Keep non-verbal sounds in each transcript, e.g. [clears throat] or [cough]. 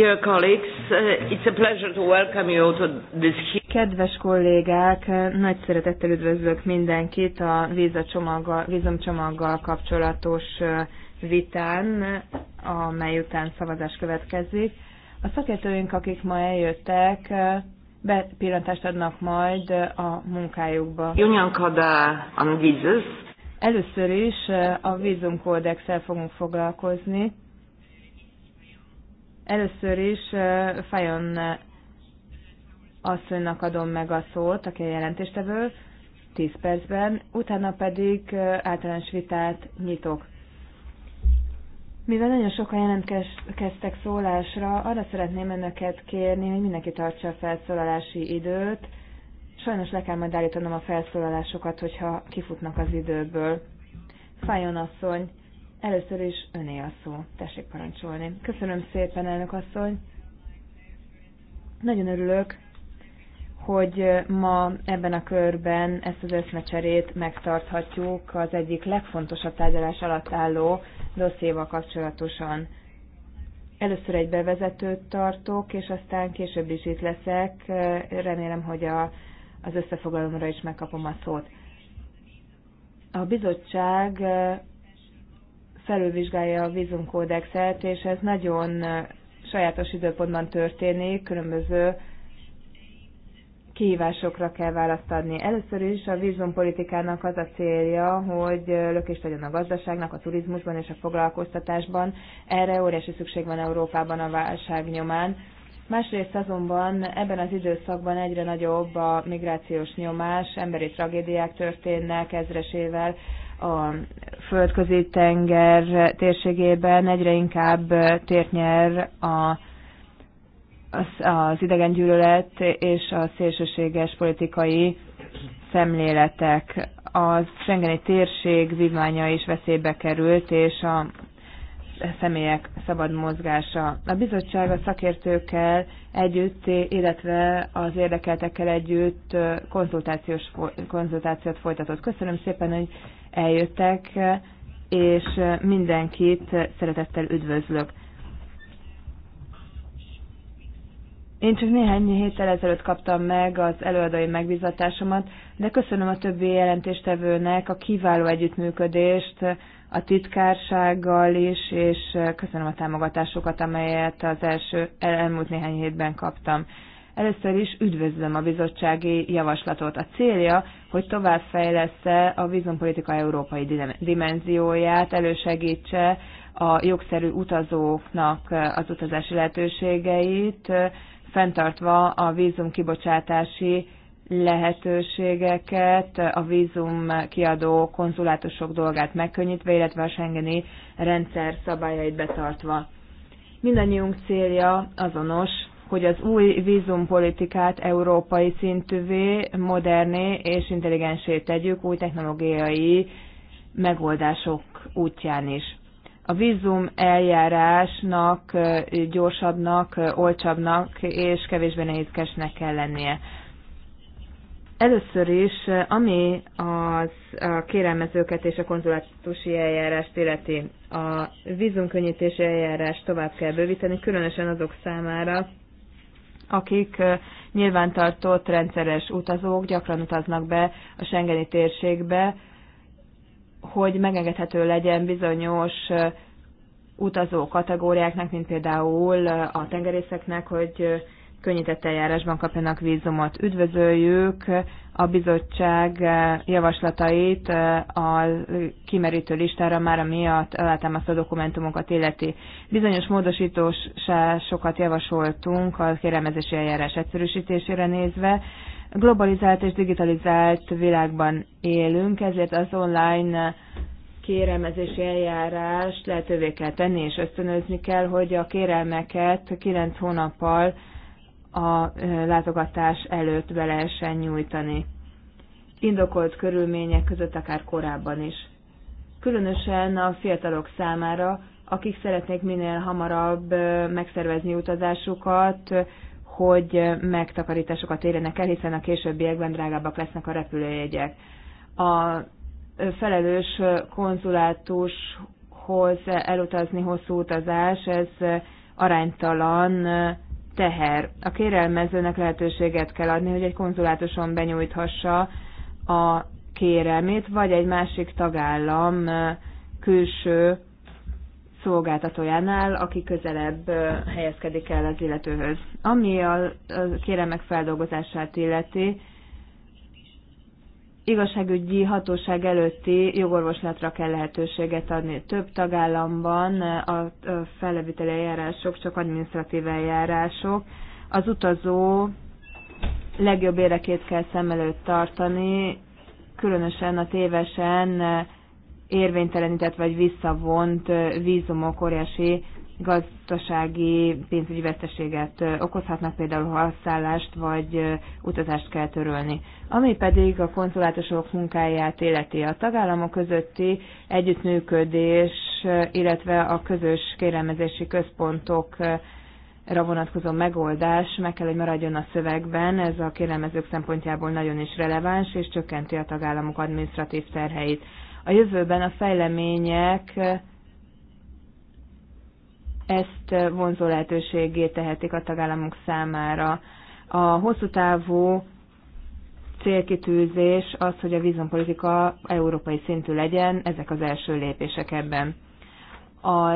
Dear colleagues, uh, it's a pleasure to welcome you to this Kedves kollégák, nagy szeretettel üdvözlök mindenkit a vízomcsomaggal, kapcsolatos uh, vitán, amely után szavazás következik. A szakértőink, akik ma eljöttek, uh, bepillantást adnak majd a munkájukba. Union Kada on Visas. Először is a vízumkódexel fogunk foglalkozni Először is Fajon asszonynak adom meg a szót, aki a jelentéstevő, 10 percben, utána pedig általános vitát nyitok. Mivel nagyon sokan jelentkeztek szólásra, arra szeretném önöket kérni, hogy mindenki tartsa a felszólalási időt. Sajnos le kell majd állítanom a felszólalásokat, hogyha kifutnak az időből. Fájon asszony, Először is öné a szó. Tessék parancsolni. Köszönöm szépen, elnök asszony. Nagyon örülök, hogy ma ebben a körben ezt az összmecserét megtarthatjuk az egyik legfontosabb tárgyalás alatt álló dosszéval kapcsolatosan. Először egy bevezetőt tartok, és aztán később is itt leszek. Remélem, hogy a, az összefoglalomra is megkapom a szót. A bizottság felülvizsgálja a vízumkódexet, és ez nagyon sajátos időpontban történik, különböző kihívásokra kell választ adni. Először is a vízumpolitikának az a célja, hogy lökést adjon a gazdaságnak, a turizmusban és a foglalkoztatásban. Erre óriási szükség van Európában a válság nyomán. Másrészt azonban ebben az időszakban egyre nagyobb a migrációs nyomás, emberi tragédiák történnek ezresével, a földközi tenger térségében egyre inkább tért nyer a, az, az gyűlölet és a szélsőséges politikai szemléletek. A Schengeni térség vívmánya is veszélybe került, és a személyek szabad mozgása. A bizottság a szakértőkkel együtt, illetve az érdekeltekkel együtt konzultációs, konzultációt folytatott. Köszönöm szépen, hogy eljöttek, és mindenkit szeretettel üdvözlök. Én csak néhány héttel ezelőtt kaptam meg az előadói megbizatásomat, de köszönöm a többi jelentéstevőnek a kiváló együttműködést, a titkársággal is, és köszönöm a támogatásokat, amelyet az első elmúlt néhány hétben kaptam. Először is üdvözlöm a bizottsági javaslatot. A célja, hogy továbbfejlesz-e a vízumpolitika európai dimenzióját, elősegítse a jogszerű utazóknak az utazási lehetőségeit, fenntartva a vízum kibocsátási lehetőségeket, a vízum kiadó konzulátusok dolgát megkönnyítve, illetve a Schengeni rendszer szabályait betartva. Mindannyiunk célja azonos, hogy az új vízumpolitikát európai szintűvé, moderné és intelligensé tegyük új technológiai megoldások útján is. A vízum eljárásnak gyorsabbnak, olcsabbnak és kevésbé nehézkesnek kell lennie. Először is, ami az a kérelmezőket és a konzulátusi eljárást illeti, a vízumkönnyítési eljárást tovább kell bővíteni, különösen azok számára, akik nyilvántartott rendszeres utazók gyakran utaznak be a Schengeni térségbe, hogy megengedhető legyen bizonyos utazó kategóriáknak, mint például a tengerészeknek, hogy könnyített eljárásban kapjanak vízumot. Üdvözöljük a bizottság eh, javaslatait eh, a kimerítő listára már ami a alátámasztó dokumentumokat illeti. Bizonyos módosítósásokat javasoltunk a kérelmezési eljárás egyszerűsítésére nézve. Globalizált és digitalizált világban élünk, ezért az online kérelmezési eljárást lehetővé kell tenni, és ösztönözni kell, hogy a kérelmeket 9 hónappal a látogatás előtt be lehessen nyújtani. Indokolt körülmények között akár korábban is. Különösen a fiatalok számára, akik szeretnék minél hamarabb megszervezni utazásukat, hogy megtakarításokat érjenek el, hiszen a későbbiekben drágábbak lesznek a repülőjegyek. A felelős konzulátushoz elutazni hosszú utazás, ez aránytalan teher. A kérelmezőnek lehetőséget kell adni, hogy egy konzulátuson benyújthassa a kérelmét, vagy egy másik tagállam külső szolgáltatójánál, aki közelebb helyezkedik el az illetőhöz. Ami a kéremek feldolgozását illeti, igazságügyi hatóság előtti jogorvoslatra kell lehetőséget adni. Több tagállamban a felleviteli eljárások csak adminisztratív eljárások. Az utazó legjobb érekét kell szem előtt tartani, különösen a tévesen érvénytelenített vagy visszavont vízumok óriási gazdasági pénzügyi veszteséget okozhatnak, például szállást vagy utazást kell törölni. Ami pedig a konzulátusok munkáját életi a tagállamok közötti együttműködés, illetve a közös kérelmezési központok ra vonatkozó megoldás meg kell, hogy maradjon a szövegben, ez a kérelmezők szempontjából nagyon is releváns, és csökkenti a tagállamok administratív terheit. A jövőben a fejlemények ezt vonzó lehetőségé tehetik a tagállamok számára. A hosszú távú célkitűzés az, hogy a vízumpolitika európai szintű legyen, ezek az első lépések ebben. A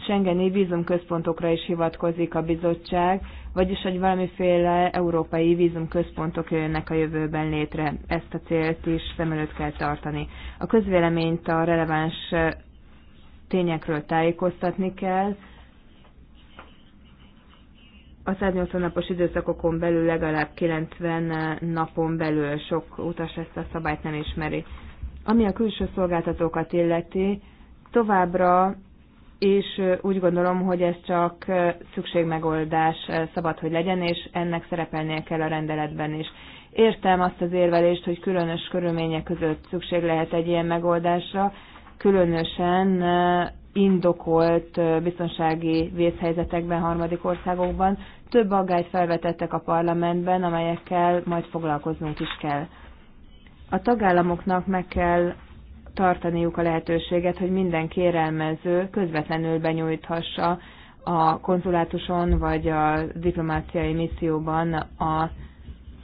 Schengeni vízumközpontokra is hivatkozik a bizottság, vagyis hogy valamiféle európai vízumközpontok jönnek a jövőben létre. Ezt a célt is szem előtt kell tartani. A közvéleményt a releváns tényekről tájékoztatni kell, a 180 napos időszakokon belül legalább 90 napon belül sok utas ezt a szabályt nem ismeri. Ami a külső szolgáltatókat illeti, továbbra és úgy gondolom, hogy ez csak szükségmegoldás szabad, hogy legyen, és ennek szerepelnie kell a rendeletben is. Értem azt az érvelést, hogy különös körülmények között szükség lehet egy ilyen megoldásra, különösen eh, indokolt eh, biztonsági vészhelyzetekben, harmadik országokban. Több aggályt felvetettek a parlamentben, amelyekkel majd foglalkoznunk is kell. A tagállamoknak meg kell tartaniuk a lehetőséget, hogy minden kérelmező közvetlenül benyújthassa a konzulátuson vagy a diplomáciai misszióban a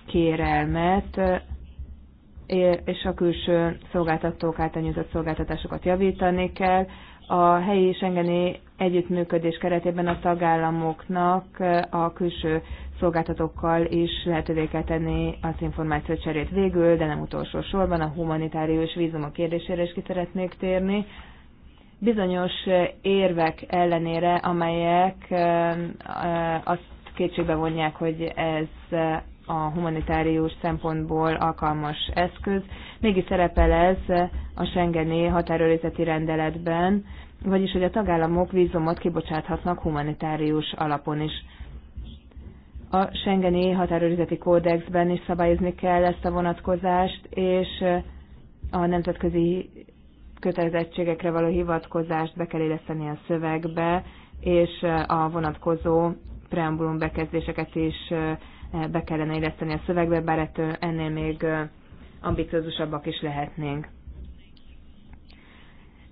kérelmet és a külső szolgáltatók által nyújtott szolgáltatásokat javítani kell. A helyi és engeni együttműködés keretében a tagállamoknak a külső szolgáltatókkal is lehetővé kell tenni az információ cserét végül, de nem utolsó sorban a humanitárius vízumok kérdésére is ki szeretnék térni. Bizonyos érvek ellenére, amelyek azt kétségbe vonják, hogy ez a humanitárius szempontból alkalmas eszköz. Mégis szerepel ez a Schengeni határőrizeti rendeletben, vagyis hogy a tagállamok vízumot kibocsáthatnak humanitárius alapon is. A Schengeni határőrizeti kódexben is szabályozni kell ezt a vonatkozást, és a nemzetközi kötelezettségekre való hivatkozást be kell éleszteni a szövegbe, és a vonatkozó preambulum bekezdéseket is be kellene illeszteni a szövegbe, bár ettől ennél még ambiciózusabbak is lehetnénk.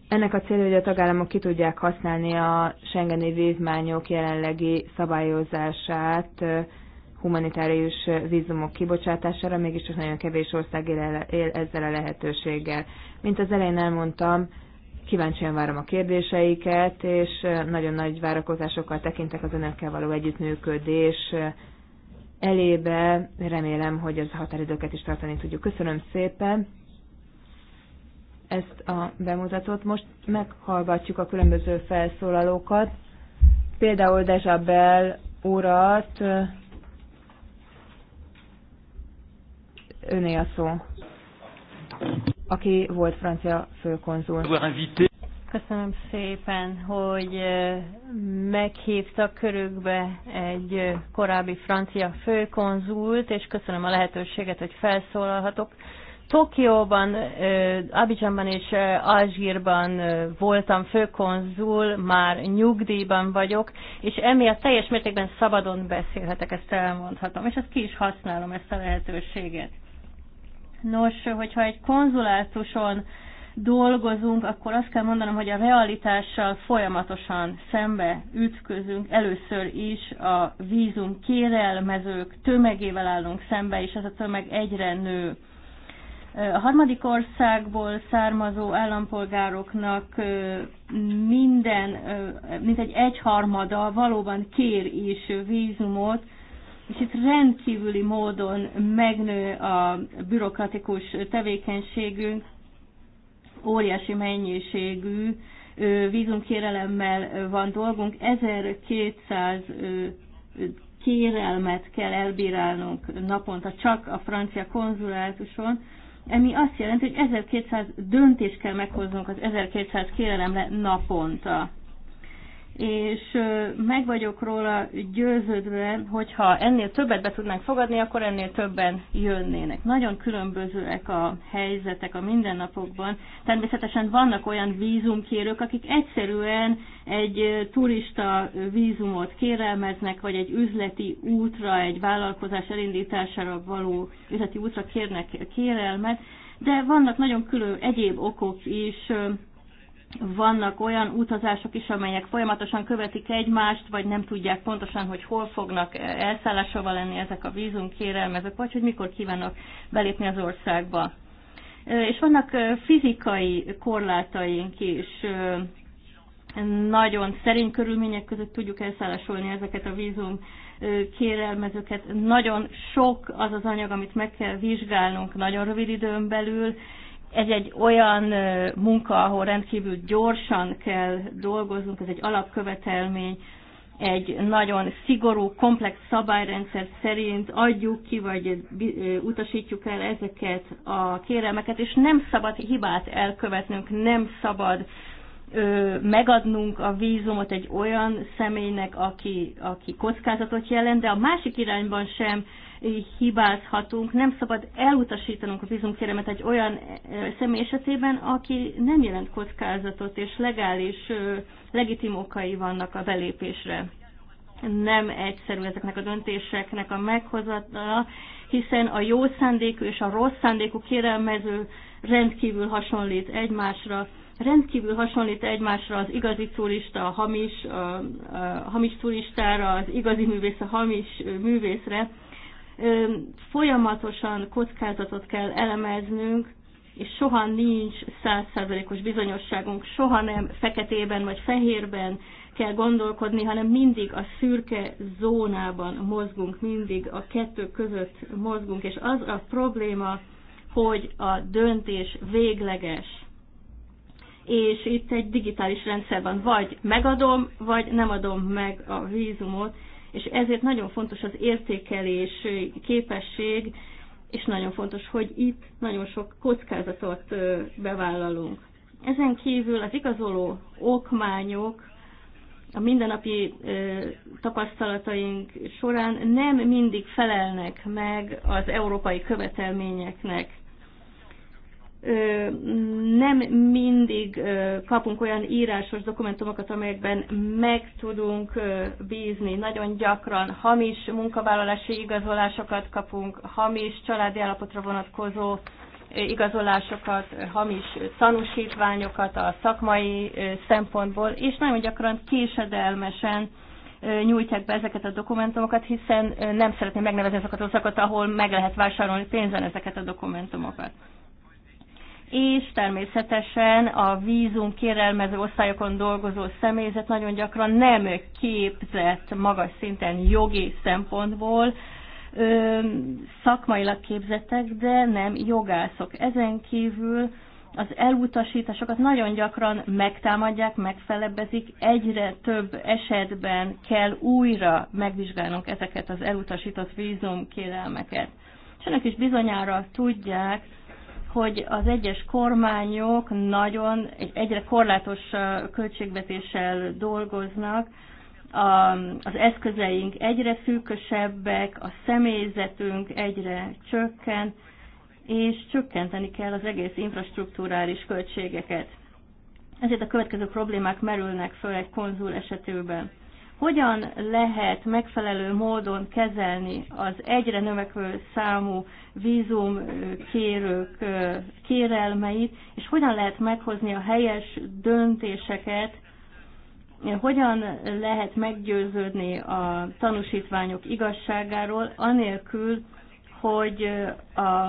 Ennek a célja, hogy a tagállamok ki tudják használni a Schengeni vívmányok jelenlegi szabályozását humanitárius vízumok kibocsátására, mégiscsak nagyon kevés ország él, él ezzel a lehetőséggel. Mint az elején elmondtam, kíváncsian várom a kérdéseiket, és nagyon nagy várakozásokkal tekintek az önökkel való együttműködés elébe. Remélem, hogy az határidőket is tartani tudjuk. Köszönöm szépen ezt a bemutatót. Most meghallgatjuk a különböző felszólalókat. Például Dezsabel urat, öné a szó, aki volt francia főkonzul. Köszönöm szépen, hogy meghívtak körükbe egy korábbi francia főkonzult, és köszönöm a lehetőséget, hogy felszólalhatok. Tokióban, Abidjanban és Alzsírban voltam főkonzul, már nyugdíjban vagyok, és emiatt teljes mértékben szabadon beszélhetek, ezt elmondhatom, és ezt ki is használom, ezt a lehetőséget. Nos, hogyha egy konzulátuson dolgozunk, akkor azt kell mondanom, hogy a realitással folyamatosan szembe ütközünk. Először is a vízum kérelmezők tömegével állunk szembe, és ez a tömeg egyre nő. A harmadik országból származó állampolgároknak minden, mint egy egyharmada valóban kér is vízumot, és itt rendkívüli módon megnő a bürokratikus tevékenységünk, óriási mennyiségű vízumkérelemmel van dolgunk, 1200 kérelmet kell elbírálnunk naponta csak a francia konzulátuson, ami azt jelenti, hogy 1200 döntést kell meghoznunk az 1200 kérelemre naponta és meg vagyok róla győződve, hogyha ennél többet be tudnánk fogadni, akkor ennél többen jönnének. Nagyon különbözőek a helyzetek a mindennapokban. Természetesen vannak olyan vízumkérők, akik egyszerűen egy turista vízumot kérelmeznek, vagy egy üzleti útra, egy vállalkozás elindítására való üzleti útra kérnek kérelmet, de vannak nagyon külön egyéb okok is, vannak olyan utazások is, amelyek folyamatosan követik egymást, vagy nem tudják pontosan, hogy hol fognak elszállásolva lenni ezek a vízumkérelmezők, vagy hogy mikor kívánok belépni az országba. És vannak fizikai korlátaink is. Nagyon szerint körülmények között tudjuk elszállásolni ezeket a vízum kérelmezőket. Nagyon sok az az anyag, amit meg kell vizsgálnunk nagyon rövid időn belül, ez egy olyan munka, ahol rendkívül gyorsan kell dolgoznunk, ez egy alapkövetelmény, egy nagyon szigorú, komplex szabályrendszer szerint adjuk ki, vagy utasítjuk el ezeket a kérelmeket, és nem szabad hibát elkövetnünk, nem szabad ö, megadnunk a vízumot egy olyan személynek, aki, aki kockázatot jelent, de a másik irányban sem hibázhatunk. Nem szabad elutasítanunk a vízumkéremet egy olyan e, személy esetében, aki nem jelent kockázatot, és legális, legitim okai vannak a belépésre nem egyszerű ezeknek a döntéseknek a meghozatala, hiszen a jó szándékú és a rossz szándékú kérelmező rendkívül hasonlít egymásra, rendkívül hasonlít egymásra az igazi turista, a hamis, a, a, a hamis turistára, az igazi művész, a hamis művészre, Folyamatosan kockázatot kell elemeznünk, és soha nincs százszerzelékos bizonyosságunk, soha nem feketében vagy fehérben kell gondolkodni, hanem mindig a szürke zónában mozgunk, mindig a kettő között mozgunk, és az a probléma, hogy a döntés végleges. És itt egy digitális rendszerben vagy megadom, vagy nem adom meg a vízumot, és ezért nagyon fontos az értékelés képesség, és nagyon fontos, hogy itt nagyon sok kockázatot bevállalunk. Ezen kívül az igazoló okmányok a mindennapi tapasztalataink során nem mindig felelnek meg az európai követelményeknek nem mindig kapunk olyan írásos dokumentumokat, amelyekben meg tudunk bízni. Nagyon gyakran hamis munkavállalási igazolásokat kapunk, hamis családi állapotra vonatkozó igazolásokat, hamis tanúsítványokat a szakmai szempontból, és nagyon gyakran késedelmesen nyújtják be ezeket a dokumentumokat, hiszen nem szeretném megnevezni azokat a szakat, ahol meg lehet vásárolni pénzen ezeket a dokumentumokat és természetesen a vízum kérelmező osztályokon dolgozó személyzet nagyon gyakran nem képzett magas szinten jogi szempontból, ö, szakmailag képzettek, de nem jogászok. Ezen kívül az elutasításokat nagyon gyakran megtámadják, megfelebezik, egyre több esetben kell újra megvizsgálnunk ezeket az elutasított vízumkérelmeket. És önök is bizonyára tudják, hogy az egyes kormányok nagyon egyre korlátos költségvetéssel dolgoznak, a, az eszközeink egyre szűkösebbek, a személyzetünk egyre csökken, és csökkenteni kell az egész infrastruktúrális költségeket. Ezért a következő problémák merülnek föl egy konzul esetében hogyan lehet megfelelő módon kezelni az egyre növekvő számú vízum kérők kérelmeit, és hogyan lehet meghozni a helyes döntéseket, hogyan lehet meggyőződni a tanúsítványok igazságáról, anélkül, hogy, a,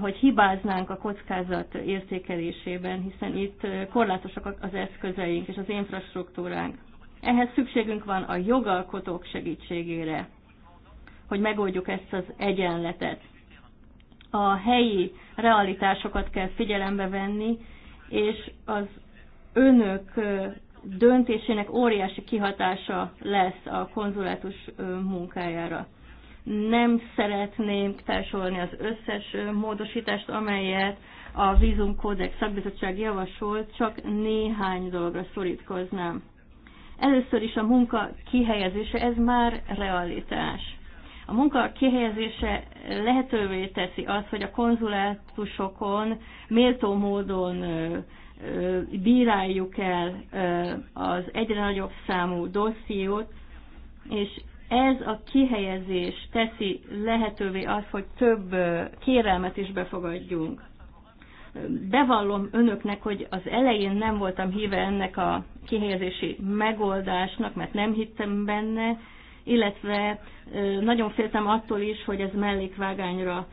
hogy hibáznánk a kockázat értékelésében, hiszen itt korlátosak az eszközeink és az infrastruktúránk. Ehhez szükségünk van a jogalkotók segítségére, hogy megoldjuk ezt az egyenletet. A helyi realitásokat kell figyelembe venni, és az önök döntésének óriási kihatása lesz a konzulátus munkájára. Nem szeretném társolni az összes módosítást, amelyet a vízumkódex szakbizottság javasolt, csak néhány dologra szorítkoznám. Először is a munka kihelyezése, ez már realitás. A munka kihelyezése lehetővé teszi azt, hogy a konzulátusokon méltó módon bíráljuk el az egyre nagyobb számú dossziót, és ez a kihelyezés teszi lehetővé azt, hogy több kérelmet is befogadjunk bevallom önöknek, hogy az elején nem voltam híve ennek a kihelyezési megoldásnak, mert nem hittem benne, illetve nagyon féltem attól is, hogy ez mellékvágányra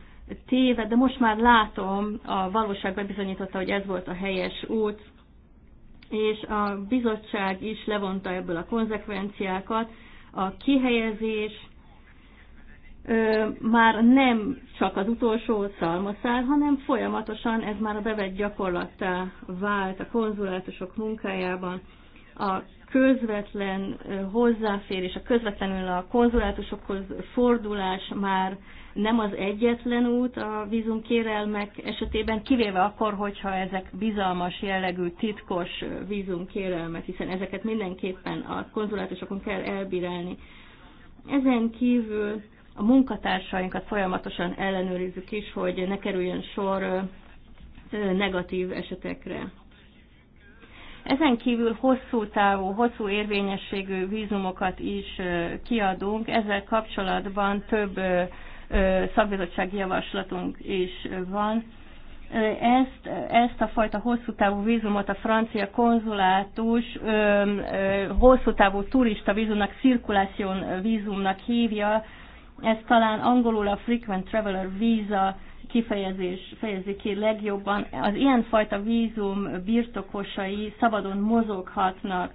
téve. de most már látom, a valóság bebizonyította, hogy ez volt a helyes út, és a bizottság is levonta ebből a konzekvenciákat. A kihelyezés már nem csak az utolsó szalmaszál, hanem folyamatosan ez már a bevett gyakorlattá vált a konzulátusok munkájában. A közvetlen hozzáférés, a közvetlenül a konzulátusokhoz fordulás már nem az egyetlen út a vízumkérelmek esetében, kivéve akkor, hogyha ezek bizalmas jellegű, titkos vízumkérelmek, hiszen ezeket mindenképpen a konzulátusokon kell elbírálni. Ezen kívül a munkatársainkat folyamatosan ellenőrizzük is, hogy ne kerüljön sor negatív esetekre. Ezen kívül hosszú távú, hosszú érvényességű vízumokat is kiadunk. Ezzel kapcsolatban több szakbizottsági javaslatunk is van. Ezt, ezt a fajta hosszú távú vízumot a francia konzulátus hosszú távú turista vízumnak, cirkuláción vízumnak hívja, ez talán angolul a Frequent Traveler Visa kifejezés fejezi ki legjobban. Az ilyenfajta vízum birtokosai szabadon mozoghatnak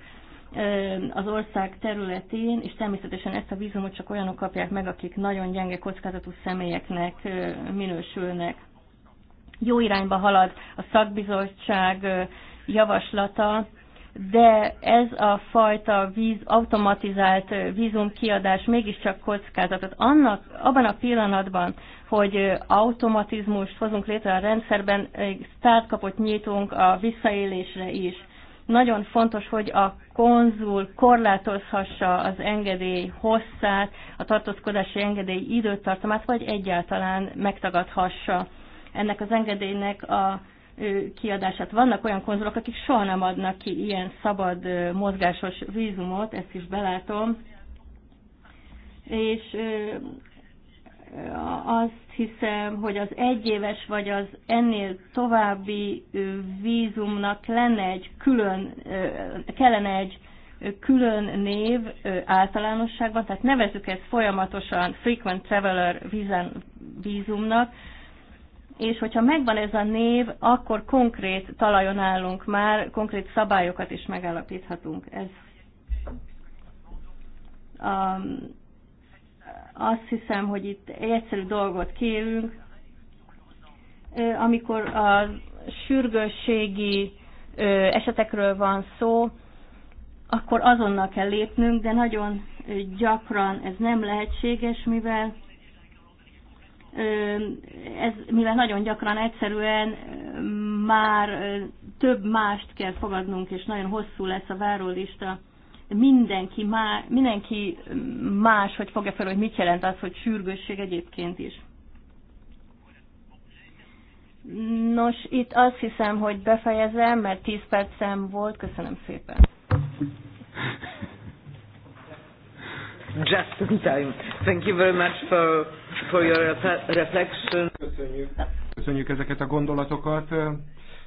az ország területén, és természetesen ezt a vízumot csak olyanok kapják meg, akik nagyon gyenge kockázatú személyeknek minősülnek. Jó irányba halad a szakbizottság javaslata, de ez a fajta víz, automatizált vízumkiadás mégiscsak kockázatot. Annak, abban a pillanatban, hogy automatizmust hozunk létre a rendszerben, kapott nyitunk a visszaélésre is. Nagyon fontos, hogy a konzul korlátozhassa az engedély hosszát, a tartózkodási engedély időtartamát, vagy egyáltalán megtagadhassa ennek az engedélynek a kiadását. Vannak olyan konzulok, akik soha nem adnak ki ilyen szabad mozgásos vízumot, ezt is belátom. És azt hiszem, hogy az egyéves vagy az ennél további vízumnak lenne egy külön, kellene egy külön név általánosságban, tehát nevezük ezt folyamatosan frequent traveler vízumnak, és hogyha megvan ez a név, akkor konkrét talajon állunk már, konkrét szabályokat is megállapíthatunk. Ez um, azt hiszem, hogy itt egy egyszerű dolgot kérünk, amikor a sürgősségi esetekről van szó, akkor azonnal kell lépnünk, de nagyon gyakran ez nem lehetséges, mivel ez, mivel nagyon gyakran egyszerűen már több mást kell fogadnunk, és nagyon hosszú lesz a várólista, mindenki, má, mindenki más, hogy fogja fel, hogy mit jelent az, hogy sürgősség egyébként is. Nos, itt azt hiszem, hogy befejezem, mert 10 percem volt. Köszönöm szépen just in time. Thank you very much for, for your reflection. Köszönjük. Köszönjük ezeket a gondolatokat,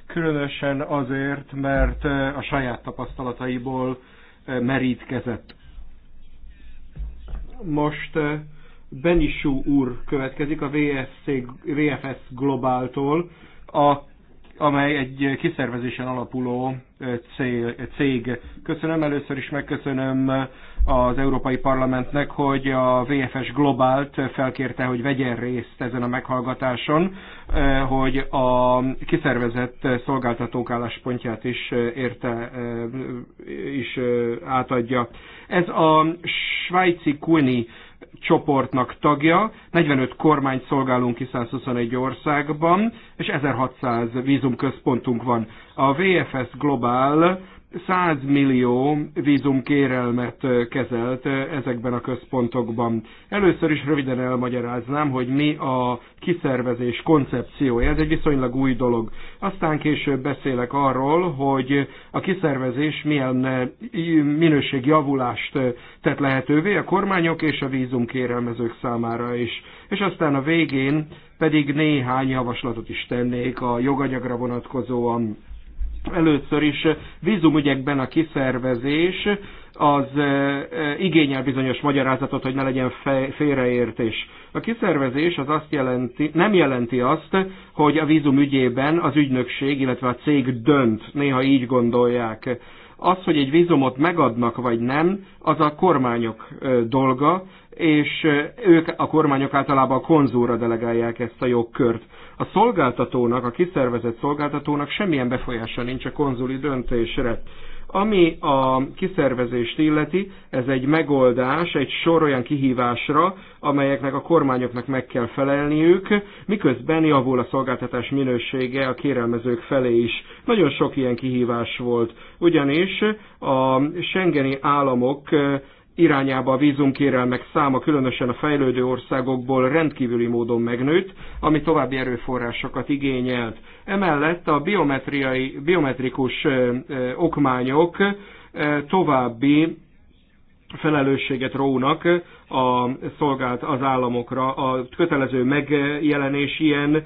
különösen azért, mert a saját tapasztalataiból merítkezett. Most Benisú úr következik a VFC, VFS Globáltól, a, amely egy kiszervezésen alapuló cég. Köszönöm, először is megköszönöm az Európai Parlamentnek, hogy a VFS Globált felkérte, hogy vegyen részt ezen a meghallgatáson, eh, hogy a kiszervezett szolgáltatók álláspontját is eh, érte, eh, is átadja. Ez a svájci Kuni csoportnak tagja, 45 kormányt szolgálunk ki 121 országban, és 1600 vízumközpontunk van. A VFS Global 100 millió vízumkérelmet kezelt ezekben a központokban. Először is röviden elmagyaráznám, hogy mi a kiszervezés koncepciója. Ez egy viszonylag új dolog. Aztán később beszélek arról, hogy a kiszervezés milyen minőségjavulást tett lehetővé a kormányok és a vízumkérelmezők számára is. És aztán a végén pedig néhány javaslatot is tennék a joganyagra vonatkozóan Először is eh, vízumügyekben a kiszervezés az eh, eh, igényel bizonyos magyarázatot, hogy ne legyen félreértés. A kiszervezés az azt jelenti, nem jelenti azt, hogy a vízum ügyében az ügynökség, illetve a cég dönt. Néha így gondolják az, hogy egy vízumot megadnak vagy nem, az a kormányok dolga, és ők a kormányok általában a konzúra delegálják ezt a jogkört. A szolgáltatónak, a kiszervezett szolgáltatónak semmilyen befolyása nincs a konzuli döntésre. Ami a kiszervezést illeti, ez egy megoldás egy sor olyan kihívásra, amelyeknek a kormányoknak meg kell felelniük, miközben javul a szolgáltatás minősége a kérelmezők felé is. Nagyon sok ilyen kihívás volt, ugyanis a Schengeni államok irányába a vízumkérelmek száma különösen a fejlődő országokból rendkívüli módon megnőtt, ami további erőforrásokat igényelt. Emellett a biometriai, biometrikus okmányok további felelősséget rónak a szolgált az államokra. A kötelező megjelenés ilyen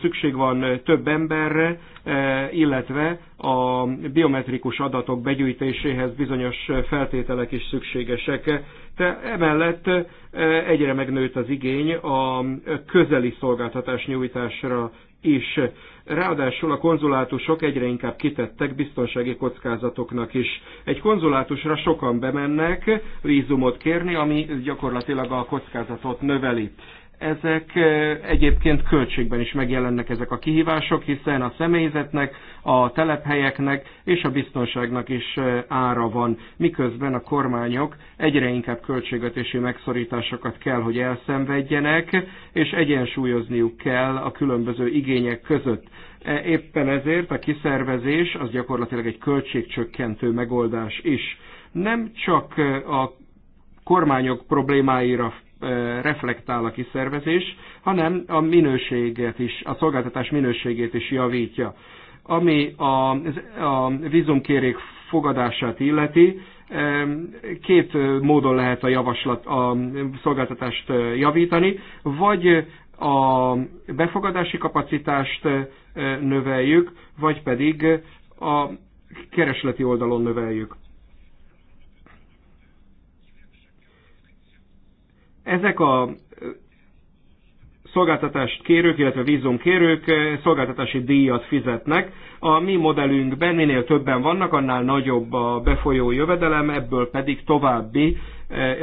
szükség van több emberre, eh, illetve a biometrikus adatok begyűjtéséhez bizonyos feltételek is szükségesek. De emellett eh, egyre megnőtt az igény a közeli szolgáltatás nyújtásra is. Ráadásul a konzulátusok egyre inkább kitettek biztonsági kockázatoknak is. Egy konzulátusra sokan bemennek vízumot kérni, ami gyakorlatilag a kockázatot növeli ezek egyébként költségben is megjelennek ezek a kihívások, hiszen a személyzetnek, a telephelyeknek és a biztonságnak is ára van, miközben a kormányok egyre inkább költségvetési megszorításokat kell, hogy elszenvedjenek, és egyensúlyozniuk kell a különböző igények között. E, éppen ezért a kiszervezés az gyakorlatilag egy költségcsökkentő megoldás is. Nem csak a kormányok problémáira reflektál a kiszervezés, hanem a minőséget is, a szolgáltatás minőségét is javítja. Ami a, a vízumkérék fogadását illeti, két módon lehet a javaslat, a szolgáltatást javítani, vagy a befogadási kapacitást növeljük, vagy pedig a keresleti oldalon növeljük. Ezek a szolgáltatást kérők, illetve vízumkérők szolgáltatási díjat fizetnek. A mi modellünkben minél többen vannak, annál nagyobb a befolyó jövedelem, ebből pedig további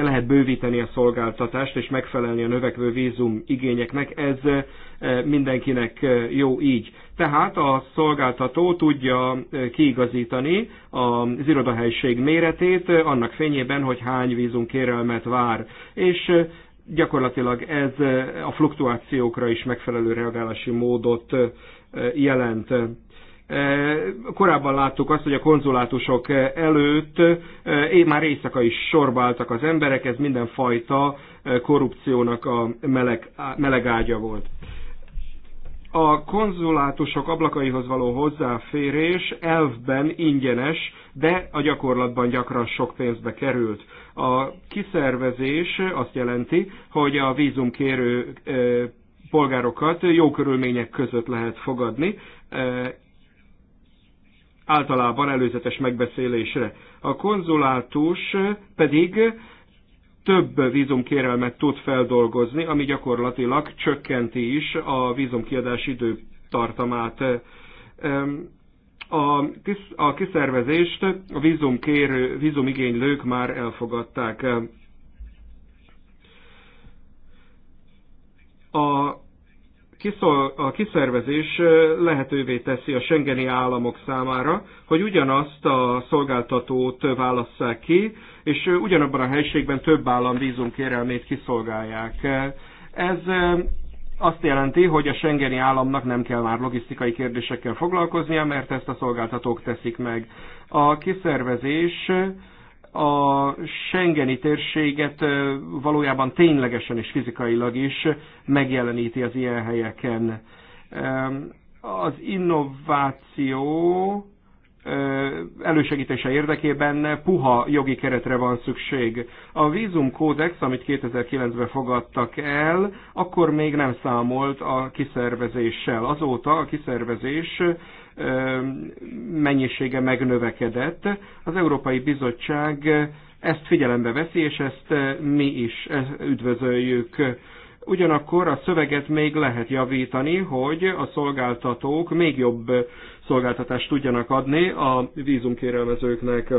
lehet bővíteni a szolgáltatást és megfelelni a növekvő vízum igényeknek. Ez mindenkinek jó így. Tehát a szolgáltató tudja eh, kiigazítani az irodahelység méretét eh, annak fényében, hogy hány vízum kérelmet vár. És eh, gyakorlatilag ez a fluktuációkra is megfelelő reagálási módot jelent. Korábban láttuk azt, hogy a konzulátusok előtt már éjszaka is sorbáltak az emberek, ez mindenfajta korrupciónak a meleg, melegágya volt. A konzulátusok ablakaihoz való hozzáférés elvben ingyenes, de a gyakorlatban gyakran sok pénzbe került. A kiszervezés azt jelenti, hogy a vízumkérő polgárokat jó körülmények között lehet fogadni, általában előzetes megbeszélésre. A konzulátus pedig több vízumkérelmet tud feldolgozni, ami gyakorlatilag csökkenti is a vízumkiadás időtartamát. A, a kiszervezést a vízumkérő, vízumigénylők már elfogadták. A a kiszervezés lehetővé teszi a Schengeni államok számára, hogy ugyanazt a szolgáltatót válasszák ki, és ugyanabban a helységben több állam vízumkérelmét kiszolgálják. Ez azt jelenti, hogy a Schengeni államnak nem kell már logisztikai kérdésekkel foglalkoznia, mert ezt a szolgáltatók teszik meg. A kiszervezés a Schengeni térséget valójában ténylegesen és fizikailag is megjeleníti az ilyen helyeken. Az innováció elősegítése érdekében puha jogi keretre van szükség. A vízumkódex, amit 2009-ben fogadtak el, akkor még nem számolt a kiszervezéssel. Azóta a kiszervezés mennyisége megnövekedett. Az Európai Bizottság ezt figyelembe veszi, és ezt mi is üdvözöljük. Ugyanakkor a szöveget még lehet javítani, hogy a szolgáltatók még jobb szolgáltatást tudjanak adni a vízumkérelmezőknek.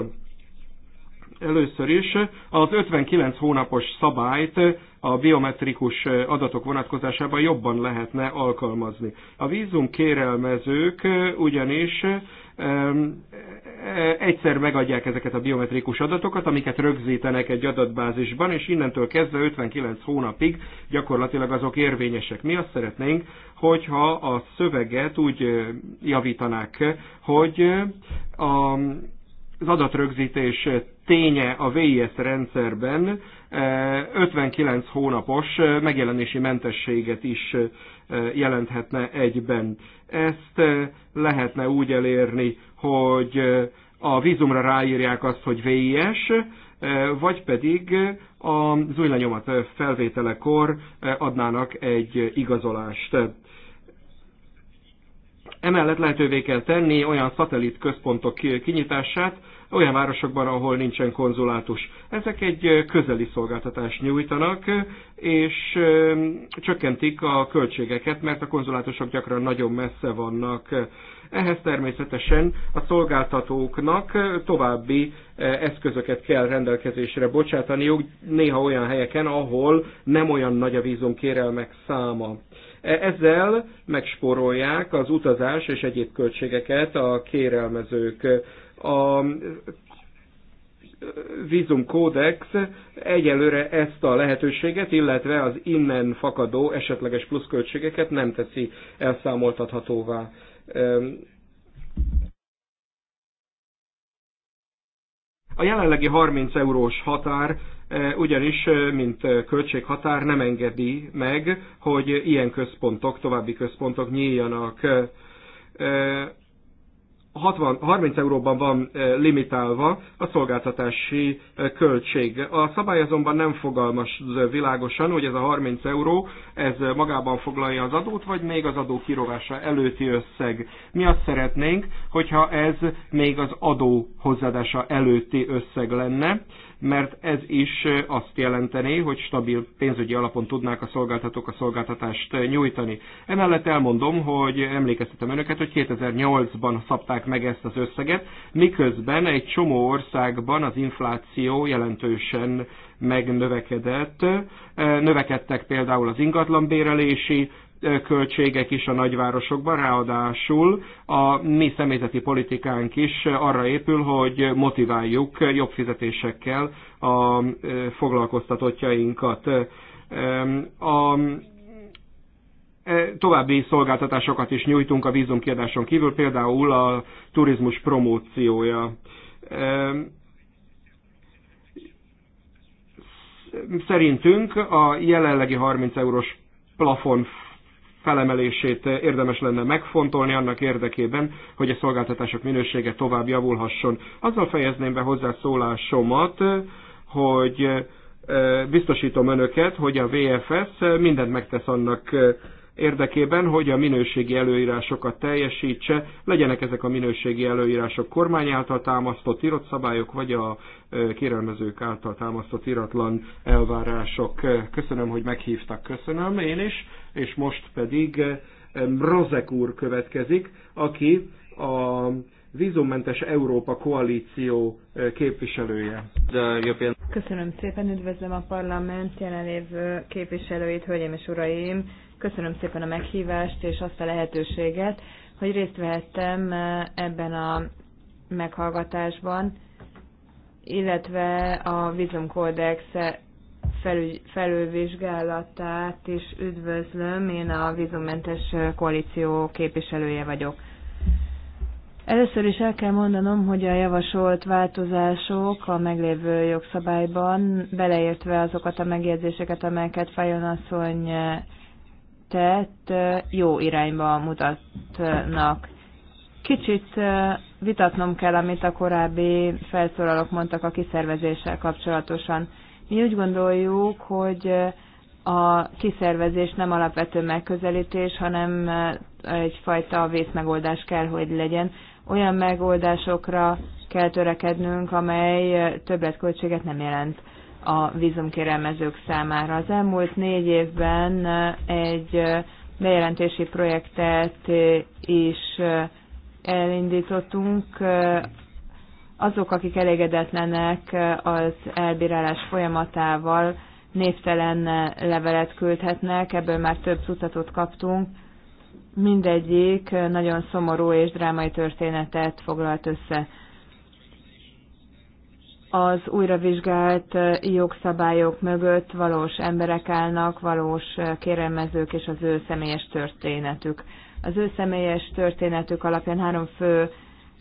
Először is az 59 hónapos szabályt a biometrikus adatok vonatkozásában jobban lehetne alkalmazni. A vízum kérelmezők ugyanis e, egyszer megadják ezeket a biometrikus adatokat, amiket rögzítenek egy adatbázisban, és innentől kezdve 59 hónapig gyakorlatilag azok érvényesek. Mi azt szeretnénk, hogyha a szöveget úgy javítanák, hogy a az adatrögzítés ténye a VIS rendszerben 59 eh, hónapos eh, megjelenési mentességet is eh, jelenthetne egyben. Ezt lehetne úgy elérni, hogy a vízumra ráírják azt, hogy VIS, vagy pedig az új lenyomat felvételekor adnának egy igazolást. Emellett lehetővé kell tenni olyan szatellit központok kinyitását, olyan városokban, ahol nincsen konzulátus. Ezek egy közeli szolgáltatást nyújtanak, és csökkentik a költségeket, mert a konzulátusok gyakran nagyon messze vannak. Ehhez természetesen a szolgáltatóknak további eszközöket kell rendelkezésre bocsátaniuk, néha olyan helyeken, ahol nem olyan nagy a vízum kérelmek száma. E, ezzel megspórolják az utazás és egyéb költségeket a kérelmezők. A vízumkódex egyelőre ezt a lehetőséget, illetve az innen fakadó esetleges pluszköltségeket nem teszi elszámoltathatóvá. A jelenlegi 30 eurós határ ugyanis, mint költséghatár nem engedi meg, hogy ilyen központok, további központok nyíljanak 60, 30 euróban van limitálva a szolgáltatási költség. A szabály azonban nem fogalmaz világosan, hogy ez a 30 euró, ez magában foglalja az adót, vagy még az adó kirovása előtti összeg. Mi azt szeretnénk, hogyha ez még az adó hozzáadása előtti összeg lenne, mert ez is azt jelenteni, hogy stabil pénzügyi alapon tudnák a szolgáltatók a szolgáltatást nyújtani. Emellett elmondom, hogy emlékeztetem önöket, hogy 2008-ban szabták meg ezt az összeget, miközben egy csomó országban az infláció jelentősen megnövekedett. Növekedtek például az ingatlanbérelési költségek is a nagyvárosokban, ráadásul a mi személyzeti politikánk is arra épül, hogy motiváljuk jobb fizetésekkel a e, foglalkoztatottjainkat. E, a e, További szolgáltatásokat is nyújtunk a vízumkiadáson kívül, például a turizmus promóciója szerintünk a jelenlegi 30 eurós plafon felemelését érdemes lenne megfontolni annak érdekében, hogy a szolgáltatások minősége tovább javulhasson. Azzal fejezném be hozzászólásomat, hogy eh, biztosítom önöket, hogy a VFS mindent megtesz annak eh, érdekében, hogy a minőségi előírásokat teljesítse, legyenek ezek a minőségi előírások kormány által támasztott írott szabályok, vagy a kérelmezők által támasztott iratlan elvárások. Köszönöm, hogy meghívtak, köszönöm én is, és most pedig Rozek úr következik, aki a vízummentes Európa koalíció képviselője. Köszönöm szépen, üdvözlöm a parlament jelenlévő képviselőit, hölgyeim és uraim! Köszönöm szépen a meghívást és azt a lehetőséget, hogy részt vehettem eh, ebben a meghallgatásban, illetve a Vizum felül, felülvizsgálatát is üdvözlöm. Én a vízummentes koalíció képviselője vagyok. Először is el kell mondanom, hogy a javasolt változások a meglévő jogszabályban, beleértve azokat a megjegyzéseket, amelyeket Fajon asszony eh, tett, jó irányba mutatnak. Kicsit vitatnom kell, amit a korábbi felszólalók mondtak a kiszervezéssel kapcsolatosan. Mi úgy gondoljuk, hogy a kiszervezés nem alapvető megközelítés, hanem egyfajta vészmegoldás kell, hogy legyen. Olyan megoldásokra kell törekednünk, amely többletköltséget nem jelent a vízumkérelmezők számára. Az elmúlt négy évben egy bejelentési projektet is elindítottunk. Azok, akik elégedetlenek az elbírálás folyamatával, névtelen levelet küldhetnek, ebből már több tucatot kaptunk. Mindegyik nagyon szomorú és drámai történetet foglalt össze az újravizsgált jogszabályok mögött valós emberek állnak, valós kérelmezők és az ő személyes történetük. Az ő személyes történetük alapján három fő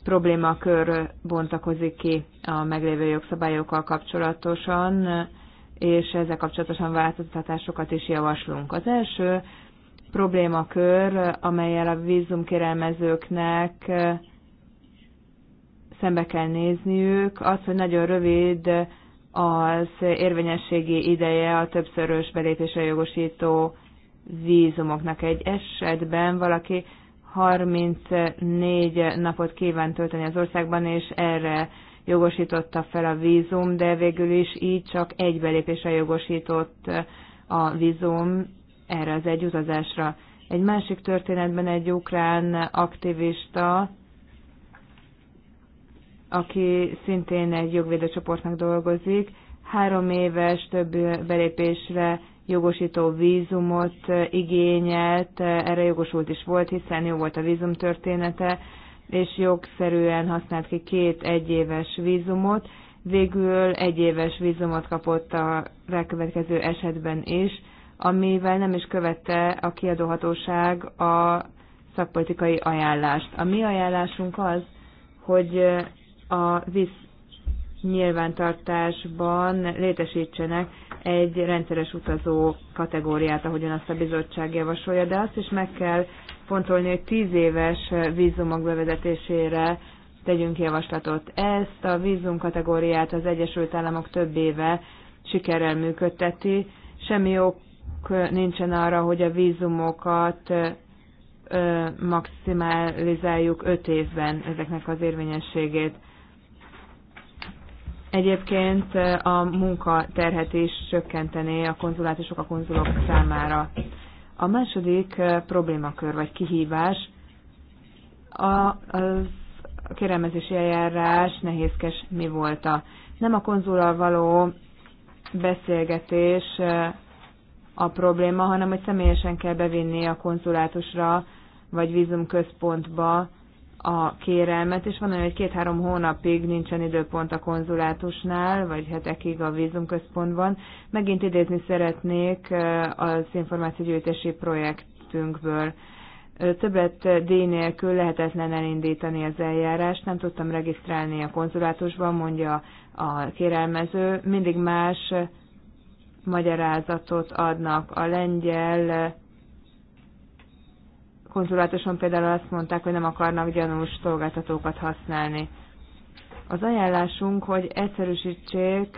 problémakör bontakozik ki a meglévő jogszabályokkal kapcsolatosan, és ezzel kapcsolatosan változtatásokat is javaslunk. Az első problémakör, amelyel a vízumkérelmezőknek szembe kell nézniük. Az, hogy nagyon rövid az érvényességi ideje a többszörös belépésre jogosító vízumoknak. Egy esetben valaki 34 napot kíván tölteni az országban, és erre jogosította fel a vízum, de végül is így csak egy belépésre jogosított a vízum erre az egy utazásra. Egy másik történetben egy ukrán aktivista aki szintén egy jogvédőcsoportnak dolgozik, három éves több belépésre jogosító vízumot igényelt, erre jogosult is volt, hiszen jó volt a vízum története, és jogszerűen használt ki két egyéves vízumot, végül egyéves vízumot kapott a rákövetkező esetben is, amivel nem is követte a kiadóhatóság a szakpolitikai ajánlást. A mi ajánlásunk az, hogy a visz nyilvántartásban létesítsenek egy rendszeres utazó kategóriát, ahogyan azt a bizottság javasolja, de azt is meg kell fontolni, hogy tíz éves vízumok bevezetésére tegyünk javaslatot. Ezt a vízum kategóriát az Egyesült Államok több éve sikerrel működteti. Semmi ok nincsen arra, hogy a vízumokat maximalizáljuk öt évben ezeknek az érvényességét. Egyébként a munkaterhet is csökkentené a konzulátusok a konzulok számára. A második problémakör vagy kihívás a, az kérelmezési eljárás nehézkes mi volt a. Nem a konzulal való beszélgetés a probléma, hanem hogy személyesen kell bevinni a konzulátusra vagy vízumközpontba a kérelmet, és van olyan, hogy két-három hónapig nincsen időpont a konzulátusnál, vagy hetekig a vízumközpontban. Megint idézni szeretnék az információgyűjtési projektünkből. Többet díj nélkül lehetetlen elindítani az eljárást, nem tudtam regisztrálni a konzulátusban, mondja a kérelmező. Mindig más magyarázatot adnak. A lengyel konzulátuson például azt mondták, hogy nem akarnak gyanús szolgáltatókat használni. Az ajánlásunk, hogy egyszerűsítsék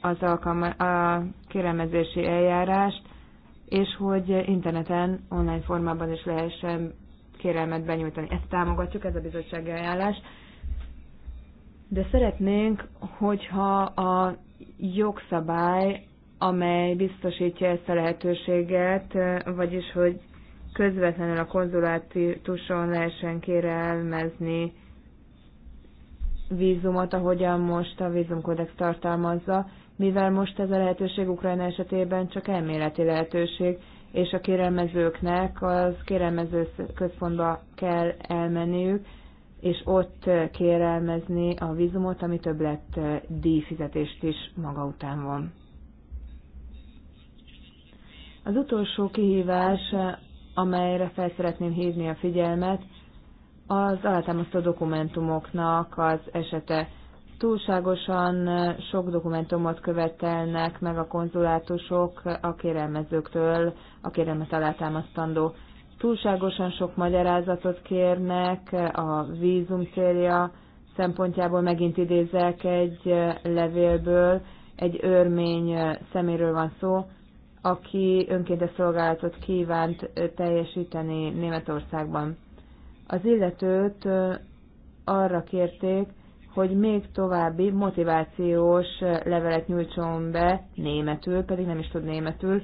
az alkalma- a kérelmezési eljárást, és hogy interneten, online formában is lehessen kérelmet benyújtani. Ezt támogatjuk, ez a bizottsági ajánlás. De szeretnénk, hogyha a jogszabály, amely biztosítja ezt a lehetőséget, vagyis hogy közvetlenül a konzulátuson lehessen kérelmezni vízumot, ahogyan most a vízumkódex tartalmazza, mivel most ez a lehetőség Ukrajna esetében csak elméleti lehetőség, és a kérelmezőknek az kérelmező központba kell elmenniük, és ott kérelmezni a vízumot, ami többlet eh, díjfizetést is maga után van. Az utolsó kihívás amelyre fel szeretném hívni a figyelmet, az alátámasztó dokumentumoknak az esete. Túlságosan sok dokumentumot követelnek meg a konzulátusok a kérelmezőktől, a kérelmet alátámasztandó. Túlságosan sok magyarázatot kérnek a vízum célja szempontjából, megint idézek egy levélből, egy örmény szeméről van szó, aki önkéntes szolgálatot kívánt teljesíteni Németországban. Az illetőt arra kérték, hogy még további motivációs levelet nyújtson be németül, pedig nem is tud németül,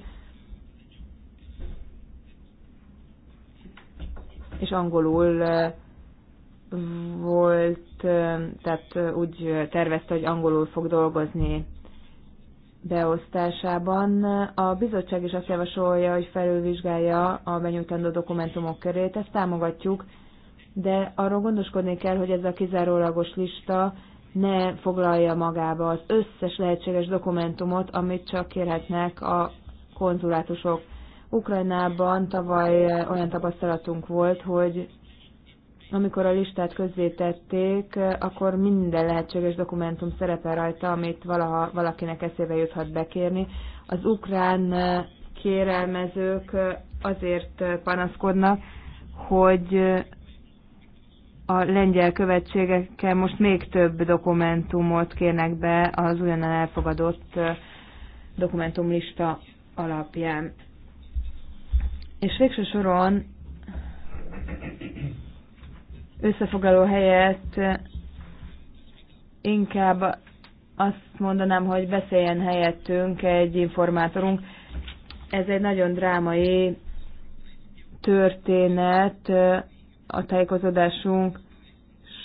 és angolul volt, tehát úgy tervezte, hogy angolul fog dolgozni beosztásában. A bizottság is azt javasolja, hogy felülvizsgálja a benyújtandó dokumentumok körét, ezt támogatjuk, de arról gondoskodni kell, hogy ez a kizárólagos lista ne foglalja magába az összes lehetséges dokumentumot, amit csak kérhetnek a konzulátusok. Ukrajnában tavaly olyan tapasztalatunk volt, hogy amikor a listát közzétették, akkor minden lehetséges dokumentum szerepel rajta, amit valaha valakinek eszébe juthat bekérni. Az ukrán kérelmezők azért panaszkodnak, hogy a lengyel követségekkel most még több dokumentumot kérnek be az ugyanan elfogadott dokumentumlista alapján. És végső soron összefoglaló helyett inkább azt mondanám, hogy beszéljen helyettünk egy informátorunk. Ez egy nagyon drámai történet a tájékozódásunk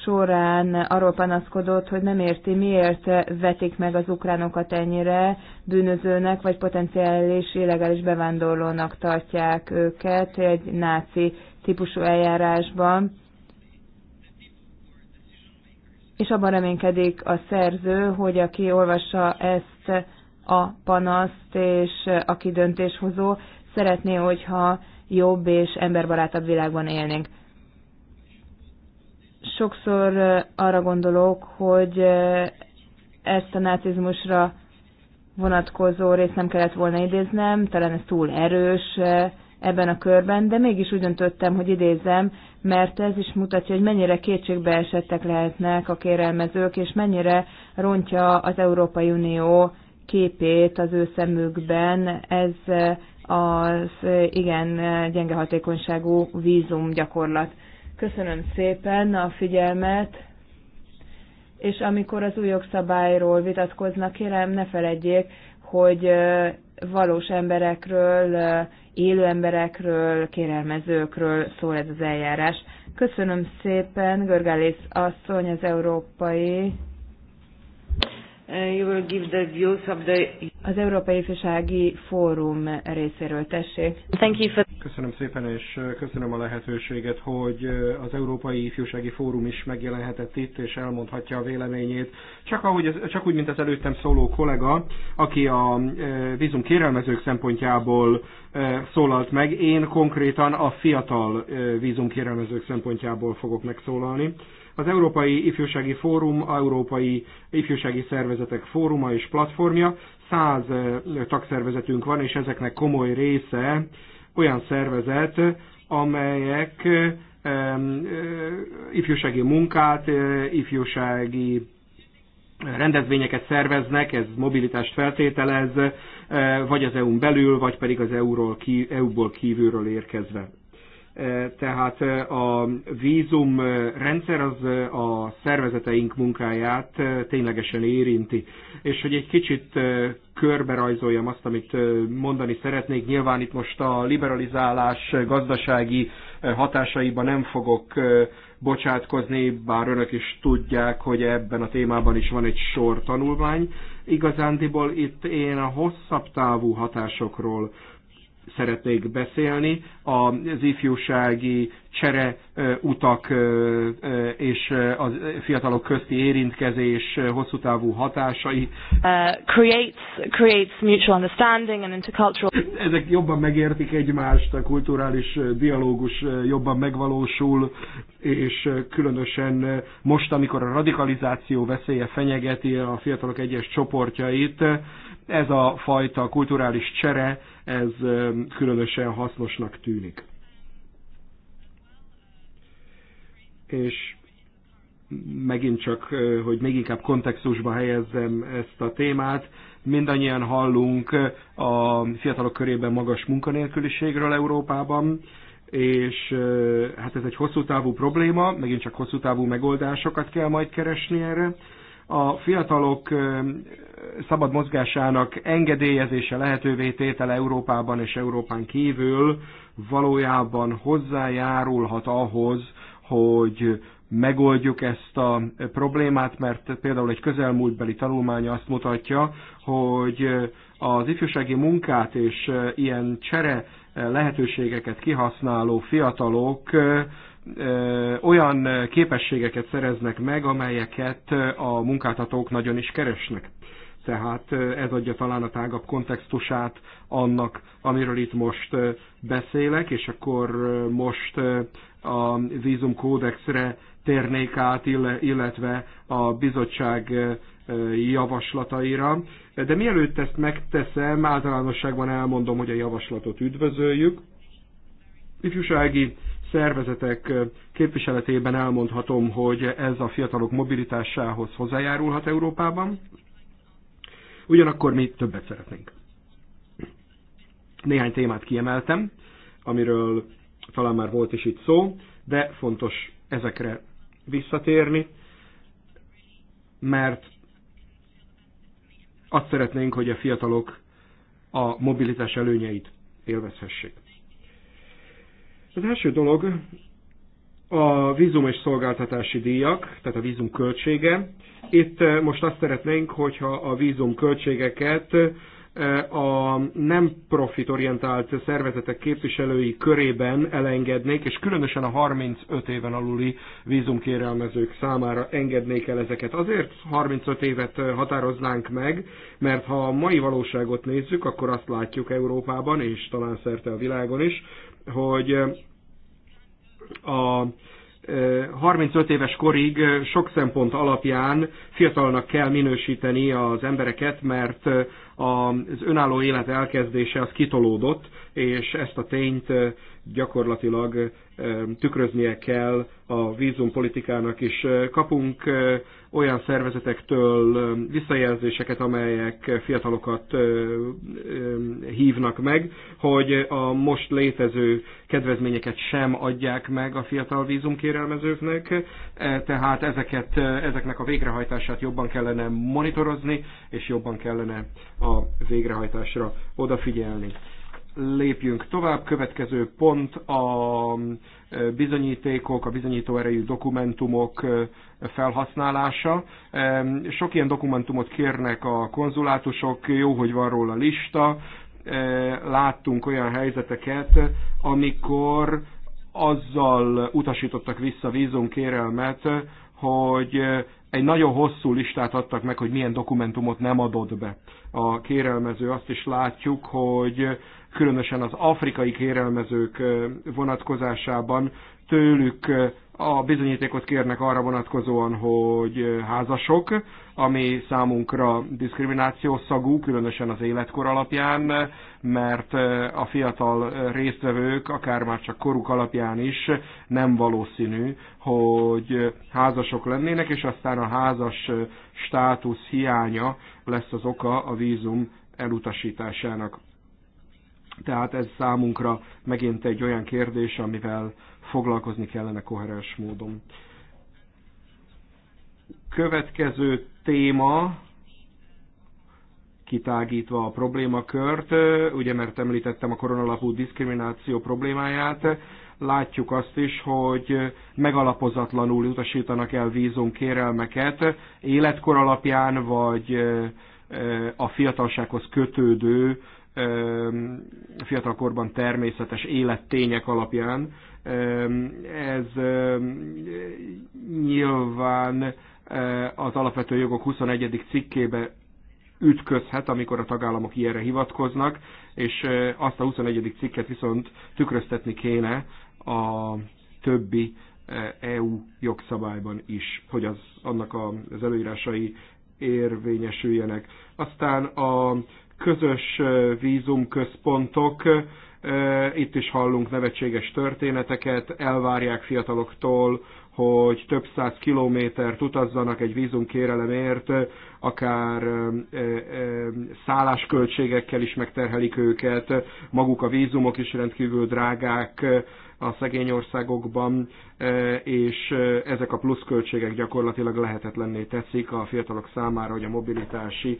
során arról panaszkodott, hogy nem érti, miért vetik meg az ukránokat ennyire bűnözőnek, vagy potenciális illegális bevándorlónak tartják őket egy náci típusú eljárásban és abban reménykedik a szerző, hogy aki olvassa ezt a panaszt, és aki döntéshozó, szeretné, hogyha jobb és emberbarátabb világban élnénk. Sokszor arra gondolok, hogy ezt a nácizmusra vonatkozó részt nem kellett volna idéznem, talán ez túl erős ebben a körben, de mégis úgy döntöttem, hogy idézem, mert ez is mutatja, hogy mennyire kétségbeesettek lehetnek a kérelmezők, és mennyire rontja az Európai Unió képét az ő szemükben ez az igen gyenge hatékonyságú vízum gyakorlat. Köszönöm szépen a figyelmet, és amikor az új jogszabályról vitatkoznak, kérem ne feledjék, hogy valós emberekről, élő emberekről, kérelmezőkről szól ez az eljárás. Köszönöm szépen, Görgálész asszony, az Európai Uh, you will give the views of the... Az Európai Ifjúsági Fórum részéről tessék. Thank you for... Köszönöm szépen, és uh, köszönöm a lehetőséget, hogy uh, az Európai Ifjúsági Fórum is megjelenhetett itt, és elmondhatja a véleményét. Csak, ahogy, csak úgy, mint az előttem szóló kollega, aki a vízum kérelmezők szempontjából szólalt meg, én konkrétan a fiatal vízum kérelmezők szempontjából fogok megszólalni. Az Európai Ifjúsági Fórum, Európai Ifjúsági Szervezetek Fóruma és Platformja, száz tagszervezetünk van, és ezeknek komoly része olyan szervezet, amelyek ifjúsági munkát, ifjúsági rendezvényeket szerveznek, ez mobilitást feltételez, vagy az EU-n belül, vagy pedig az EU-ból e kívülről érkezve. Tehát a vízum rendszer az a szervezeteink munkáját ténylegesen érinti. És hogy egy kicsit körberajzoljam azt, amit mondani szeretnék, nyilván itt most a liberalizálás gazdasági hatásaiba nem fogok bocsátkozni, bár önök is tudják, hogy ebben a témában is van egy sor tanulmány. Igazándiból itt én a hosszabb távú hatásokról szeretnék beszélni, az ifjúsági csere utak és a fiatalok közti érintkezés hosszú távú hatásai. Uh, creates, creates mutual understanding and intercultural... Ezek jobban megértik egymást, a kulturális dialógus jobban megvalósul, és különösen most, amikor a radikalizáció veszélye fenyegeti a fiatalok egyes csoportjait, ez a fajta kulturális csere ez különösen hasznosnak tűnik. És megint csak, hogy még inkább kontextusba helyezzem ezt a témát, mindannyian hallunk a fiatalok körében magas munkanélküliségről Európában, és hát ez egy hosszú távú probléma, megint csak hosszú távú megoldásokat kell majd keresni erre, a fiatalok szabad mozgásának engedélyezése lehetővé tétele Európában és Európán kívül valójában hozzájárulhat ahhoz, hogy megoldjuk ezt a problémát, mert például egy közelmúltbeli tanulmány azt mutatja, hogy az ifjúsági munkát és ilyen csere lehetőségeket kihasználó fiatalok olyan képességeket szereznek meg, amelyeket a munkáltatók nagyon is keresnek. Tehát ez adja talán a tágabb kontextusát annak, amiről itt most beszélek, és akkor most a vízumkódexre térnék át, illetve a bizottság javaslataira. De mielőtt ezt megteszem, általánosságban elmondom, hogy a javaslatot üdvözöljük. Ifjúsági szervezetek képviseletében elmondhatom, hogy ez a fiatalok mobilitásához hozzájárulhat Európában. Ugyanakkor mi többet szeretnénk. Néhány témát kiemeltem, amiről talán már volt is itt szó, de fontos ezekre visszatérni, mert azt szeretnénk, hogy a fiatalok a mobilitás előnyeit élvezhessék. Az első dolog a vízum és szolgáltatási díjak, tehát a vízum költsége. Itt eh, most azt szeretnénk, hogyha a vízum költségeket eh, a nem profitorientált szervezetek képviselői körében elengednék, és különösen a 35 éven aluli vízumkérelmezők számára engednék el ezeket. Azért 35 évet eh, határoznánk meg, mert ha a mai valóságot nézzük, akkor azt látjuk Európában, és talán szerte a világon is, hogy a 35 éves korig sok szempont alapján fiatalnak kell minősíteni az embereket, mert az önálló élet elkezdése az kitolódott, és ezt a tényt gyakorlatilag tükröznie kell a vízumpolitikának is. Kapunk olyan szervezetektől visszajelzéseket, amelyek fiatalokat hívnak meg, hogy a most létező kedvezményeket sem adják meg a fiatal vízumkérelmezőknek, e, tehát ezeket, ezeknek a végrehajtását jobban kellene monitorozni, és jobban kellene a végrehajtásra odafigyelni. Lépjünk tovább. Következő pont a e, bizonyítékok, a bizonyító erejű dokumentumok e, felhasználása. E, sok ilyen dokumentumot kérnek a konzulátusok, jó, hogy van róla lista. Láttunk olyan helyzeteket, amikor azzal utasítottak vissza vízunkérelmet, hogy egy nagyon hosszú listát adtak meg, hogy milyen dokumentumot nem adott be a kérelmező. Azt is látjuk, hogy különösen az afrikai kérelmezők vonatkozásában tőlük eh, a bizonyítékot kérnek arra vonatkozóan, hogy eh, házasok, ami számunkra diszkrimináció szagú, különösen az életkor alapján, mert eh, a fiatal résztvevők, akár már csak koruk alapján is nem valószínű, hogy házasok lennének, és aztán a házas státusz hiánya lesz az oka a vízum elutasításának. Tehát ez számunkra megint egy olyan kérdés, amivel foglalkozni kellene koherens módon. Következő téma, kitágítva a problémakört, ugye mert említettem a koronalapú diszkrimináció problémáját, látjuk azt is, hogy megalapozatlanul utasítanak el vízum kérelmeket életkor alapján, vagy eh, a fiatalsághoz kötődő fiatalkorban természetes élettények alapján. Ez nyilván az alapvető jogok 21. cikkébe ütközhet, amikor a tagállamok ilyenre hivatkoznak, és azt a 21. cikket viszont tükröztetni kéne a többi EU jogszabályban is, hogy az, annak az előírásai érvényesüljenek. Aztán a közös eh, vízumközpontok, eh, itt is hallunk nevetséges történeteket, elvárják fiataloktól, hogy több száz kilométert utazzanak egy vízumkérelemért akár szállásköltségekkel is megterhelik őket, maguk a vízumok is rendkívül drágák a szegény országokban, és ezek a pluszköltségek gyakorlatilag lehetetlenné teszik a fiatalok számára, hogy a mobilitási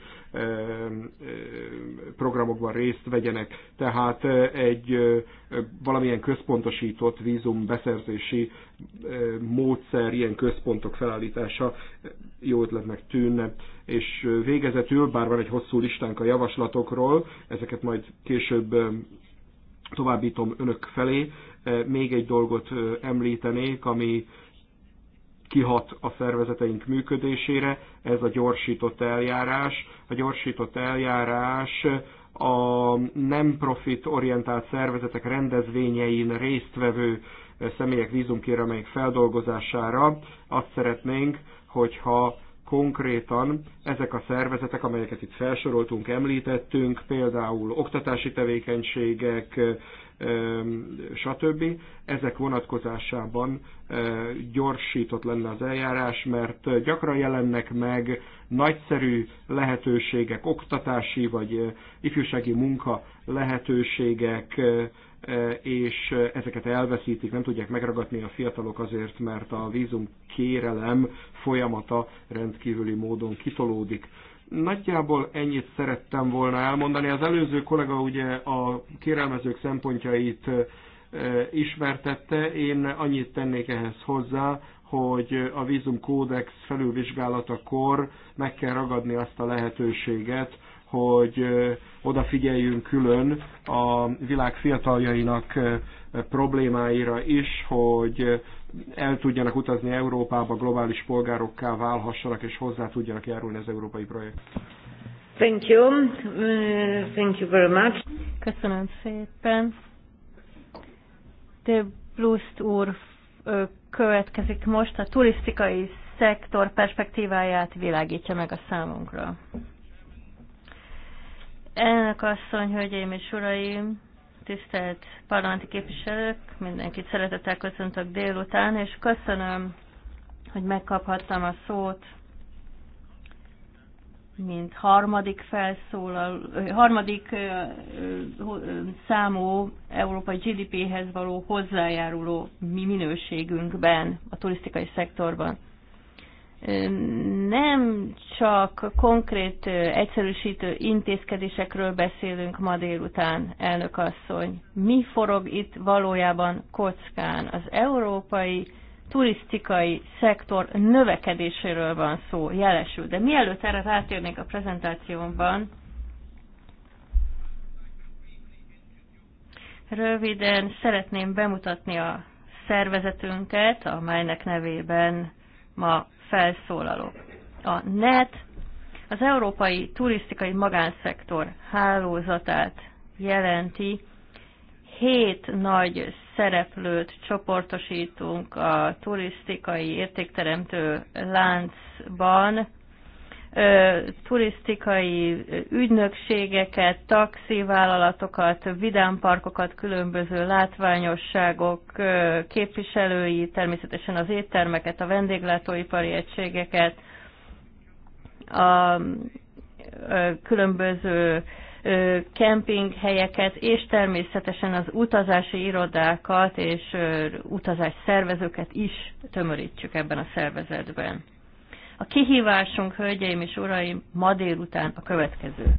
programokban részt vegyenek. Tehát egy valamilyen központosított vízum beszerzési módszer, ilyen központok felállítása jó ötletnek tűnne és végezetül, bár van egy hosszú listánk a javaslatokról, ezeket majd később továbbítom önök felé, még egy dolgot említenék, ami kihat a szervezeteink működésére, ez a gyorsított eljárás. A gyorsított eljárás a nem profit orientált szervezetek rendezvényein résztvevő személyek vízumkérelmeik feldolgozására azt szeretnénk, hogyha konkrétan ezek a szervezetek, amelyeket itt felsoroltunk, említettünk, például oktatási tevékenységek, stb. Ezek vonatkozásában gyorsított lenne az eljárás, mert gyakran jelennek meg nagyszerű lehetőségek, oktatási vagy ifjúsági munka lehetőségek, és ezeket elveszítik, nem tudják megragadni a fiatalok azért, mert a vízum kérelem folyamata rendkívüli módon kitolódik. Nagyjából ennyit szerettem volna elmondani. Az előző kollega ugye a kérelmezők szempontjait ismertette, én annyit tennék ehhez hozzá, hogy a vízumkódex felülvizsgálatakor meg kell ragadni azt a lehetőséget, hogy odafigyeljünk külön a világ fiataljainak problémáira is, hogy el tudjanak utazni Európába, globális polgárokká válhassanak és hozzá tudjanak járulni az európai projekt. Thank you. Uh, thank you very much. Köszönöm szépen. De Bluszt úr következik most a turisztikai szektor perspektíváját világítja meg a számunkra. Elnök asszony, hölgyeim és uraim, Tisztelt parlamenti képviselők, mindenkit szeretettel köszöntök délután, és köszönöm, hogy megkaphattam a szót, mint harmadik felszólal, harmadik számú európai GDP-hez való hozzájáruló mi minőségünkben a turisztikai szektorban nem csak konkrét egyszerűsítő intézkedésekről beszélünk ma délután, elnök asszony. Mi forog itt valójában kockán? Az európai turisztikai szektor növekedéséről van szó jelesül. De mielőtt erre rátérnék a prezentációmban, röviden szeretném bemutatni a szervezetünket, amelynek nevében ma felszólalok. A NET az európai turisztikai magánszektor hálózatát jelenti. Hét nagy szereplőt csoportosítunk a turisztikai értékteremtő láncban, turisztikai ügynökségeket, taxivállalatokat, vidámparkokat, különböző látványosságok képviselői, természetesen az éttermeket, a vendéglátóipari egységeket, a különböző kempinghelyeket, és természetesen az utazási irodákat és utazás szervezőket is tömörítjük ebben a szervezetben. A kihívásunk, hölgyeim és uraim, ma délután a következő.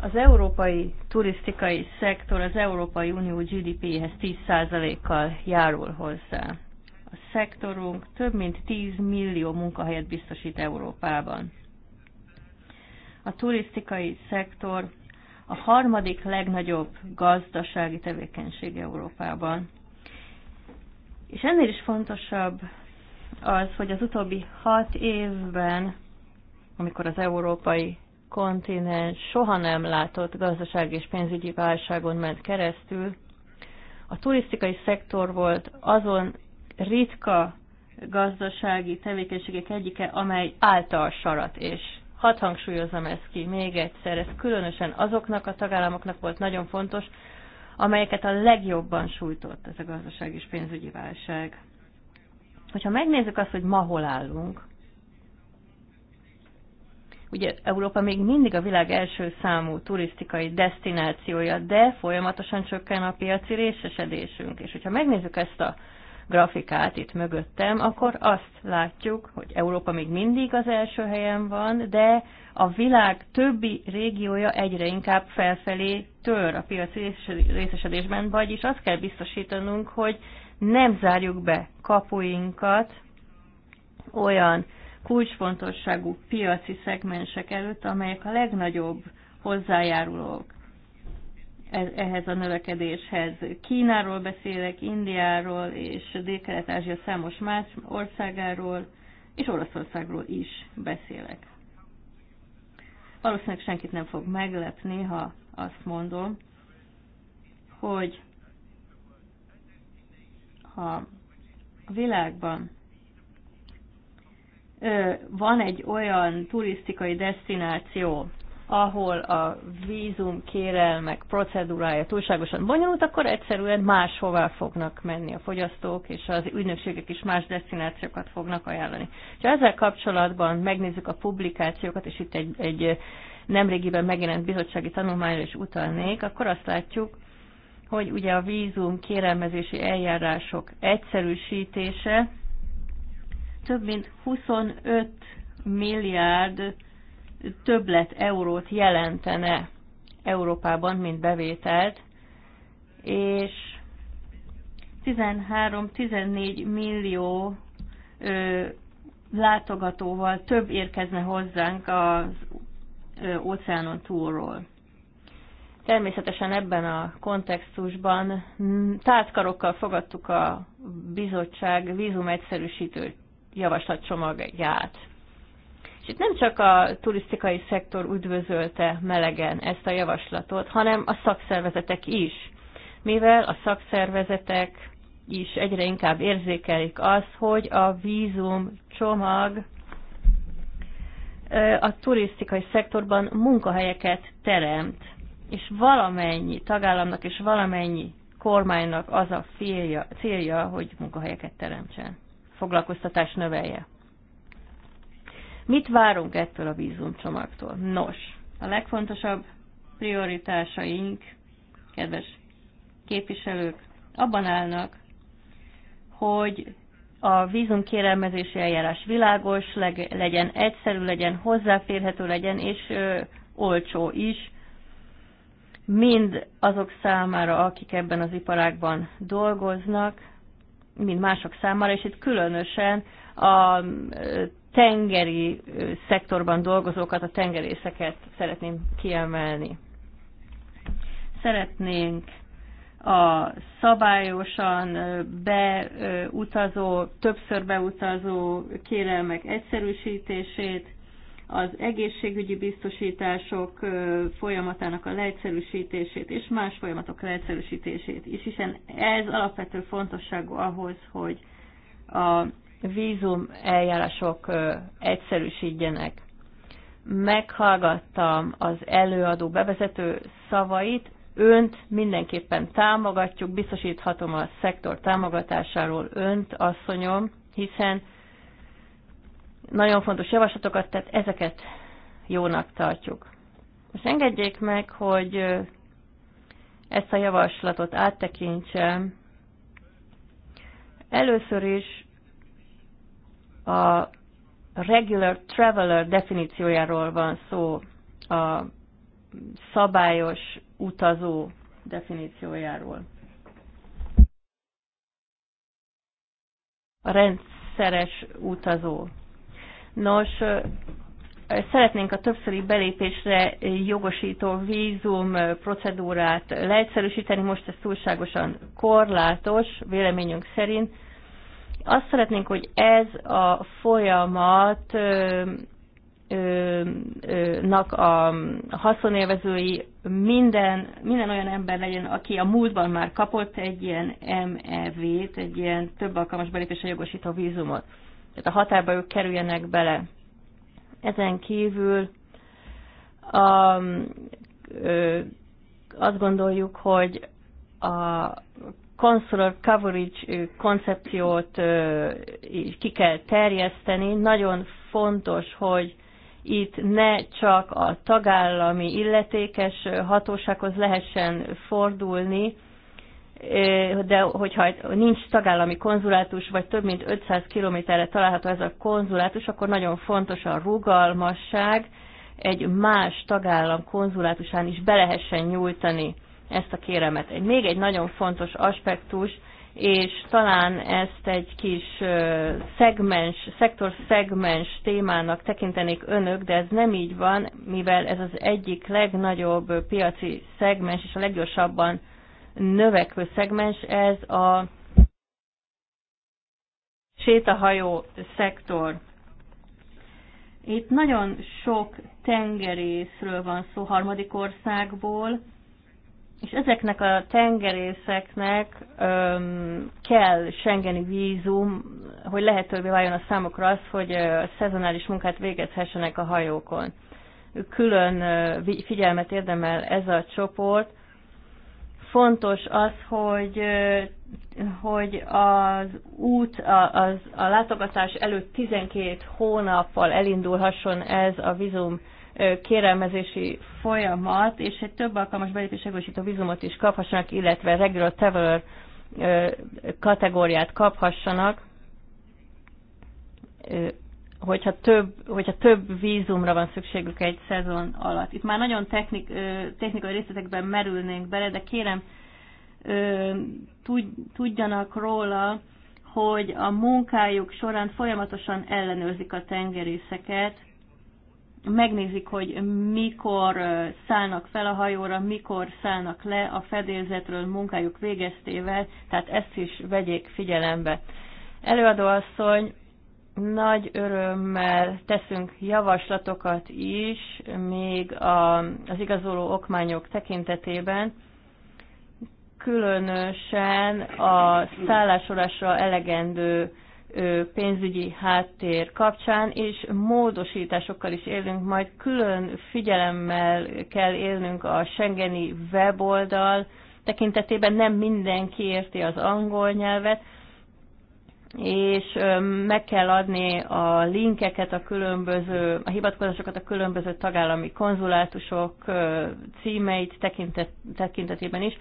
Az európai turisztikai szektor az Európai Unió GDP-hez 10%-kal járul hozzá. A szektorunk több mint 10 millió munkahelyet biztosít Európában. A turisztikai szektor a harmadik legnagyobb gazdasági tevékenység Európában. És ennél is fontosabb az, hogy az utóbbi hat évben, amikor az európai kontinens soha nem látott gazdaság és pénzügyi válságon ment keresztül, a turisztikai szektor volt azon ritka gazdasági tevékenységek egyike, amely által sarat, és hadd hangsúlyozom ezt ki még egyszer, ez különösen azoknak a tagállamoknak volt nagyon fontos, amelyeket a legjobban sújtott ez a gazdaság és pénzügyi válság. Hogyha megnézzük azt, hogy ma hol állunk, ugye Európa még mindig a világ első számú turisztikai destinációja, de folyamatosan csökken a piaci részesedésünk. És hogyha megnézzük ezt a grafikát itt mögöttem, akkor azt látjuk, hogy Európa még mindig az első helyen van, de a világ többi régiója egyre inkább felfelé tör a piaci részesedésben, vagyis azt kell biztosítanunk, hogy nem zárjuk be kapuinkat olyan kulcsfontosságú piaci szegmensek előtt, amelyek a legnagyobb hozzájárulók e- ehhez a növekedéshez. Kínáról beszélek, Indiáról és Dél-Kelet-Ázsia számos más országáról, és Oroszországról is beszélek. Valószínűleg senkit nem fog meglepni, ha azt mondom, hogy ha a világban van egy olyan turisztikai destináció, ahol a vízum kérelmek procedúrája túlságosan bonyolult, akkor egyszerűen máshová fognak menni a fogyasztók, és az ügynökségek is más destinációkat fognak ajánlani. Ha ezzel kapcsolatban megnézzük a publikációkat, és itt egy, egy nemrégiben megjelent bizottsági tanulmányra is utalnék, akkor azt látjuk, hogy ugye a vízum kérelmezési eljárások egyszerűsítése több mint 25 milliárd többlet eurót jelentene Európában, mint bevételt, és 13-14 millió ö, látogatóval több érkezne hozzánk az ö, óceánon túlról. Természetesen ebben a kontextusban tártkarokkal fogadtuk a bizottság vízum egyszerűsítő javaslatcsomagját. És itt nem csak a turisztikai szektor üdvözölte melegen ezt a javaslatot, hanem a szakszervezetek is, mivel a szakszervezetek is egyre inkább érzékelik azt, hogy a vízum csomag a turisztikai szektorban munkahelyeket teremt és valamennyi tagállamnak és valamennyi kormánynak az a félja, célja, hogy munkahelyeket teremtsen, foglalkoztatás növelje. Mit várunk ettől a vízumcsomagtól? Nos, a legfontosabb prioritásaink, kedves képviselők, abban állnak, hogy a vízum eljárás világos, legyen egyszerű, legyen hozzáférhető, legyen és ö, olcsó is, mind azok számára, akik ebben az iparágban dolgoznak, mind mások számára, és itt különösen a tengeri szektorban dolgozókat, a tengerészeket szeretném kiemelni. Szeretnénk a szabályosan beutazó, többször beutazó kérelmek egyszerűsítését, az egészségügyi biztosítások folyamatának a leegyszerűsítését és más folyamatok leegyszerűsítését is, hiszen ez alapvető fontosságú ahhoz, hogy a vízum eljárások egyszerűsítjenek. Meghallgattam az előadó bevezető szavait, önt mindenképpen támogatjuk, biztosíthatom a szektor támogatásáról önt, asszonyom, hiszen nagyon fontos javaslatokat, tehát ezeket jónak tartjuk. Most engedjék meg, hogy ezt a javaslatot áttekintsem. Először is a regular traveler definíciójáról van szó, a szabályos utazó definíciójáról. A rendszeres utazó Nos, szeretnénk a többszöri belépésre jogosító vízum procedúrát leegyszerűsíteni, most ez túlságosan korlátos, véleményünk szerint. Azt szeretnénk, hogy ez a folyamat nak a haszonélvezői minden, minden olyan ember legyen, aki a múltban már kapott egy ilyen MEV-t, egy ilyen több alkalmas belépésre jogosító vízumot tehát a határba ők kerüljenek bele. Ezen kívül a, um, azt gondoljuk, hogy a consular coverage koncepciót ki kell terjeszteni. Nagyon fontos, hogy itt ne csak a tagállami illetékes hatósághoz lehessen fordulni, de hogyha nincs tagállami konzulátus, vagy több mint 500 kilométerre található ez a konzulátus, akkor nagyon fontos a rugalmasság, egy más tagállam konzulátusán is belehessen nyújtani ezt a kéremet. Egy, még egy nagyon fontos aspektus, és talán ezt egy kis szegmens, szektor szegmens témának tekintenék önök, de ez nem így van, mivel ez az egyik legnagyobb piaci szegmens, és a leggyorsabban növekvő szegmens ez a sétahajó szektor. Itt nagyon sok tengerészről van szó harmadik országból, és ezeknek a tengerészeknek öm, kell Schengeni vízum, hogy lehetővé váljon a számokra az, hogy ö, szezonális munkát végezhessenek a hajókon. Külön ö, figyelmet érdemel ez a csoport, fontos az, hogy hogy az út, a, az, a látogatás előtt 12 hónappal elindulhasson ez a vízum kérelmezési folyamat, és egy több alkalmas belépésegősítő vízumot is kaphassanak, illetve regular traveler kategóriát kaphassanak hogyha több, hogyha több vízumra van szükségük egy szezon alatt. Itt már nagyon technik, technikai részletekben merülnénk bele, de kérem, tudjanak róla, hogy a munkájuk során folyamatosan ellenőrzik a tengerészeket, megnézik, hogy mikor szállnak fel a hajóra, mikor szállnak le a fedélzetről munkájuk végeztével, tehát ezt is vegyék figyelembe. Előadóasszony nagy örömmel teszünk javaslatokat is, még a, az igazoló okmányok tekintetében, különösen a szállásolásra elegendő pénzügyi háttér kapcsán, és módosításokkal is élünk, majd külön figyelemmel kell élnünk a Schengeni weboldal tekintetében, nem mindenki érti az angol nyelvet, és meg kell adni a linkeket, a különböző, a hivatkozásokat a különböző tagállami konzulátusok címeit tekintet, tekintetében is.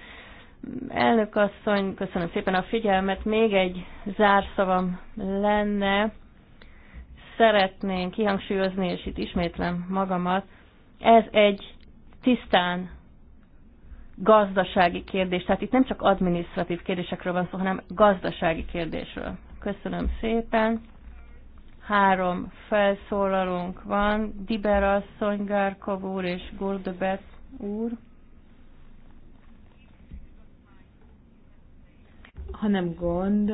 Elnök asszony, köszönöm szépen a figyelmet. Még egy zárszavam lenne. Szeretnénk kihangsúlyozni, és itt ismétlem magamat. Ez egy tisztán gazdasági kérdés. Tehát itt nem csak adminisztratív kérdésekről van szó, hanem gazdasági kérdésről. Köszönöm szépen. Három felszólalónk van, Diber asszony, Gárkov úr és Goldebet úr. Ha nem gond,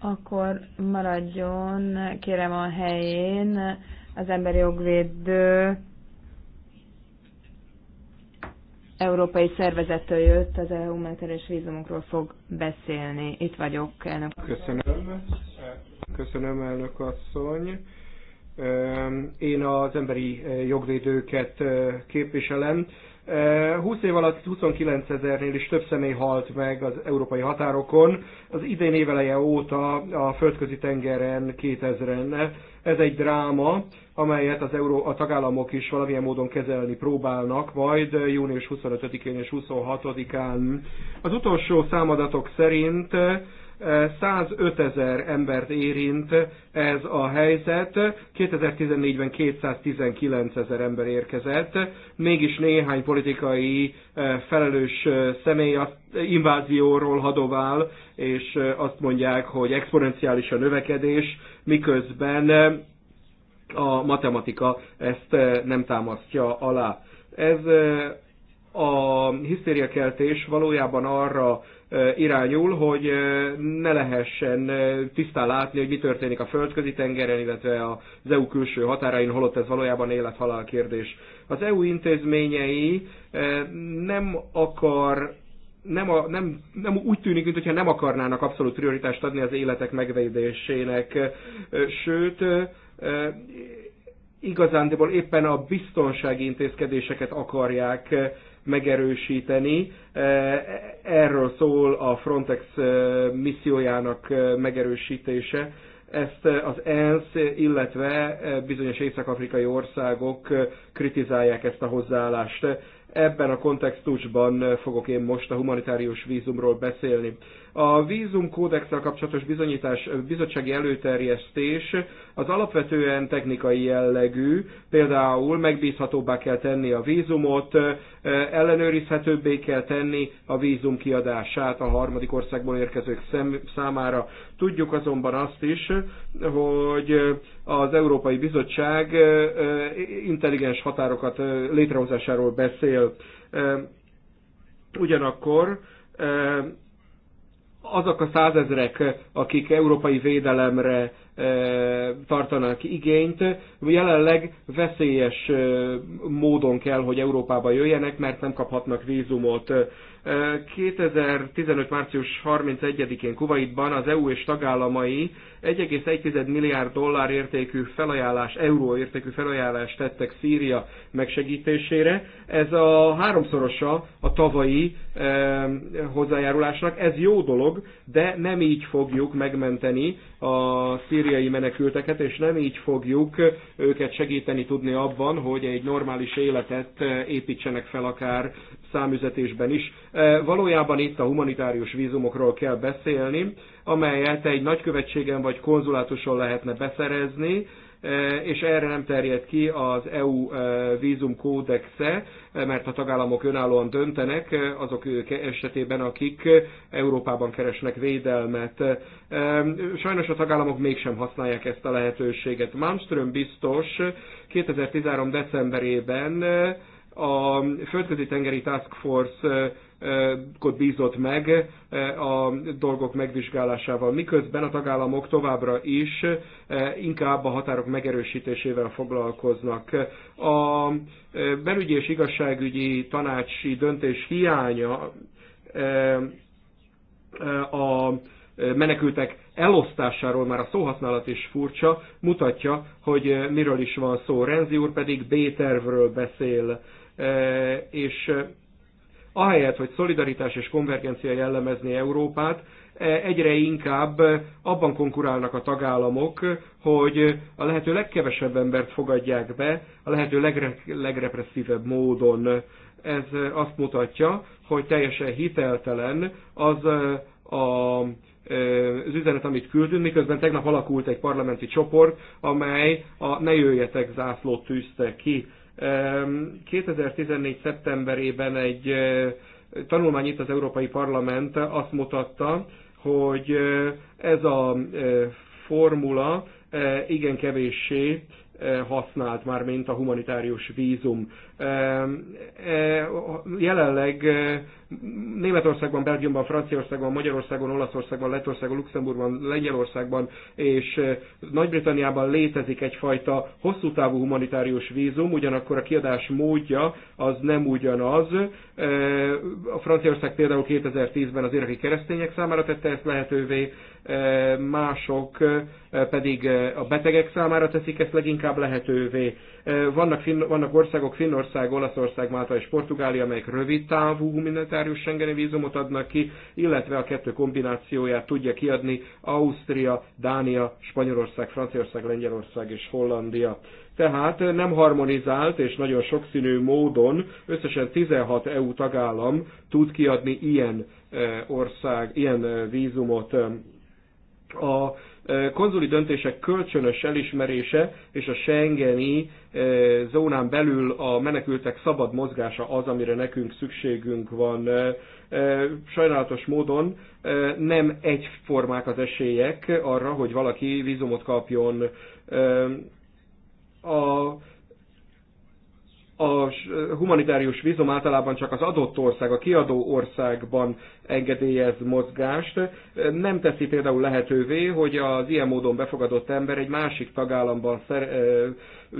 akkor maradjon, kérem a helyén, az emberi jogvédő európai szervezettől jött, az és e vízumokról fog beszélni. Itt vagyok, elnök. Köszönöm. Köszönöm, elnök asszony. Én az emberi eh, jogvédőket eh, képviselem. 20 eh, év alatt 29 ezernél is több személy halt meg az európai határokon. Az idén éveleje óta a földközi tengeren 2000-en. Ez egy dráma, amelyet az euró, a tagállamok is valamilyen módon kezelni próbálnak, majd június 25-én és 26-án. Az utolsó számadatok szerint 105 eh, ezer embert érint ez a helyzet. 2014-ben 219 ezer ember érkezett. Mégis néhány politikai eh, felelős eh, személy az invázióról hadovál, és azt mondják, hogy exponenciális a növekedés, miközben a matematika ezt eh, nem támasztja alá. Ez eh, a hisztériakeltés valójában arra eh, irányul, hogy ne lehessen tisztán látni, hogy mi történik a földközi tengeren, illetve az EU külső határain, holott ez valójában élet-halál kérdés. Az EU intézményei nem akar nem, a, nem, nem úgy tűnik, mintha nem akarnának abszolút prioritást adni az életek megvédésének, sőt, igazándiból éppen a biztonsági intézkedéseket akarják megerősíteni. Erről szól a Frontex missziójának megerősítése. Ezt az ENSZ, illetve bizonyos észak-afrikai országok kritizálják ezt a hozzáállást. Ebben a kontextusban fogok én most a humanitárius vízumról beszélni. A vízum kódexsel kapcsolatos bizonyítás, bizottsági előterjesztés az alapvetően technikai jellegű, például megbízhatóbbá kell tenni a vízumot, ellenőrizhetőbbé kell tenni a vízum kiadását a harmadik országból érkezők számára. Tudjuk azonban azt is, hogy az Európai Bizottság intelligens határokat létrehozásáról beszél. Ugyanakkor azok a százezrek, akik európai védelemre e, tartanak igényt, jelenleg veszélyes e, módon kell, hogy Európába jöjjenek, mert nem kaphatnak vízumot. 2015. március 31-én Kuwaitban az EU és tagállamai 1,1 milliárd dollár értékű felajánlás, euró értékű felajánlást tettek Szíria megsegítésére. Ez a háromszorosa a tavalyi eh, hozzájárulásnak. Ez jó dolog, de nem így fogjuk megmenteni a szíriai menekülteket, és nem így fogjuk őket segíteni tudni abban, hogy egy normális életet építsenek fel akár számüzetésben is. E, valójában itt a humanitárius vízumokról kell beszélni, amelyet egy nagykövetségen vagy konzulátuson lehetne beszerezni, e, és erre nem terjed ki az EU e, vízumkódexe, mert a tagállamok önállóan döntenek azok esetében, akik Európában keresnek védelmet. Sajnos a tagállamok mégsem használják ezt a lehetőséget. Malmström biztos 2013. decemberében a Földközi Tengeri Task Force kod bízott meg a dolgok megvizsgálásával, miközben a tagállamok továbbra is inkább a határok megerősítésével foglalkoznak. A belügyi és igazságügyi tanácsi döntés hiánya a menekültek elosztásáról már a szóhasználat is furcsa, mutatja, hogy miről is van szó. Renzi úr pedig B-tervről beszél és ahelyett, hogy szolidaritás és konvergencia jellemezni Európát, egyre inkább abban konkurálnak a tagállamok, hogy a lehető legkevesebb embert fogadják be, a lehető legre, legrepresszívebb módon. Ez azt mutatja, hogy teljesen hiteltelen az a az üzenet, amit küldünk, miközben tegnap alakult egy parlamenti csoport, amely a ne jöjjetek zászlót tűzte ki. 2014. szeptemberében egy tanulmány itt az Európai Parlament azt mutatta, hogy ez a formula igen kevéssé Eh, használt, már mint a humanitárius vízum. Eh, jelenleg eh, Németországban, Belgiumban, Franciaországban, Magyarországon, Olaszországban, Lettországban, Luxemburgban, Lengyelországban és Nagy-Britanniában létezik egyfajta hosszú távú humanitárius vízum, ugyanakkor a kiadás módja az nem ugyanaz. A Franciaország például 2010-ben az iraki keresztények számára tette ezt lehetővé, mások pedig a betegek számára teszik ezt leginkább lehetővé. Vannak, Finn, vannak országok, Finnország, Olaszország, Málta és Portugália, amelyek rövid távú humanitárius Schengeni vízumot adnak ki, illetve a kettő kombinációját tudja kiadni Ausztria, Dánia, Spanyolország, Franciaország, Lengyelország és Hollandia tehát nem harmonizált és nagyon sokszínű módon összesen 16 EU tagállam tud kiadni ilyen ország, ilyen vízumot a e, konzuli döntések kölcsönös elismerése és a Schengeni e, zónán belül a menekültek szabad mozgása az, amire nekünk szükségünk van. E, sajnálatos módon nem egyformák az esélyek arra, hogy valaki vízumot kapjon. A a humanitárius vízum általában csak az adott ország, a kiadó országban engedélyez mozgást, nem teszi például lehetővé, hogy az ilyen módon befogadott ember egy másik tagállamban szer,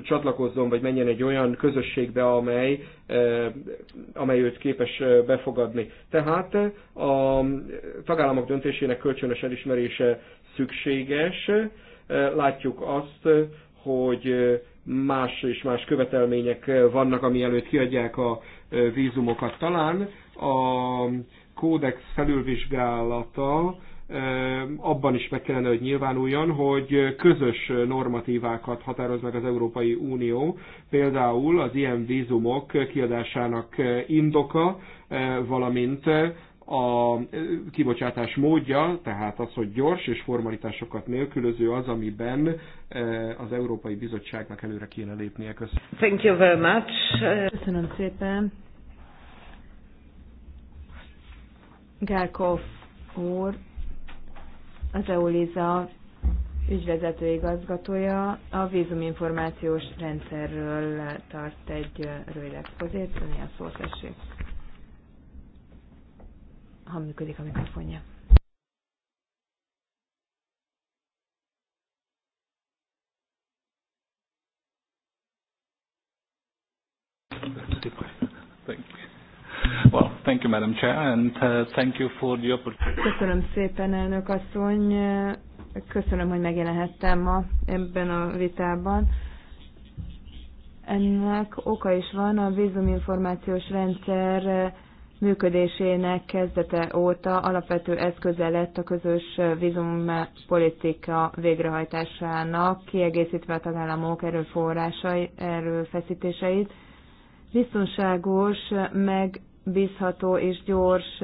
csatlakozzon, vagy menjen egy olyan közösségbe, amely, amely őt képes befogadni. Tehát a tagállamok döntésének kölcsönös elismerése szükséges. Látjuk azt, hogy más és más követelmények vannak, ami előtt kiadják a vízumokat. Talán a kódex felülvizsgálata abban is meg kellene, hogy nyilvánuljon, hogy közös normatívákat határoz meg az Európai Unió, például az ilyen vízumok kiadásának indoka, valamint a kibocsátás módja, tehát az, hogy gyors és formalitásokat nélkülöző az, amiben az Európai Bizottságnak előre kéne lépnie. Köszönöm. Thank you very much. Köszönöm szépen. Gálkov úr, az EULIZA ügyvezető igazgatója a vízuminformációs rendszerről tart egy rövid expozíciót, a szó tessék ha működik a mikrofonja. Thank you, Madam Chair, and uh, thank you for the opportunity. Köszönöm szépen, elnök asszony. Köszönöm, hogy megjelenhettem ma ebben a vitában. Ennek oka is van, a vízuminformációs rendszer működésének kezdete óta alapvető eszköze lett a közös vízumpolitika végrehajtásának, kiegészítve a tagállamok erőforrásai, erőfeszítéseit. Biztonságos, megbízható és gyors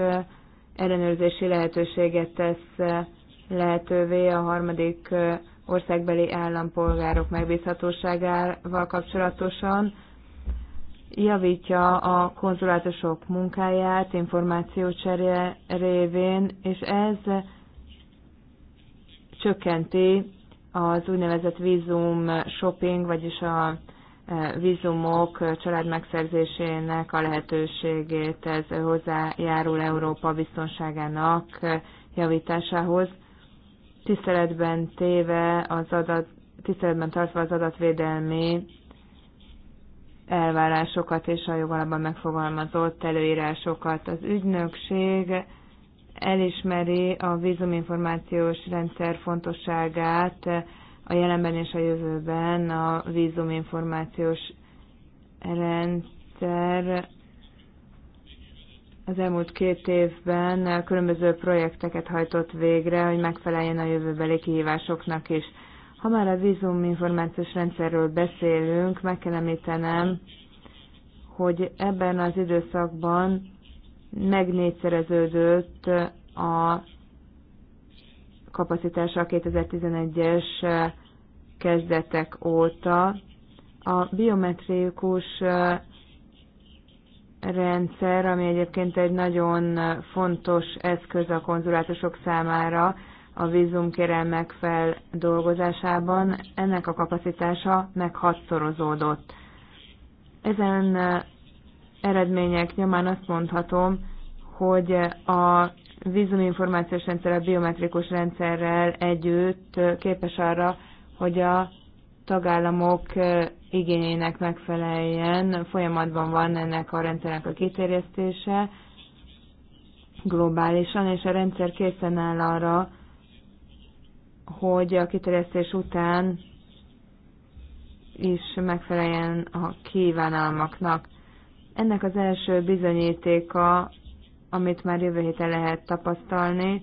ellenőrzési lehetőséget tesz lehetővé a harmadik országbeli állampolgárok megbízhatóságával kapcsolatosan javítja a konzulátusok munkáját információcserje révén, és ez csökkenti az úgynevezett vízum shopping, vagyis a e, vízumok e, család megszerzésének a lehetőségét, ez hozzájárul Európa biztonságának javításához, tiszteletben téve az adat, tiszteletben tartva az adatvédelmi elvárásokat és a jogalapban megfogalmazott előírásokat. Az ügynökség elismeri a vízuminformációs rendszer fontosságát a jelenben és a jövőben a vízuminformációs rendszer az elmúlt két évben különböző projekteket hajtott végre, hogy megfeleljen a jövőbeli kihívásoknak is. Ha már a vízuminformációs rendszerről beszélünk, meg kell említenem, hogy ebben az időszakban megnégyszereződött a kapacitása a 2011-es kezdetek óta. A biometrikus rendszer, ami egyébként egy nagyon fontos eszköz a konzulátusok számára, a vízumkérelmek feldolgozásában, ennek a kapacitása meg hatszorozódott. Ezen eredmények nyomán azt mondhatom, hogy a vízuminformációs rendszer a biometrikus rendszerrel együtt képes arra, hogy a tagállamok igényének megfeleljen. Folyamatban van ennek a rendszernek a kiterjesztése globálisan, és a rendszer készen áll arra, hogy a kiterjesztés után is megfeleljen a kívánalmaknak. Ennek az első bizonyítéka, amit már jövő héten lehet tapasztalni,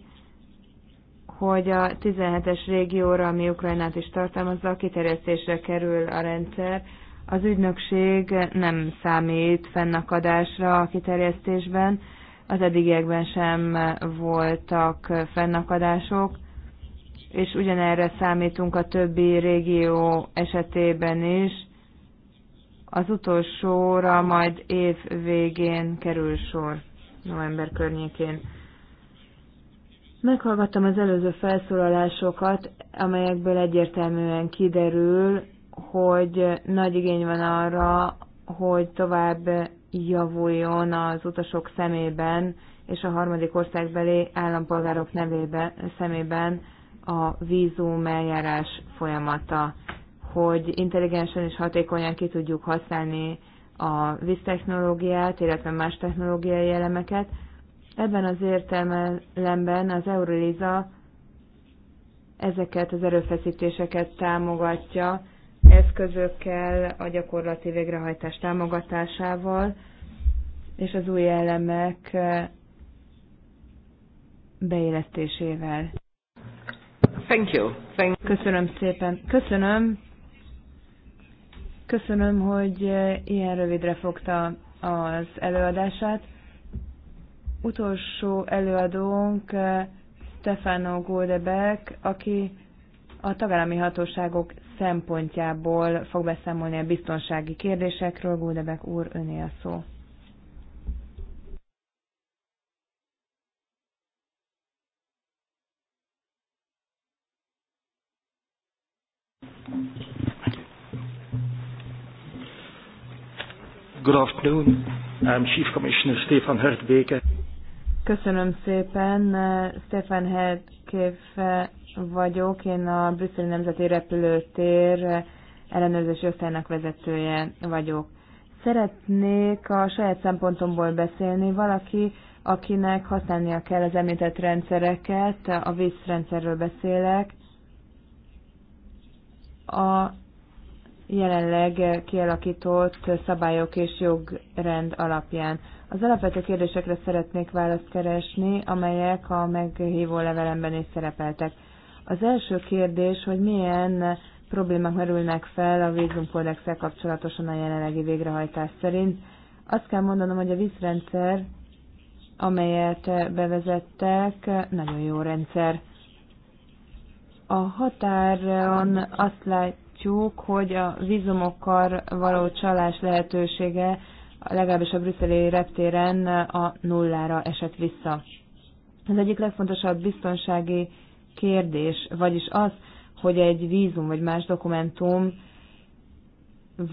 hogy a 17-es régióra, ami Ukrajnát is tartalmazza, a kiterjesztésre kerül a rendszer. Az ügynökség nem számít fennakadásra a kiterjesztésben, az eddigiekben sem voltak fennakadások és ugyanerre számítunk a többi régió esetében is. Az utolsóra majd év végén kerül sor, november környékén. Meghallgattam az előző felszólalásokat, amelyekből egyértelműen kiderül, hogy nagy igény van arra, hogy tovább javuljon az utasok szemében és a harmadik országbeli állampolgárok nevében, szemében a vízum eljárás folyamata, hogy intelligensen és hatékonyan ki tudjuk használni a víztechnológiát, illetve más technológiai elemeket. Ebben az értelemben az Euroliza ezeket az erőfeszítéseket támogatja, eszközökkel, a gyakorlati végrehajtás támogatásával, és az új elemek beélesztésével. Thank you. Thank Köszönöm szépen. Köszönöm. Köszönöm, hogy eh, ilyen rövidre fogta az előadását. Utolsó előadónk eh, Stefano Goldebeck, aki a tagállami hatóságok szempontjából fog beszámolni a biztonsági kérdésekről. Goldebeck úr, öné a szó. Good afternoon. I'm Chief Commissioner Stefan Hertbeke. Köszönöm szépen. Stefan Hertkév vagyok. Én a Brüsszeli Nemzeti Repülőtér ellenőrzési osztálynak vezetője vagyok. Szeretnék a saját szempontomból beszélni. Valaki, akinek használnia kell az említett rendszereket, a vízrendszerről beszélek, a jelenleg kialakított szabályok és jogrend alapján. Az alapvető kérdésekre szeretnék választ keresni, amelyek a meghívó levelemben is szerepeltek. Az első kérdés, hogy milyen problémák merülnek fel a vízumkódexel kapcsolatosan a jelenlegi végrehajtás szerint. Azt kell mondanom, hogy a vízrendszer, amelyet bevezettek, nagyon jó rendszer. A határon azt látjuk, látjuk, hogy a vízumokkal való csalás lehetősége legalábbis a brüsszeli reptéren a nullára esett vissza. Az egyik legfontosabb biztonsági kérdés, vagyis az, hogy egy vízum vagy más dokumentum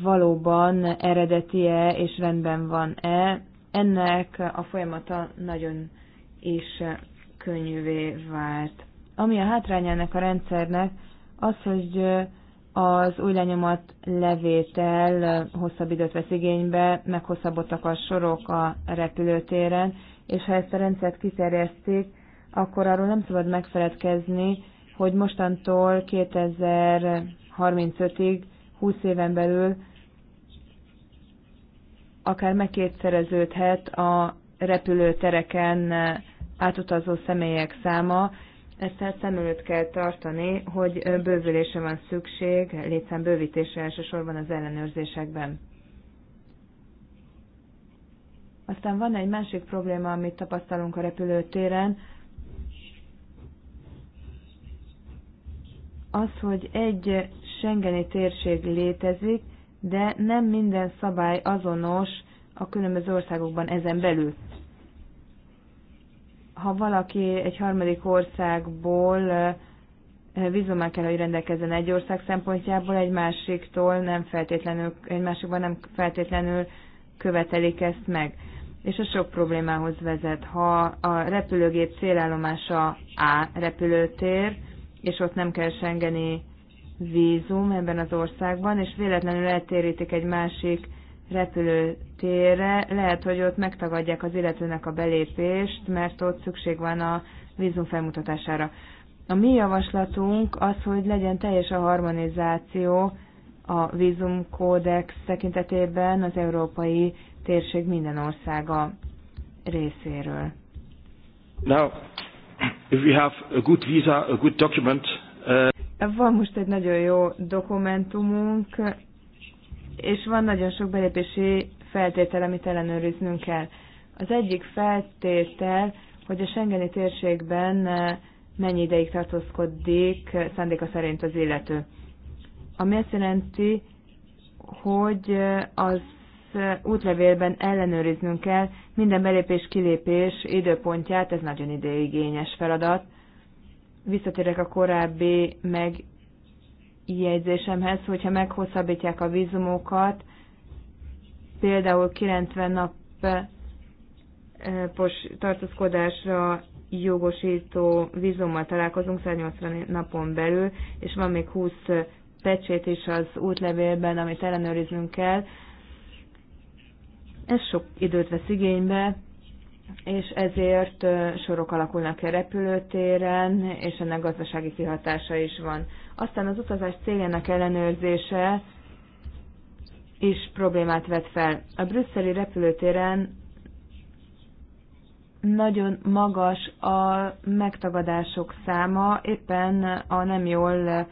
valóban eredeti-e és rendben van-e, ennek a folyamata nagyon is könnyűvé vált. Ami a hátrány ennek a rendszernek, az, hogy az új lenyomat levétel hosszabb időt vesz igénybe, meghosszabbodtak a sorok a repülőtéren, és ha ezt a rendszert kiterjesztik, akkor arról nem szabad megfeledkezni, hogy mostantól 2035-ig, 20 éven belül akár megkétszereződhet a repülőtereken átutazó személyek száma, ezt tehát szem előtt kell tartani, hogy bővülése van szükség, létszám bővítése elsősorban az ellenőrzésekben. Aztán van egy másik probléma, amit tapasztalunk a repülőtéren, az, hogy egy Schengeni térség létezik, de nem minden szabály azonos a különböző országokban ezen belül ha valaki egy harmadik országból vízummal kell, hogy rendelkezzen egy ország szempontjából, egy másiktól nem feltétlenül, egy másikban nem feltétlenül követelik ezt meg. És ez sok problémához vezet. Ha a repülőgép célállomása A repülőtér, és ott nem kell Schengeni vízum ebben az országban, és véletlenül eltérítik egy másik repülőtérre, lehet, hogy ott megtagadják az illetőnek a belépést, mert ott szükség van a vízum felmutatására. A mi javaslatunk az, hogy legyen teljes a harmonizáció a vízumkódex tekintetében az európai térség minden országa részéről. Now, if we have a good visa, a good document, uh... Van most egy nagyon jó dokumentumunk, és van nagyon sok belépési feltétel, amit ellenőriznünk kell. Az egyik feltétel, hogy a Schengeni térségben eh, mennyi ideig tartózkodik eh, szándéka szerint az illető. Ami azt jelenti, hogy eh, az útlevélben ellenőriznünk kell minden belépés-kilépés időpontját, ez nagyon ideigényes feladat. Visszatérek a korábbi meg jegyzésemhez, hogyha meghosszabbítják a vízumokat, például 90 napos tartózkodásra jogosító vízummal találkozunk 180 napon belül, és van még 20 pecsét is az útlevélben, amit ellenőriznünk kell. Ez sok időt vesz igénybe, és ezért sorok alakulnak a repülőtéren, és ennek gazdasági kihatása is van. Aztán az utazás céljának ellenőrzése is problémát vet fel. A brüsszeli repülőtéren nagyon magas a megtagadások száma, éppen a nem jól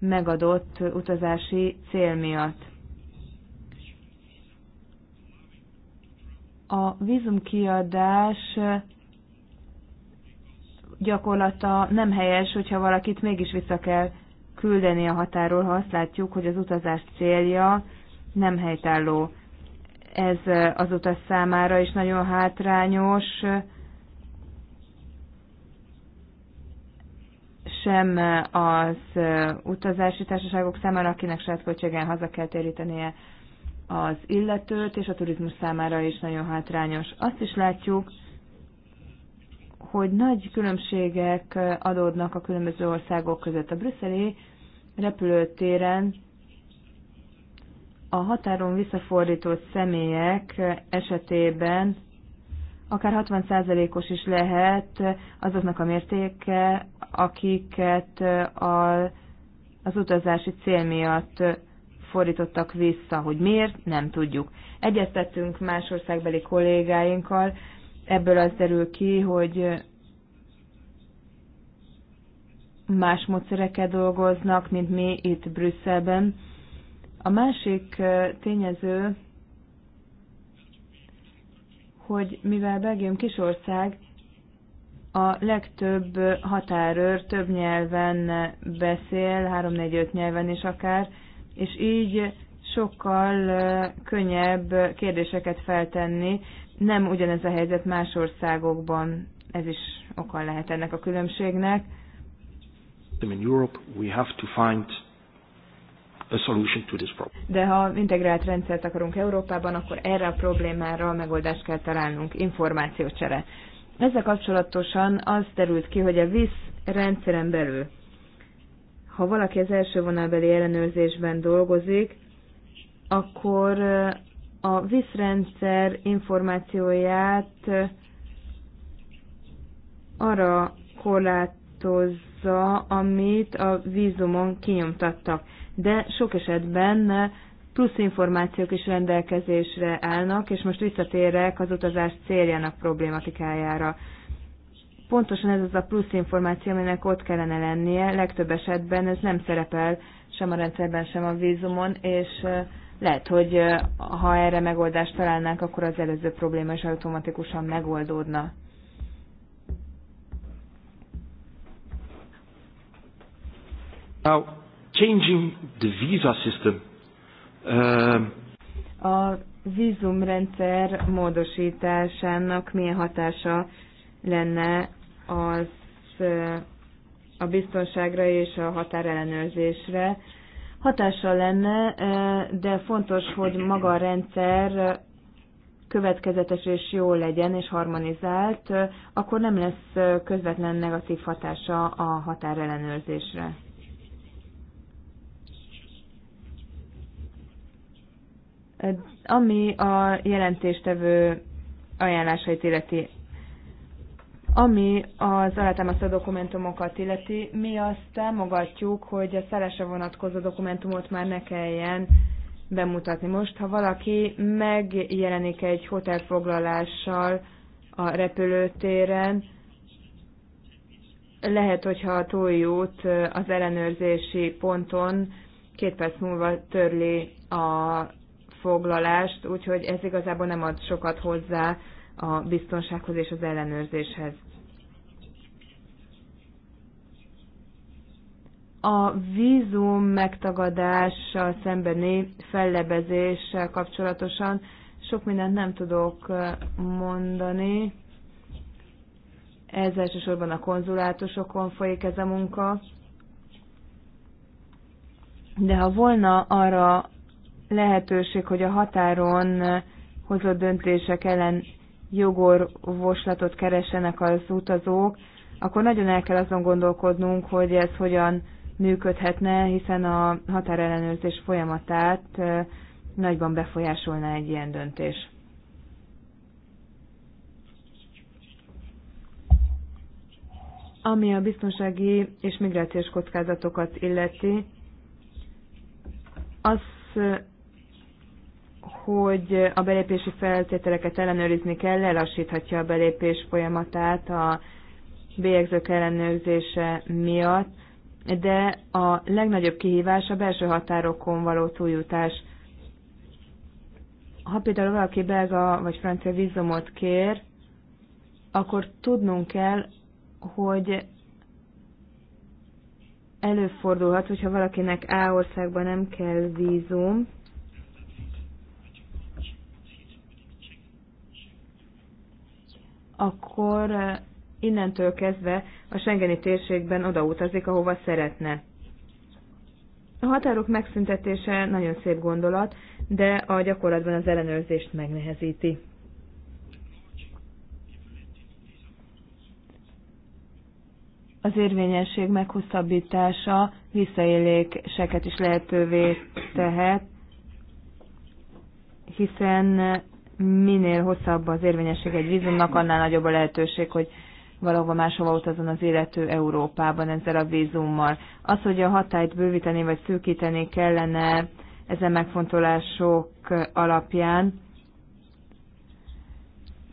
megadott utazási cél miatt. A vízumkiadás gyakorlata nem helyes, hogyha valakit mégis vissza kell küldeni a határól, ha azt látjuk, hogy az utazás célja nem helytálló. Ez az utas számára is nagyon hátrányos, sem az utazási társaságok számára, akinek saját költségen haza kell térítenie az illetőt, és a turizmus számára is nagyon hátrányos. Azt is látjuk, hogy nagy különbségek adódnak a különböző országok között. A brüsszeli repülőtéren a határon visszafordított személyek esetében akár 60%-os is lehet azoknak a mértéke, akiket a, az utazási cél miatt fordítottak vissza, hogy miért, nem tudjuk. Egyeztettünk más országbeli kollégáinkkal, ebből az derül ki, hogy más módszerekkel dolgoznak, mint mi itt Brüsszelben. A másik tényező, hogy mivel Belgium kis ország, a legtöbb határőr több nyelven beszél, 3-4-5 nyelven is akár, és így sokkal könnyebb kérdéseket feltenni. Nem ugyanez a helyzet más országokban, ez is oka lehet ennek a különbségnek in Europe, we have to find a solution to this problem. De ha integrált rendszert akarunk Európában, akkor erre a problémára a megoldást kell találnunk, információcsere. Ezzel kapcsolatosan az derült ki, hogy a VISZ rendszeren belül, ha valaki az első vonalbeli ellenőrzésben dolgozik, akkor a VISZ rendszer információját arra korlát korlátozza, amit a vízumon kinyomtattak. De sok esetben plusz információk is rendelkezésre állnak, és most visszatérek az utazás céljának problématikájára. Pontosan ez az a plusz információ, aminek ott kellene lennie, legtöbb esetben ez nem szerepel sem a rendszerben, sem a vízumon, és lehet, hogy ha erre megoldást találnánk, akkor az előző probléma is automatikusan megoldódna. Now, changing the visa system. Um, A vízumrendszer módosításának milyen hatása lenne az uh, a biztonságra és a határellenőrzésre. Hatása lenne, uh, de fontos, hogy maga a rendszer következetes és jó legyen és harmonizált, uh, akkor nem lesz közvetlen negatív hatása a határellenőrzésre. Ami a jelentéstevő ajánlásait illeti, ami az alátámasztó dokumentumokat illeti, mi azt támogatjuk, hogy a szállásra vonatkozó dokumentumot már ne kelljen bemutatni. Most, ha valaki megjelenik egy hotelfoglalással a repülőtéren, lehet, hogyha túljut az ellenőrzési ponton, két perc múlva törli a foglalást, úgyhogy ez igazából nem ad sokat hozzá a biztonsághoz és az ellenőrzéshez. A vízum megtagadással szembeni fellebezéssel kapcsolatosan sok mindent nem tudok mondani. Ez elsősorban a konzulátusokon folyik ez a munka. De ha volna arra lehetőség, hogy a határon hozott döntések ellen jogorvoslatot keresenek az utazók, akkor nagyon el kell azon gondolkodnunk, hogy ez hogyan működhetne, hiszen a határellenőrzés folyamatát nagyban befolyásolná egy ilyen döntés. Ami a biztonsági és migrációs kockázatokat illeti, az hogy a belépési feltételeket ellenőrizni kell, lelassíthatja a belépés folyamatát a bélyegzők ellenőrzése miatt, de a legnagyobb kihívás a belső határokon való túljutás. Ha például valaki belga vagy francia vízumot kér, akkor tudnunk kell, hogy előfordulhat, hogyha valakinek A országban nem kell vízum, akkor innentől kezdve a Schengeni térségben odautazik, ahova szeretne. A határok megszüntetése nagyon szép gondolat, de a gyakorlatban az ellenőrzést megnehezíti. Az érvényesség meghosszabbítása visszaéléseket is lehetővé tehet, hiszen minél hosszabb az érvényesség egy vízumnak, annál nagyobb a lehetőség, hogy valahova máshova utazon az élető Európában ezzel a vízummal. Az, hogy a hatályt bővíteni vagy szűkíteni kellene ezen megfontolások alapján,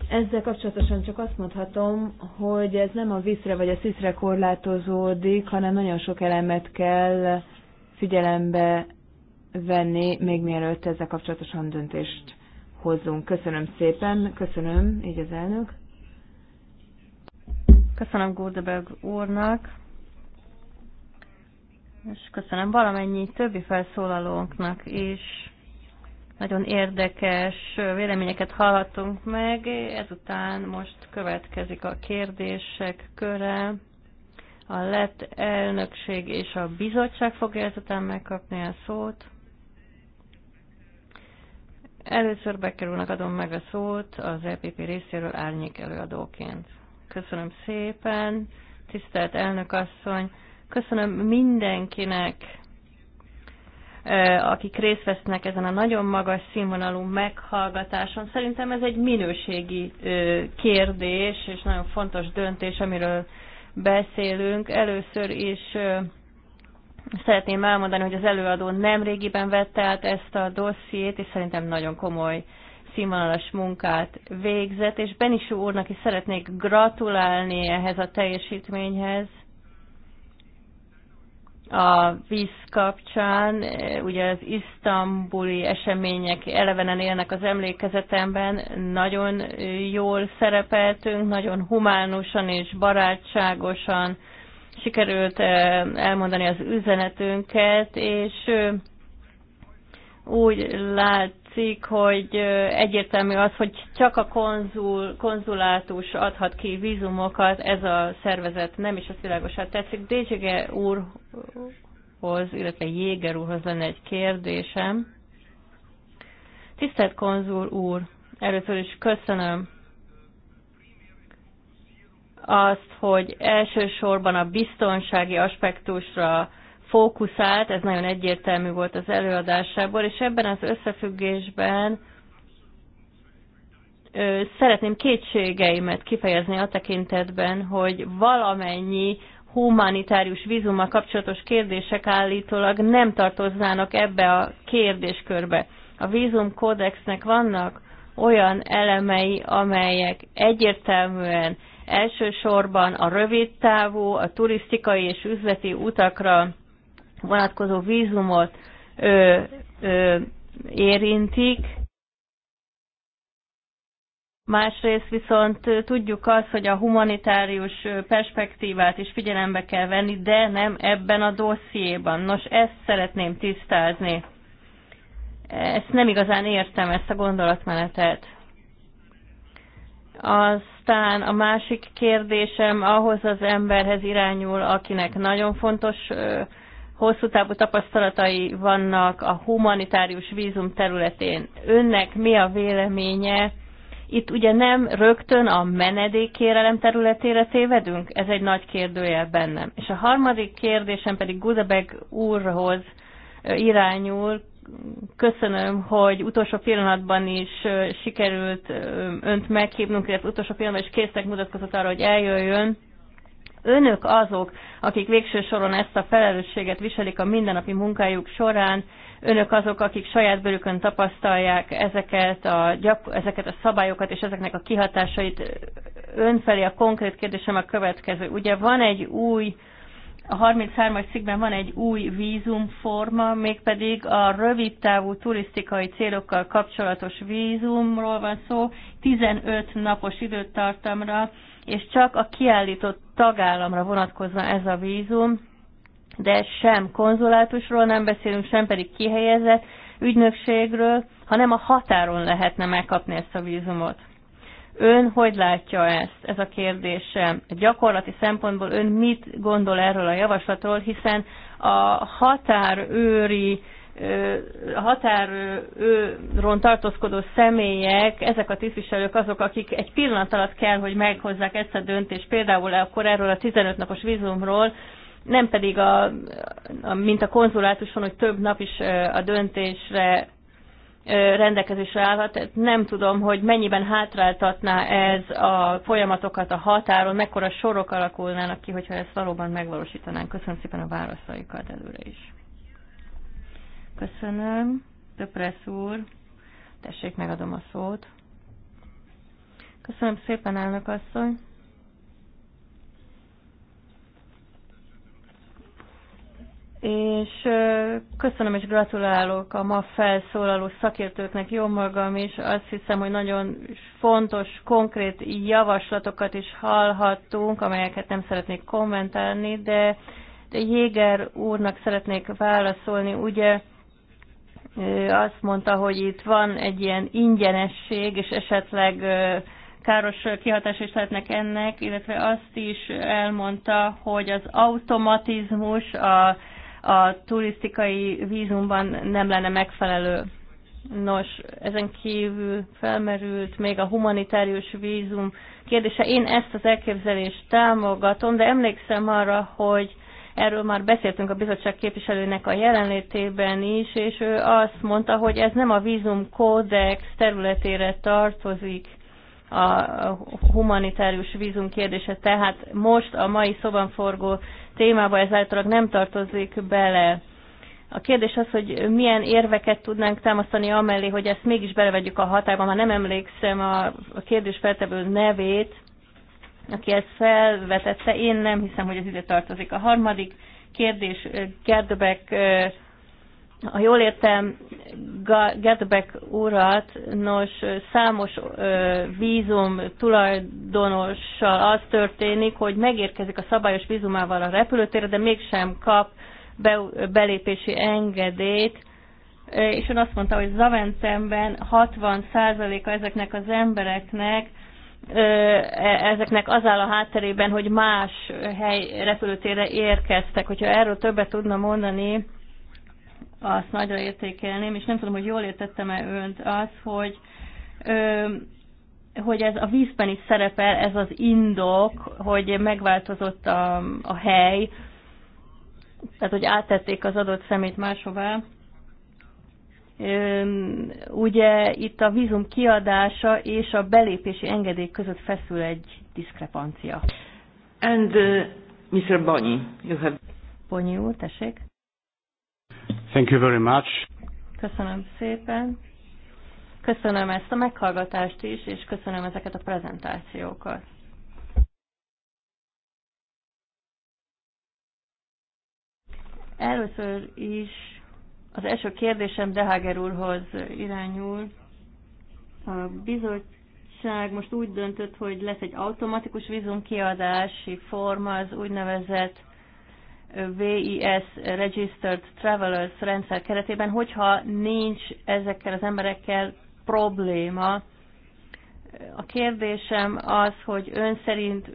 ezzel kapcsolatosan csak azt mondhatom, hogy ez nem a viszre vagy a sziszre korlátozódik, hanem nagyon sok elemet kell figyelembe venni, még mielőtt ezzel kapcsolatosan döntést hozzunk. Köszönöm szépen, köszönöm, így az elnök. Köszönöm Gurdeberg úrnak, és köszönöm valamennyi többi felszólalónknak is. Nagyon érdekes véleményeket hallhatunk meg, ezután most következik a kérdések köre. A lett elnökség és a bizottság fogja ezután megkapni a szót. Először bekerülnek adom meg a szót az EPP részéről árnyék előadóként. Köszönöm szépen, tisztelt elnök asszony, köszönöm mindenkinek, akik részt vesznek ezen a nagyon magas színvonalú meghallgatáson. Szerintem ez egy minőségi kérdés, és nagyon fontos döntés, amiről beszélünk. Először is Szeretném elmondani, hogy az előadó nem régiben vette át ezt a dossziét, és szerintem nagyon komoly színvonalas munkát végzett, és Benisú úrnak is szeretnék gratulálni ehhez a teljesítményhez a víz kapcsán, ugye az isztambuli események elevenen élnek az emlékezetemben, nagyon jól szerepeltünk, nagyon humánusan és barátságosan sikerült elmondani az üzenetünket, és úgy látszik, hogy egyértelmű az, hogy csak a konzul, konzulátus adhat ki vízumokat, ez a szervezet nem is a világosan tetszik. Dézsége úrhoz, illetve Jéger úrhoz lenne egy kérdésem. Tisztelt konzul úr, először is köszönöm azt, hogy elsősorban a biztonsági aspektusra fókuszált, ez nagyon egyértelmű volt az előadásából, és ebben az összefüggésben ö, szeretném kétségeimet kifejezni a tekintetben, hogy valamennyi humanitárius vízummal kapcsolatos kérdések állítólag nem tartoznának ebbe a kérdéskörbe. A vízumkódexnek vannak olyan elemei, amelyek egyértelműen Elsősorban a rövid távú, a turisztikai és üzleti utakra vonatkozó vízumot ö, ö, érintik. Másrészt viszont tudjuk azt, hogy a humanitárius perspektívát is figyelembe kell venni, de nem ebben a dossziéban. Nos, ezt szeretném tisztázni. Ezt nem igazán értem, ezt a gondolatmenetet. Aztán a másik kérdésem ahhoz az emberhez irányul, akinek nagyon fontos hosszú távú tapasztalatai vannak a humanitárius vízum területén. Önnek mi a véleménye? Itt ugye nem rögtön a menedékkérelem területére tévedünk? Ez egy nagy kérdőjel bennem. És a harmadik kérdésem pedig Gudebeg úrhoz irányul köszönöm, hogy utolsó pillanatban is sikerült önt meghívnunk, illetve utolsó pillanatban is késznek mutatkozott arra, hogy eljöjjön. Önök azok, akik végső soron ezt a felelősséget viselik a mindennapi munkájuk során, önök azok, akik saját bőrükön tapasztalják ezeket a, ezeket a szabályokat és ezeknek a kihatásait. Önfelé a konkrét kérdésem a következő. Ugye van egy új a 33-as cikkben van egy új vízumforma, mégpedig a rövidtávú turisztikai célokkal kapcsolatos vízumról van szó, 15 napos időtartamra, és csak a kiállított tagállamra vonatkozna ez a vízum, de sem konzulátusról nem beszélünk, sem pedig kihelyezett ügynökségről, hanem a határon lehetne megkapni ezt a vízumot. Ön hogy látja ezt, ez a kérdésem? Gyakorlati szempontból ön mit gondol erről a javaslatról, hiszen a határőri a határon tartózkodó személyek, ezek a tisztviselők azok, akik egy pillanat alatt kell, hogy meghozzák ezt a döntést, például akkor erről a 15 napos vízumról, nem pedig a, a, mint a konzulátuson, hogy több nap is a döntésre rendelkezésre állhat, tehát nem tudom, hogy mennyiben hátráltatná ez a folyamatokat a határon, mekkora sorok alakulnának ki, hogyha ezt valóban megvalósítanánk. Köszönöm szépen a válaszaikat előre is. Köszönöm. Töpressz úr, tessék, megadom a szót. Köszönöm szépen, elnök asszony. és köszönöm és gratulálok a ma felszólaló szakértőknek, jó magam is. Azt hiszem, hogy nagyon fontos, konkrét javaslatokat is hallhattunk, amelyeket nem szeretnék kommentálni, de, de Jéger úrnak szeretnék válaszolni. Ugye azt mondta, hogy itt van egy ilyen ingyenesség, és esetleg káros kihatás is lehetnek ennek, illetve azt is elmondta, hogy az automatizmus, a a turisztikai vízumban nem lenne megfelelő. Nos, ezen kívül felmerült még a humanitárius vízum kérdése. Én ezt az elképzelést támogatom, de emlékszem arra, hogy erről már beszéltünk a bizottság képviselőnek a jelenlétében is, és ő azt mondta, hogy ez nem a vízum kódex területére tartozik a humanitárius vízum kérdése. Tehát most a mai szoban forgó témába ez általában nem tartozik bele. A kérdés az, hogy milyen érveket tudnánk támasztani amellé, hogy ezt mégis belevegyük a hatályba. Már nem emlékszem a kérdés feltevő nevét, aki ezt felvetette. Én nem hiszem, hogy ez ide tartozik. A harmadik kérdés eh, Gerdebek eh, ha jól értem, Getback urat, nos, számos vízum tulajdonossal az történik, hogy megérkezik a szabályos vízumával a repülőtérre, de mégsem kap be, belépési engedélyt, és ön azt mondta, hogy Zaventemben 60%-a ezeknek az embereknek e, ezeknek az áll a hátterében, hogy más hely repülőtérre érkeztek. Hogyha erről többet tudna mondani, azt nagyra értékelném, és nem tudom, hogy jól értettem-e önt az, hogy ö, hogy ez a vízben is szerepel, ez az indok, hogy megváltozott a, a hely, tehát hogy áttették az adott szemét máshová. Ö, ugye itt a vízum kiadása és a belépési engedély között feszül egy diszkrepancia. And uh, Mr. Bonny, you have... Bonny úr, tessék. Thank you very much. Köszönöm szépen. Köszönöm ezt a meghallgatást is, és köszönöm ezeket a prezentációkat. Először is az első kérdésem Dehager úrhoz irányul. A bizottság most úgy döntött, hogy lesz egy automatikus vízumkiadási forma, az úgynevezett VIS Registered Travelers rendszer keretében, hogyha nincs ezekkel az emberekkel probléma. A kérdésem az, hogy ön szerint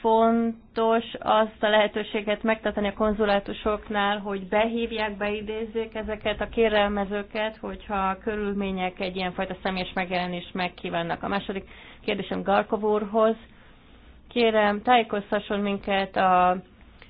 fontos azt a lehetőséget megtartani a konzulátusoknál, hogy behívják, beidézzék ezeket a kérelmezőket, hogyha a körülmények egy ilyenfajta személyes megjelenés megkívánnak. A második kérdésem Garkov úrhoz. Kérem, tájékoztasson minket a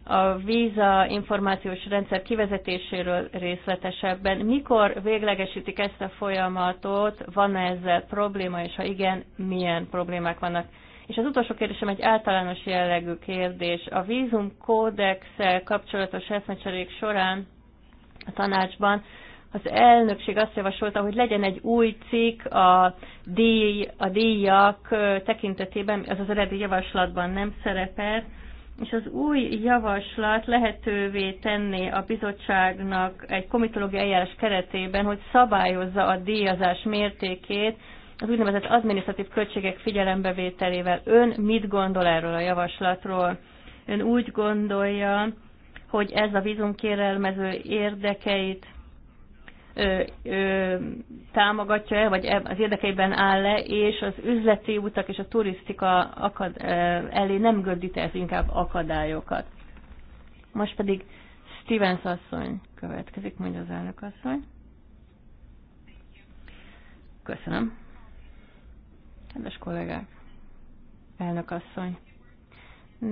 a víza információs rendszer kivezetéséről részletesebben. Mikor véglegesítik ezt a folyamatot, van-e ezzel probléma, és ha igen, milyen problémák vannak? És az utolsó kérdésem egy általános jellegű kérdés. A vízum kódexel kapcsolatos eszmecserék során a tanácsban az elnökség azt javasolta, hogy legyen egy új cikk a, díj, a díjak tekintetében, az az eredeti javaslatban nem szerepel, és az új javaslat lehetővé tenné a bizottságnak egy komitológiai eljárás keretében, hogy szabályozza a díjazás mértékét az úgynevezett adminisztratív költségek figyelembevételével. Ön mit gondol erről a javaslatról? Ön úgy gondolja, hogy ez a vízumkérelmező érdekeit támogatja-e, vagy e- az érdekeiben áll-e, és az üzleti utak és a turisztika akad, elé nem gördít ez inkább akadályokat. Most pedig Stevens asszony következik, mondja az elnök asszony. Köszönöm. Kedves kollégák, elnök asszony.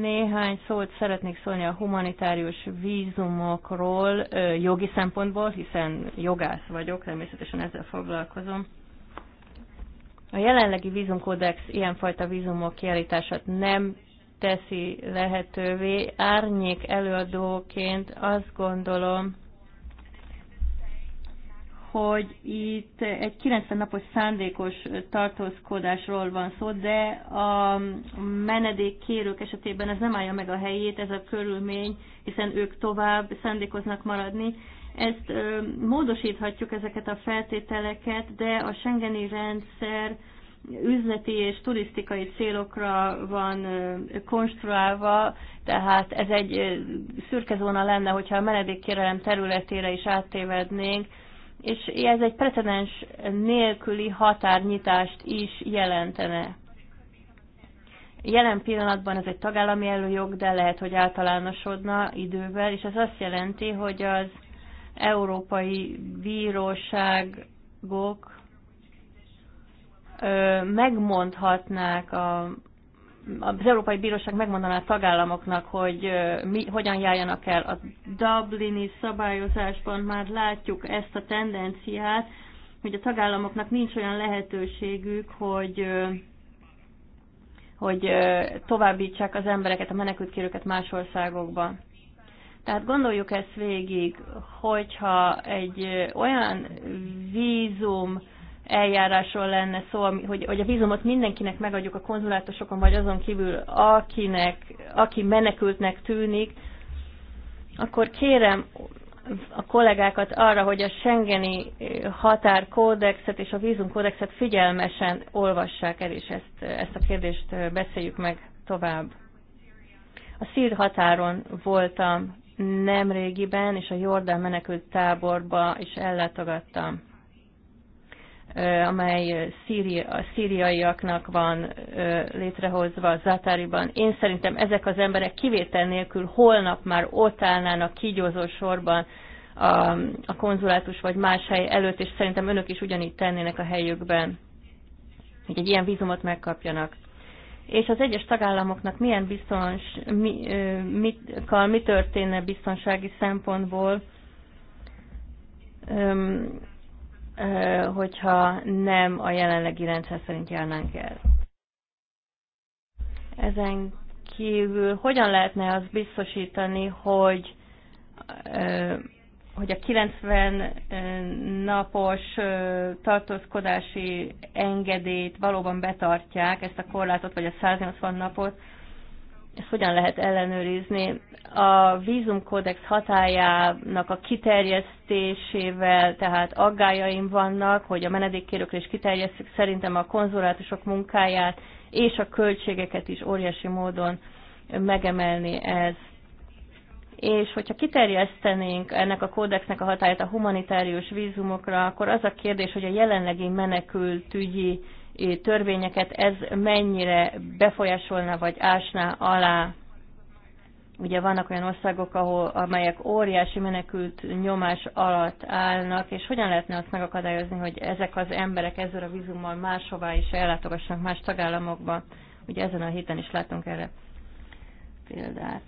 Néhány szót szeretnék szólni a humanitárius vízumokról jogi szempontból, hiszen jogász vagyok, természetesen ezzel foglalkozom. A jelenlegi vízumkódex ilyenfajta vízumok kiállítását nem teszi lehetővé. Árnyék előadóként azt gondolom, hogy itt egy 90 napos szándékos tartózkodásról van szó, de a menedék kérők esetében ez nem állja meg a helyét, ez a körülmény, hiszen ők tovább szándékoznak maradni. Ezt ö, módosíthatjuk ezeket a feltételeket, de a Schengeni rendszer üzleti és turisztikai célokra van konstruálva, tehát ez egy szürke zóna lenne, hogyha a menedékkérelem területére is áttévednénk, és ez egy precedens nélküli határnyitást is jelentene. Jelen pillanatban ez egy tagállami előjog, de lehet, hogy általánosodna idővel, és ez azt jelenti, hogy az európai bíróságok megmondhatnák a az Európai Bíróság megmondaná a tagállamoknak, hogy mi, hogyan járjanak el a Dublini szabályozásban, már látjuk ezt a tendenciát, hogy a tagállamoknak nincs olyan lehetőségük, hogy hogy továbbítsák az embereket, a menekültkérőket más országokba. Tehát gondoljuk ezt végig, hogyha egy olyan vízum eljárásról lenne szó, hogy, hogy a vízumot mindenkinek megadjuk a konzulátusokon, vagy azon kívül, akinek, aki menekültnek tűnik, akkor kérem a kollégákat arra, hogy a Schengeni határkódexet és a vízumkódexet figyelmesen olvassák el, és ezt, ezt a kérdést beszéljük meg tovább. A szír határon voltam nemrégiben, és a Jordán menekült táborba is ellátogattam amely szíri, a szíriaiaknak van létrehozva Zatáriban. Én szerintem ezek az emberek kivétel nélkül holnap már ott állnának kigyózó sorban a, a konzulátus vagy más hely előtt, és szerintem önök is ugyanígy tennének a helyükben, hogy egy ilyen vízumot megkapjanak. És az egyes tagállamoknak milyen biztons, mi, mit, mi történne biztonsági szempontból, hogyha nem a jelenlegi rendszer szerint járnánk el. Ezen kívül hogyan lehetne azt biztosítani, hogy hogy a 90 napos tartózkodási engedélyt valóban betartják, ezt a korlátot, vagy a 180 napot, ezt hogyan lehet ellenőrizni? A vízumkódex hatájának a kiterjesztésével, tehát aggájaim vannak, hogy a menedékkérőkre is kiterjesztjük, szerintem a konzulátusok munkáját és a költségeket is óriási módon megemelni ez. És hogyha kiterjesztenénk ennek a kódexnek a hatáját a humanitárius vízumokra, akkor az a kérdés, hogy a jelenlegi menekültügyi törvényeket, ez mennyire befolyásolna vagy ásná alá Ugye vannak olyan országok, ahol, amelyek óriási menekült nyomás alatt állnak, és hogyan lehetne azt megakadályozni, hogy ezek az emberek ezzel a vízummal máshová is ellátogassanak más tagállamokba? Ugye ezen a héten is látunk erre példát.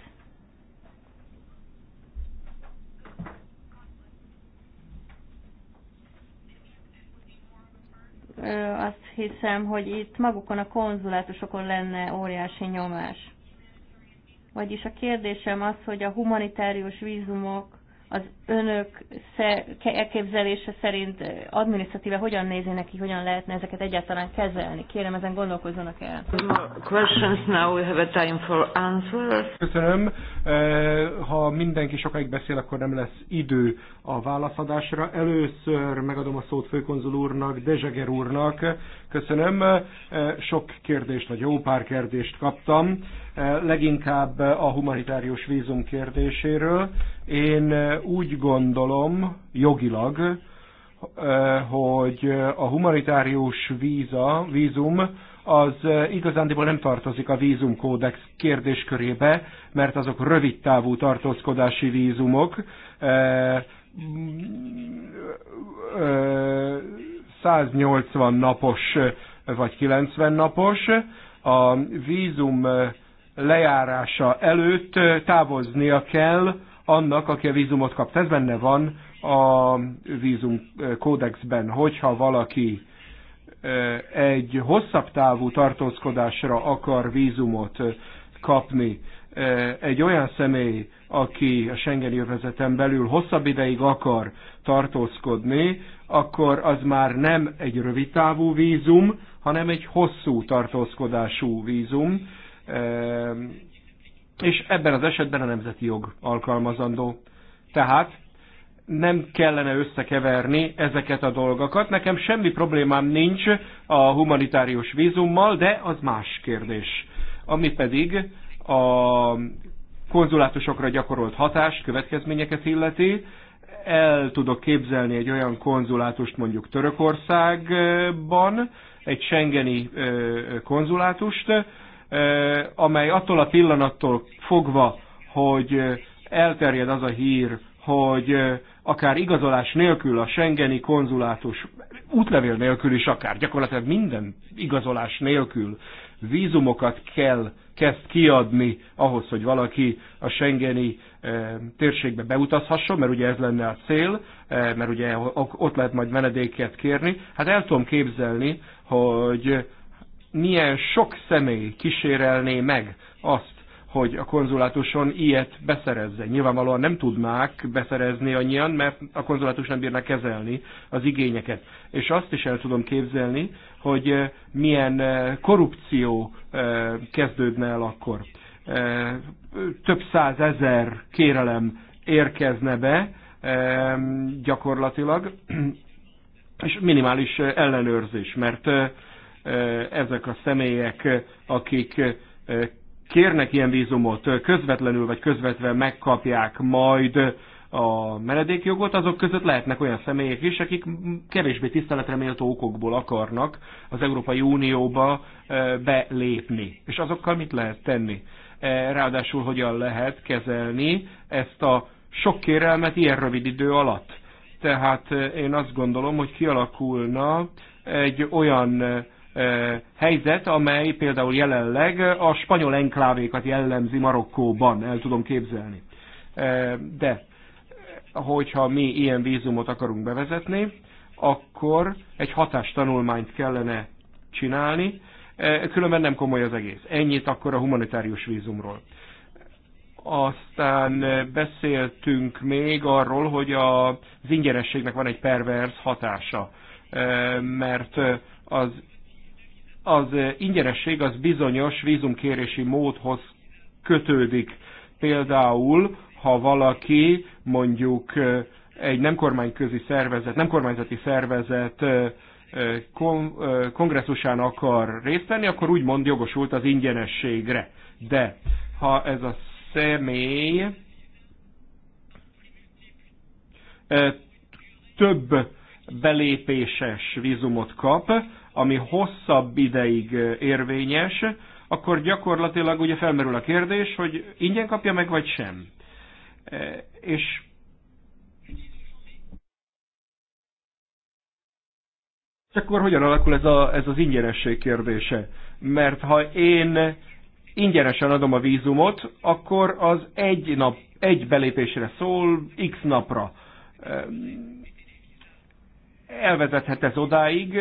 azt hiszem, hogy itt magukon a konzulátusokon lenne óriási nyomás. Vagyis a kérdésem az, hogy a humanitárius vízumok az önök elképzelése szerint adminisztratíve hogyan nézének ki, hogyan lehetne ezeket egyáltalán kezelni? Kérem, ezen gondolkozzanak el. Köszönöm. E, ha mindenki sokáig beszél, akkor nem lesz idő a válaszadásra. Először megadom a szót főkonzul úrnak, Dezseger úrnak. Köszönöm. E, sok kérdést, vagy jó pár kérdést kaptam leginkább a humanitárius vízum kérdéséről. Én úgy gondolom jogilag, hogy a humanitárius víza, vízum az igazándiból nem tartozik a vízumkódex kérdéskörébe, mert azok rövid távú tartózkodási vízumok. 180 napos vagy 90 napos. A vízum lejárása előtt távoznia kell annak, aki a vízumot kapta. Ez benne van a vízum kódexben, hogyha valaki egy hosszabb távú tartózkodásra akar vízumot kapni, egy olyan személy, aki a Schengeni övezeten belül hosszabb ideig akar tartózkodni, akkor az már nem egy rövidtávú vízum, hanem egy hosszú tartózkodású vízum, Ehm, és ebben az esetben a nemzeti jog alkalmazandó. Tehát nem kellene összekeverni ezeket a dolgokat. Nekem semmi problémám nincs a humanitárius vízummal, de az más kérdés. Ami pedig a konzulátusokra gyakorolt hatást, következményeket illeti, el tudok képzelni egy olyan konzulátust mondjuk Törökországban, egy Schengeni konzulátust, amely attól a pillanattól fogva, hogy elterjed az a hír, hogy akár igazolás nélkül a Schengeni konzulátus, útlevél nélkül is akár, gyakorlatilag minden igazolás nélkül vízumokat kell, kezd kiadni ahhoz, hogy valaki a Schengeni e, térségbe beutazhasson, mert ugye ez lenne a cél, e, mert ugye ott lehet majd menedéket kérni. Hát el tudom képzelni, hogy milyen sok személy kísérelné meg azt, hogy a konzulátuson ilyet beszerezze. Nyilvánvalóan nem tudnák beszerezni annyian, mert a konzulátus nem bírna kezelni az igényeket. És azt is el tudom képzelni, hogy eh, milyen eh, korrupció eh, kezdődne el akkor. Több százezer kérelem érkezne be gyakorlatilag, [clears throat] és minimális ellenőrzés, mert Eh, ezek a személyek, eh, akik eh, kérnek ilyen vízumot, közvetlenül vagy közvetve megkapják majd a menedékjogot, azok között lehetnek olyan személyek is, akik kevésbé tiszteletre méltó okokból akarnak az Európai Unióba belépni. És azokkal mit lehet tenni? Ráadásul hogyan lehet kezelni ezt a sok kérelmet ilyen rövid idő alatt? Tehát én azt gondolom, hogy kialakulna egy olyan helyzet, amely például jelenleg a spanyol enklávékat jellemzi Marokkóban, el tudom képzelni. De hogyha mi ilyen vízumot akarunk bevezetni, akkor egy hatástanulmányt kellene csinálni, különben nem komoly az egész. Ennyit akkor a humanitárius vízumról. Aztán beszéltünk még arról, hogy az ingyenességnek van egy pervers hatása, mert az az eh, ingyenesség az bizonyos vízumkérési módhoz kötődik. Például, ha valaki mondjuk eh, egy nem kormányközi szervezet, nem kormányzati szervezet eh, kongresszusán akar részt venni, akkor úgymond jogosult az ingyenességre. De ha ez a személy több belépéses vízumot kap, ami hosszabb ideig érvényes, akkor gyakorlatilag ugye felmerül a kérdés, hogy ingyen kapja meg, vagy sem. E, és És akkor hogyan alakul ez, a, ez az ingyenesség kérdése? Mert ha én ingyenesen adom a vízumot, akkor az egy nap, egy belépésre szól, x napra. Elvezethet ez odáig,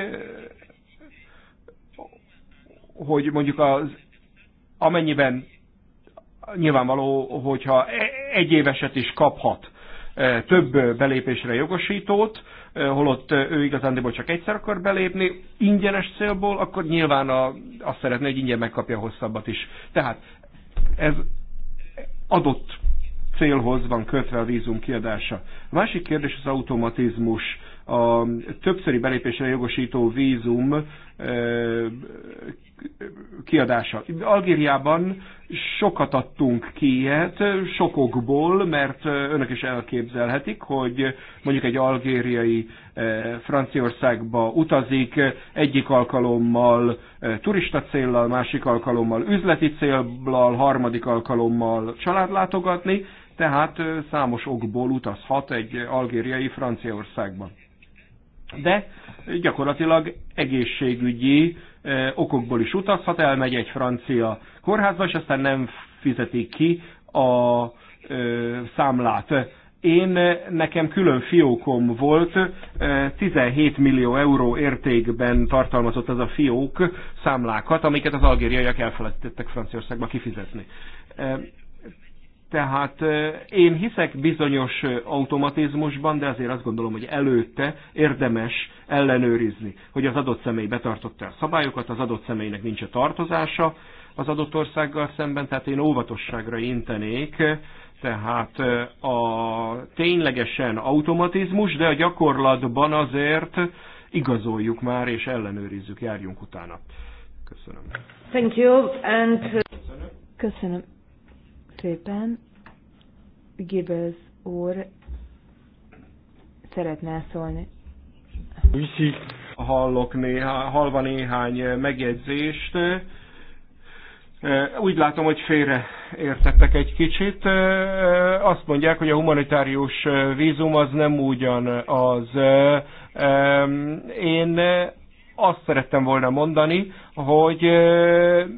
hogy mondjuk az, amennyiben nyilvánvaló, hogyha egy éveset is kaphat e, több belépésre jogosítót, e, holott ő igazándiból csak egyszer akar belépni, ingyenes célból, akkor nyilván a, azt szeretné, hogy ingyen megkapja hosszabbat is. Tehát ez adott célhoz van kötve a vízum kiadása. A másik kérdés az automatizmus. A többszöri belépésre jogosító vízum e, kiadása. Algériában sokat adtunk ki ilyet, sokokból, mert önök is elképzelhetik, hogy mondjuk egy algériai eh, Franciaországba utazik, egyik alkalommal eh, turista céllal, másik alkalommal üzleti célblal, harmadik alkalommal családlátogatni, tehát eh, számos okból utazhat egy algériai franciaországban de gyakorlatilag egészségügyi eh, okokból is utazhat, elmegy egy francia kórházba, és aztán nem fizeti ki a eh, számlát. Én eh, nekem külön fiókom volt, 17 millió euró értékben tartalmazott ez a fiók számlákat, amiket az algériaiak elfelejtettek Franciaországba kifizetni. Tehát én hiszek bizonyos automatizmusban, de azért azt gondolom, hogy előtte érdemes ellenőrizni, hogy az adott személy betartotta a szabályokat, az adott személynek nincs a tartozása az adott országgal szemben, tehát én óvatosságra intenék, tehát a ténylegesen automatizmus, de a gyakorlatban azért igazoljuk már és ellenőrizzük, járjunk utána. Köszönöm. Thank you and... Köszönöm. Köszönöm szépen. Gibbels úr szeretne szólni. Viszi. Hallok néha, hallva néhány megjegyzést. Úgy látom, hogy félre értettek egy kicsit. Azt mondják, hogy a humanitárius vízum az nem ugyanaz. Én azt szerettem volna mondani, hogy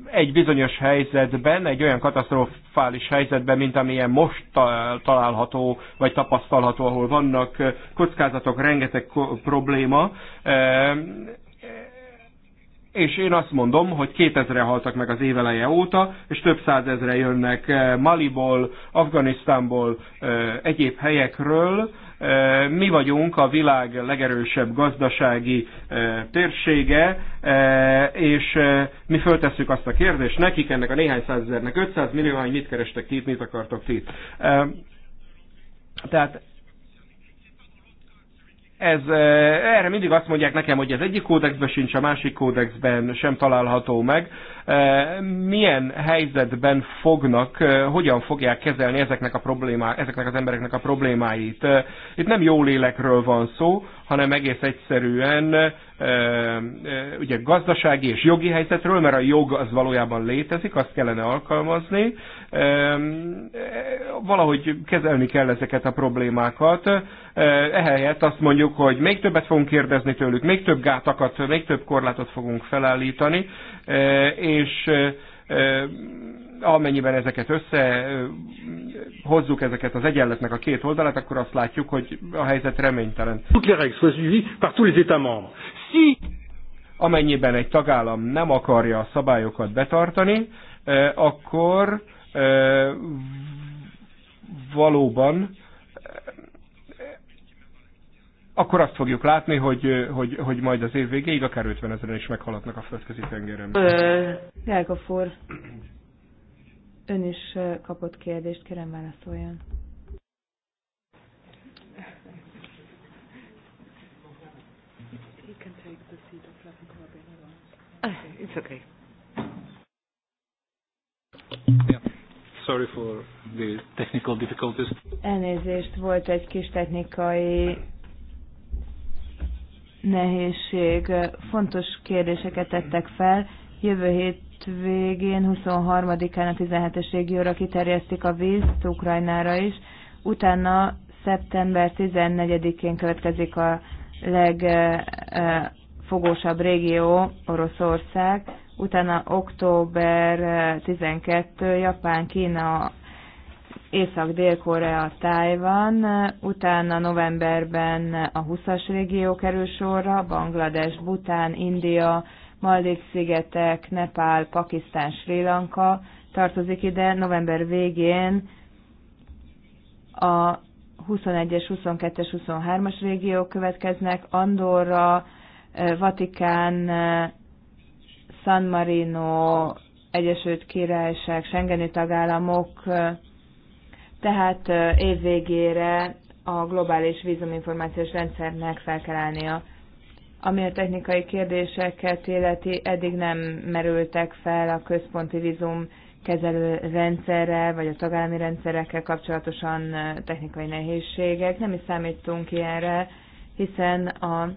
egy bizonyos helyzetben, egy olyan katasztrofális helyzetben, mint amilyen most található, vagy tapasztalható, ahol vannak kockázatok, rengeteg probléma, és én azt mondom, hogy 2000-re haltak meg az éveleje óta, és több százezre jönnek Maliból, Afganisztánból, egyéb helyekről, mi vagyunk a világ legerősebb gazdasági térsége, és mi föltesszük azt a kérdést nekik, ennek a néhány százezernek 500 millió, hogy mit kerestek itt, mit akartok ti. Tehát ez, erre mindig azt mondják nekem, hogy az egyik kódexben sincs, a másik kódexben sem található meg milyen helyzetben fognak, hogyan fogják kezelni ezeknek, a problémá, ezeknek az embereknek a problémáit. Itt nem jó lélekről van szó, hanem egész egyszerűen ugye gazdasági és jogi helyzetről, mert a jog az valójában létezik, azt kellene alkalmazni. Valahogy kezelni kell ezeket a problémákat. Ehelyett azt mondjuk, hogy még többet fogunk kérdezni tőlük, még több gátakat, még több korlátot fogunk felállítani és amennyiben ezeket összehozzuk, ezeket az egyenletnek a két oldalát, akkor azt látjuk, hogy a helyzet reménytelen. Amennyiben egy tagállam nem akarja a szabályokat betartani, akkor valóban akkor azt fogjuk látni, hogy, hogy, hogy majd az év végéig akár 50 ezeren is meghaladnak a földközi tengeren. Delgafur, ön is kapott kérdést, kérem válaszoljon. It's okay. Sorry for the technical difficulties. Elnézést, volt egy kis technikai nehézség. Fontos kérdéseket tettek fel. Jövő hét végén, 23-án a 17-es régióra kiterjesztik a vízt, Ukrajnára is. Utána szeptember 14-én következik a legfogósabb régió, Oroszország. Utána október 12, Japán, Kína, Észak-Dél-Korea, Tájvan, utána novemberben a 20-as régió kerül sorra, Banglades, Bután, India, Maldiv-szigetek, Nepál, Pakisztán, Sri Lanka tartozik ide, november végén a 21-es, 22-es, 23-as régiók következnek, Andorra, Vatikán, San Marino, Egyesült Királyság, Schengeni tagállamok tehát év végére a globális vízuminformációs rendszernek fel kell állnia. Ami a technikai kérdéseket illeti, eddig nem merültek fel a központi vízum kezelő rendszerrel, vagy a tagállami rendszerekkel kapcsolatosan technikai nehézségek. Nem is számítunk ilyenre, hiszen a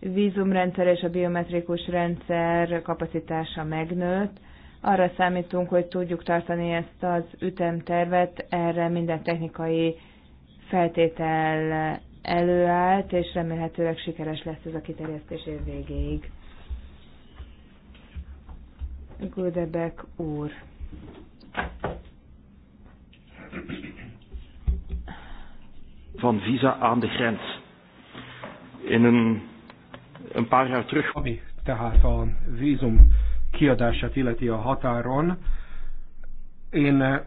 vízumrendszer és a biometrikus rendszer kapacitása megnőtt, arra számítunk, hogy tudjuk tartani ezt az ütemtervet, erre minden technikai feltétel előállt, és remélhetőleg sikeres lesz ez a kiterjesztés év végéig. Guldebek úr. Van visa aan de grens. In een, een paar jaar terug. Ami tehát a vízum kiadását illeti a határon. Én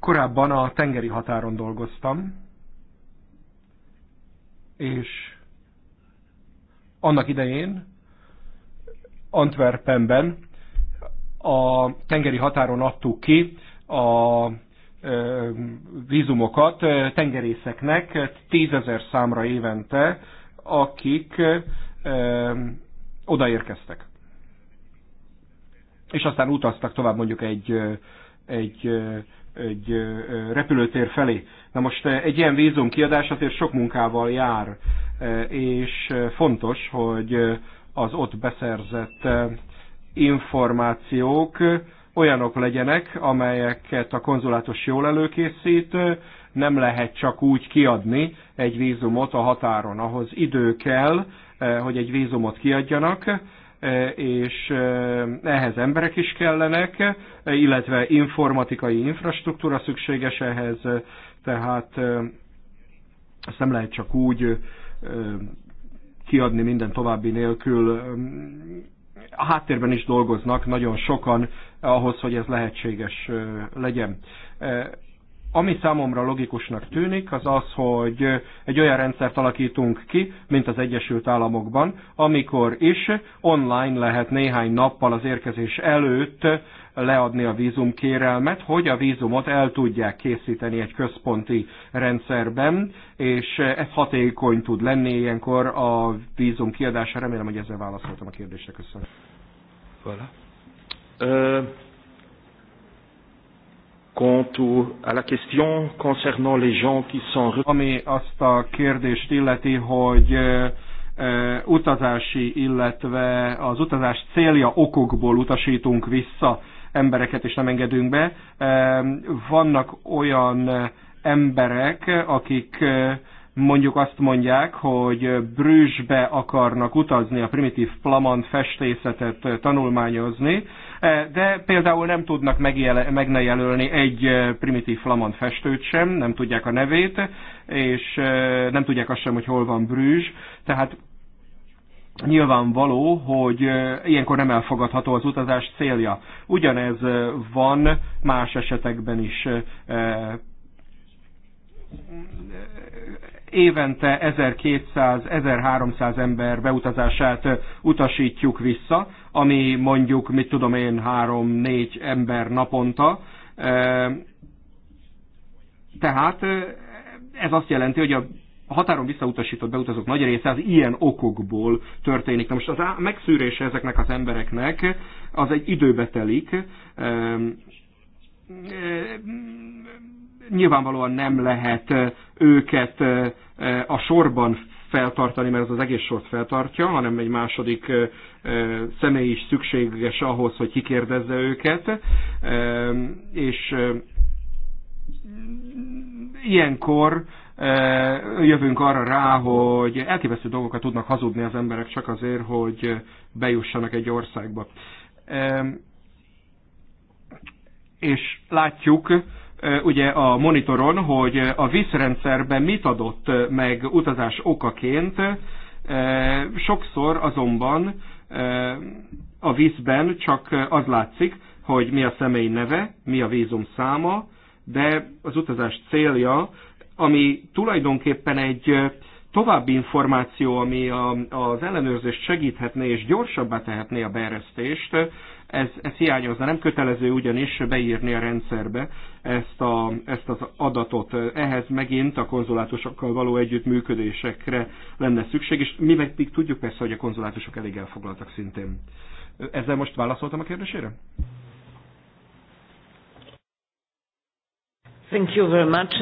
korábban a tengeri határon dolgoztam, és annak idején Antwerpenben a tengeri határon adtuk ki a vízumokat tengerészeknek tízezer számra évente, akik odaérkeztek és aztán utaztak tovább mondjuk egy, egy, egy repülőtér felé. Na most egy ilyen vízum kiadás azért sok munkával jár, és fontos, hogy az ott beszerzett információk olyanok legyenek, amelyeket a konzulátus jól előkészít, nem lehet csak úgy kiadni egy vízumot a határon. Ahhoz idő kell, hogy egy vízumot kiadjanak, Eh, és eh, ehhez emberek is kellenek, eh, illetve informatikai infrastruktúra szükséges ehhez, tehát ezt nem lehet csak úgy kiadni minden további nélkül. A háttérben is dolgoznak nagyon sokan ahhoz, hogy ez lehetséges legyen. Ami számomra logikusnak tűnik, az az, hogy egy olyan rendszert alakítunk ki, mint az Egyesült Államokban, amikor is online lehet néhány nappal az érkezés előtt leadni a vízumkérelmet, hogy a vízumot el tudják készíteni egy központi rendszerben, és ez hatékony tud lenni ilyenkor a vízum kiadása. Remélem, hogy ezzel válaszoltam a kérdésre. Köszönöm. Vala. Quant à la question concernant les gens qui sont... Ami azt a kérdést illeti, hogy utazási, illetve az utazás célja okokból utasítunk vissza embereket, és nem engedünk be. Vannak olyan emberek, akik mondjuk azt mondják, hogy Brüsszbe akarnak utazni, a primitív flamand festészetet tanulmányozni, E, de például nem tudnak megnejelölni egy e, primitív flamand festőt sem, nem tudják a nevét, és e, nem tudják azt sem, hogy hol van Brüzs, tehát nyilvánvaló, hogy ilyenkor nem elfogadható az utazás célja. Ugyanez van más esetekben is évente 1200-1300 ember beutazását utasítjuk vissza, ami mondjuk, mit tudom én, 3-4 ember naponta. Tehát ez azt jelenti, hogy a határon visszautasított beutazók nagy része az ilyen okokból történik. Na most az megszűrése ezeknek az embereknek az egy időbe telik. Nyilvánvalóan nem lehet őket a sorban feltartani, mert ez az egész sort feltartja, hanem egy második személy is szükséges ahhoz, hogy kikérdezze őket, és ilyenkor jövünk arra rá, hogy elképesztő dolgokat tudnak hazudni az emberek csak azért, hogy bejussanak egy országba. És látjuk, ugye a monitoron, hogy a vízrendszerben mit adott meg utazás okaként, sokszor azonban a vízben csak az látszik, hogy mi a személy neve, mi a vízum száma, de az utazás célja, ami tulajdonképpen egy további információ, ami a, az ellenőrzést segíthetné és gyorsabbá tehetné a beeresztést, ez, ez hiányozna. Nem kötelező ugyanis beírni a rendszerbe ezt, a, ezt az adatot. Ehhez megint a konzulátusokkal való együttműködésekre lenne szükség, és mi pedig tudjuk persze, hogy a konzulátusok elég elfoglaltak szintén. Ezzel most válaszoltam a kérdésére? Thank you very much.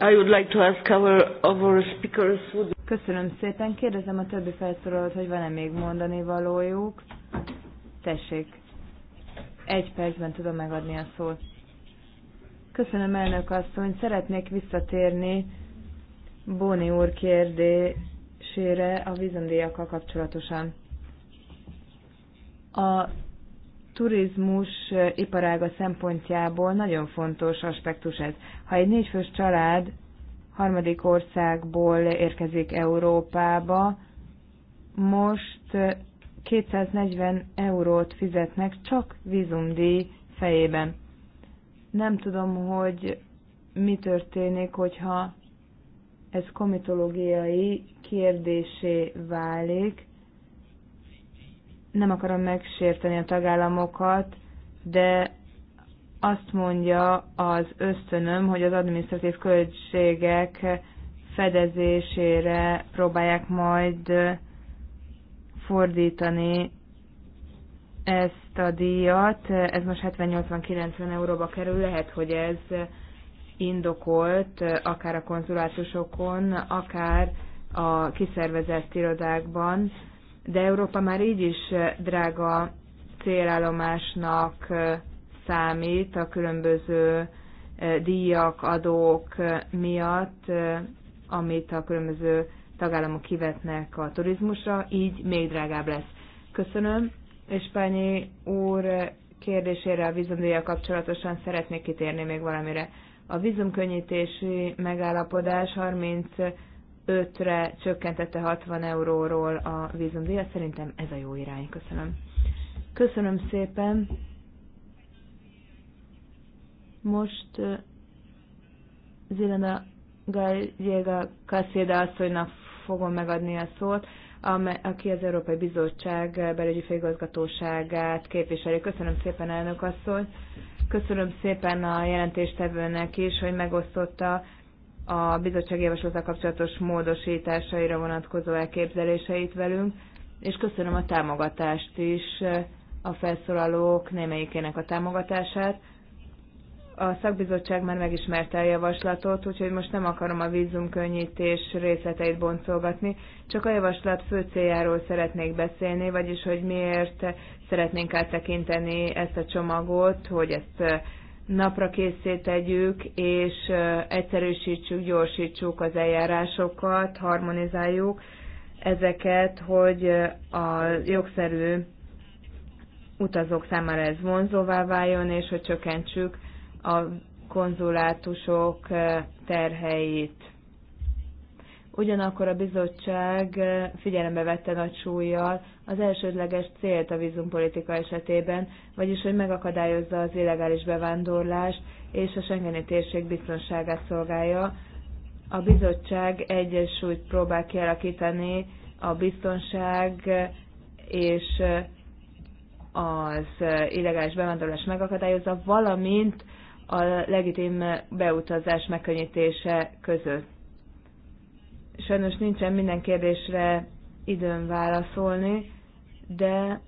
I would like to ask our, our speakers would... Köszönöm szépen. Kérdezem a többi felszólalót, hogy van-e még mondani valójuk. Tessék egy percben tudom megadni a szót. Köszönöm, elnök asszony. Szeretnék visszatérni Bóni úr kérdésére a vízumdíjakkal kapcsolatosan. A turizmus iparága szempontjából nagyon fontos aspektus ez. Ha egy négyfős család harmadik országból érkezik Európába, most 240 eurót fizetnek csak vízumdíj fejében. Nem tudom, hogy mi történik, hogyha ez komitológiai kérdésé válik. Nem akarom megsérteni a tagállamokat, de azt mondja az ösztönöm, hogy az administratív költségek fedezésére próbálják majd fordítani ezt a díjat. Ez most 70-80-90 euróba kerül, lehet, hogy ez indokolt akár a konzulátusokon, akár a kiszervezett irodákban, de Európa már így is drága célállomásnak számít a különböző eh, díjak, adók eh, miatt, eh, amit a különböző tagállamok kivetnek a turizmusra, így még drágább lesz. Köszönöm, és Pányi úr kérdésére a vízumdíjjal kapcsolatosan szeretnék kitérni még valamire. A vízumkönnyítési megállapodás 35-re csökkentette 60 euróról a vízumdíjat, szerintem ez a jó irány. Köszönöm. Köszönöm szépen. Most eh, Zilana Gajéga Kasszéda asszonynak fogom megadni a szót, aki az Európai Bizottság belügyi főigazgatóságát képviseli. Köszönöm szépen, elnök asszony! Köszönöm szépen a jelentéstevőnek is, hogy megosztotta a bizottság javaslata kapcsolatos módosításaira vonatkozó elképzeléseit velünk, és köszönöm a támogatást is, a felszólalók némelyikének a támogatását a szakbizottság már megismerte a javaslatot, úgyhogy most nem akarom a vízumkönnyítés részleteit boncolgatni, csak a javaslat fő céljáról szeretnék beszélni, vagyis hogy miért szeretnénk áttekinteni ezt a csomagot, hogy ezt napra készítjük és egyszerűsítsük, gyorsítsuk az eljárásokat, harmonizáljuk ezeket, hogy a jogszerű utazók számára ez vonzóvá váljon, és hogy csökkentsük a konzulátusok eh, terheit. Ugyanakkor a bizottság eh, figyelembe vette nagy súlyjal az elsődleges célt a vízumpolitika esetében, vagyis hogy megakadályozza az illegális bevándorlást és a Schengeni térség biztonságát szolgálja. A bizottság egyensúlyt próbál kialakítani a biztonság eh, és az illegális bevándorlás megakadályozza, valamint a legitim beutazás megkönnyítése között. Sajnos nincsen minden kérdésre időn válaszolni, de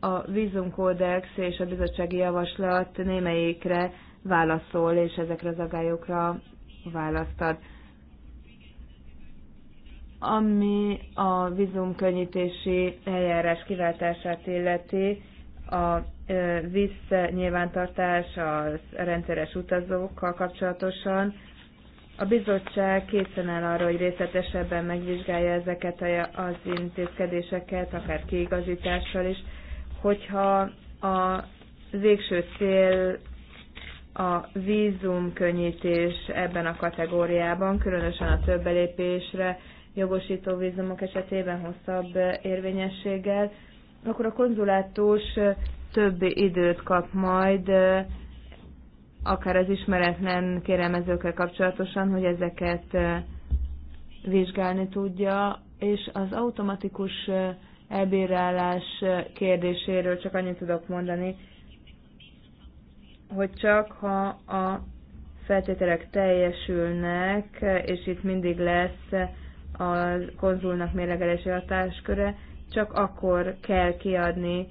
a vízumkódex és a bizottsági javaslat némelyikre válaszol, és ezekre az agályokra választad. Ami a vízumkönnyítési eljárás kiváltását illeti, a víznyilvántartás a rendszeres utazókkal kapcsolatosan. A bizottság készen áll arra, hogy részletesebben megvizsgálja ezeket az intézkedéseket, akár kiigazítással is, hogyha a végső cél a vízumkönnyítés ebben a kategóriában, különösen a több belépésre jogosító vízumok esetében hosszabb érvényességgel, akkor a konzulátus több időt kap majd, akár az ismeretlen kérelmezőkkel kapcsolatosan, hogy ezeket vizsgálni tudja, és az automatikus elbírálás kérdéséről csak annyit tudok mondani, hogy csak ha a feltételek teljesülnek, és itt mindig lesz a konzulnak mérlegelési hatásköre, csak akkor kell kiadni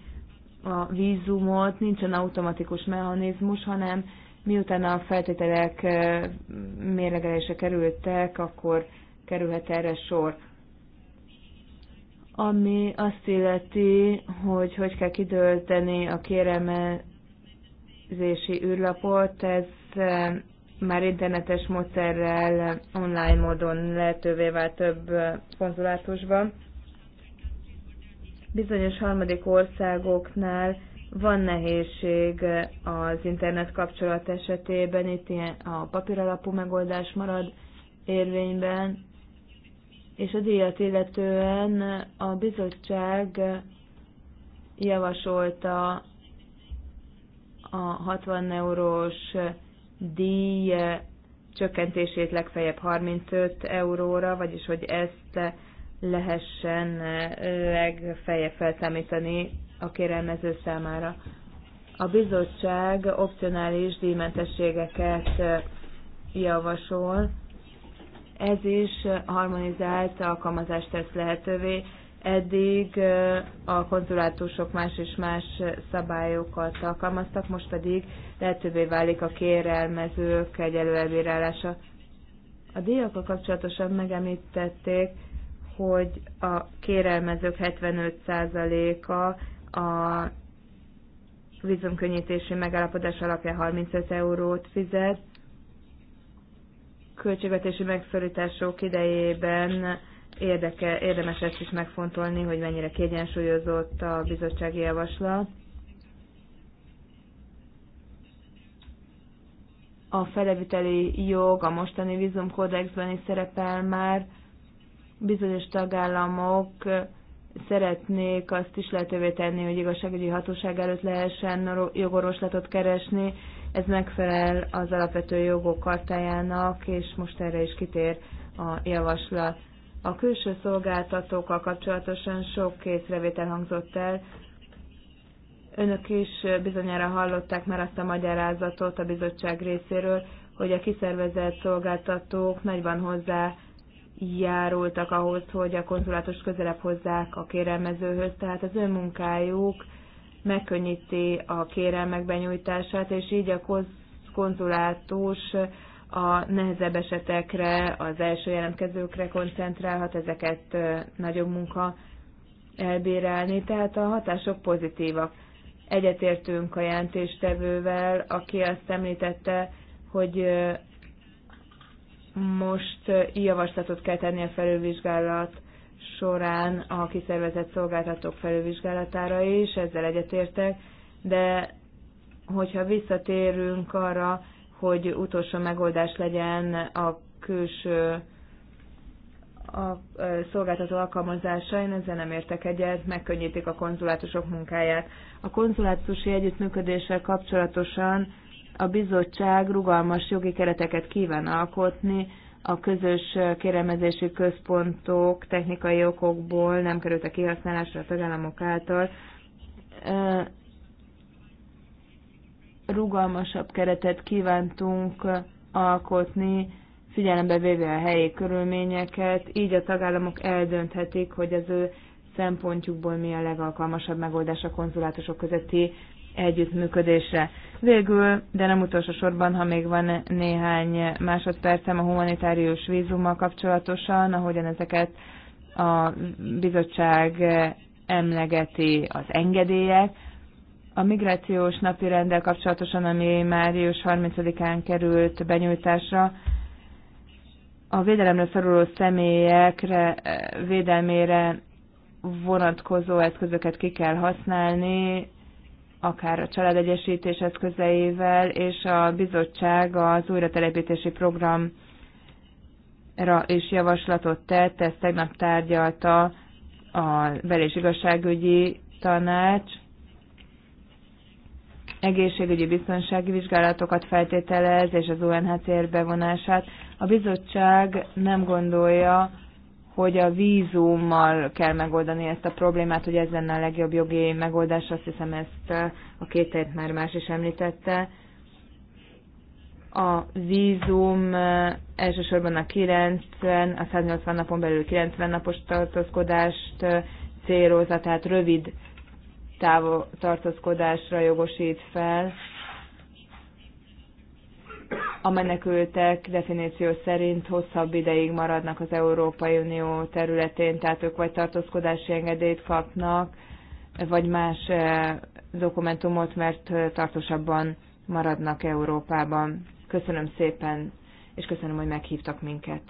a vízumot, nincsen automatikus mechanizmus, hanem miután a feltételek mérlegelése kerültek, akkor kerülhet erre sor. Ami azt illeti, hogy hogy kell kidölteni a kéremezési űrlapot, ez már internetes módszerrel online módon lehetővé vált több konzulátusban bizonyos harmadik országoknál van nehézség az internet kapcsolat esetében, itt ilyen a papíralapú megoldás marad érvényben, és a díjat illetően a bizottság javasolta a 60 eurós díj csökkentését legfeljebb 35 euróra, vagyis hogy ezt lehessen legfeljebb felszámítani a kérelmező számára. A bizottság opcionális díjmentességeket javasol, ez is harmonizált alkalmazást tesz lehetővé. Eddig a konzulátusok más és más szabályokat alkalmaztak, most pedig lehetővé válik a kérelmezők egyelő elbírálása. A díjakkal kapcsolatosan megemlítették, hogy a kérelmezők 75%-a a vízumkönnyítési megállapodás alapján 35 eurót fizet, költségvetési megszorítások idejében érdeke, érdemes ezt is megfontolni, hogy mennyire kiegyensúlyozott a bizottsági javaslat. A feleviteli jog a mostani vízumkódexben is szerepel már, Bizonyos tagállamok szeretnék azt is lehetővé tenni, hogy igazságügyi hatóság előtt lehessen jogorvoslatot keresni. Ez megfelel az alapvető jogok kartájának, és most erre is kitér a javaslat. A külső szolgáltatókkal kapcsolatosan sok észrevétel hangzott el. Önök is bizonyára hallották már azt a magyarázatot a bizottság részéről, hogy a kiszervezett szolgáltatók nagyban hozzá járultak ahhoz, hogy a konzulátus közelebb hozzák a kérelmezőhöz, tehát az önmunkájuk megkönnyíti a kérelmek benyújtását, és így a konzulátus a nehezebb esetekre, az első jelentkezőkre koncentrálhat, ezeket nagyobb munka elbírálni, tehát a hatások pozitívak. Egyetértünk a jelentéstevővel, aki azt említette, hogy most javaslatot kell tenni a felülvizsgálat során a kiszervezett szolgáltatók felülvizsgálatára is, ezzel egyetértek, de hogyha visszatérünk arra, hogy utolsó megoldás legyen a külső a szolgáltató alkalmazása, én ezzel nem értek egyet, megkönnyítik a konzulátusok munkáját. A konzulátusi együttműködéssel kapcsolatosan a bizottság rugalmas jogi kereteket kíván alkotni, a közös kérelmezési központok technikai okokból nem kerültek kihasználásra a tagállamok által. Rugalmasabb keretet kívántunk alkotni, figyelembe véve a helyi körülményeket, így a tagállamok eldönthetik, hogy az ő szempontjukból mi a legalkalmasabb megoldás a konzulátusok közötti együttműködésre. Végül, de nem utolsó sorban, ha még van néhány másodpercem a humanitárius vízummal kapcsolatosan, ahogyan ezeket a bizottság emlegeti az engedélyek. A migrációs napi rendel kapcsolatosan, ami márius 30-án került benyújtásra, a védelemre szoruló személyekre, eh, védelmére vonatkozó eszközöket ki kell használni, akár a családegyesítés eszközeivel, és a bizottság az újratelepítési programra is javaslatot tett, ezt tegnap tárgyalta a bel- és igazságügyi tanács, egészségügyi biztonsági vizsgálatokat feltételez, és az UNHCR bevonását. A bizottság nem gondolja, hogy a vízummal kell megoldani ezt a problémát, hogy ez lenne a legjobb jogi megoldás, azt hiszem ezt eh, a két már más is említette. A vízum eh, elsősorban a 90, a 180 napon belül 90 napos tartózkodást eh, célozza, tehát rövid távol tartózkodásra jogosít fel, a menekültek definíció szerint hosszabb ideig maradnak az Európai Unió területén, tehát ők vagy tartózkodási engedélyt kapnak, vagy más eh, dokumentumot, mert eh, tartósabban maradnak Európában. Köszönöm szépen, és köszönöm, hogy meghívtak minket.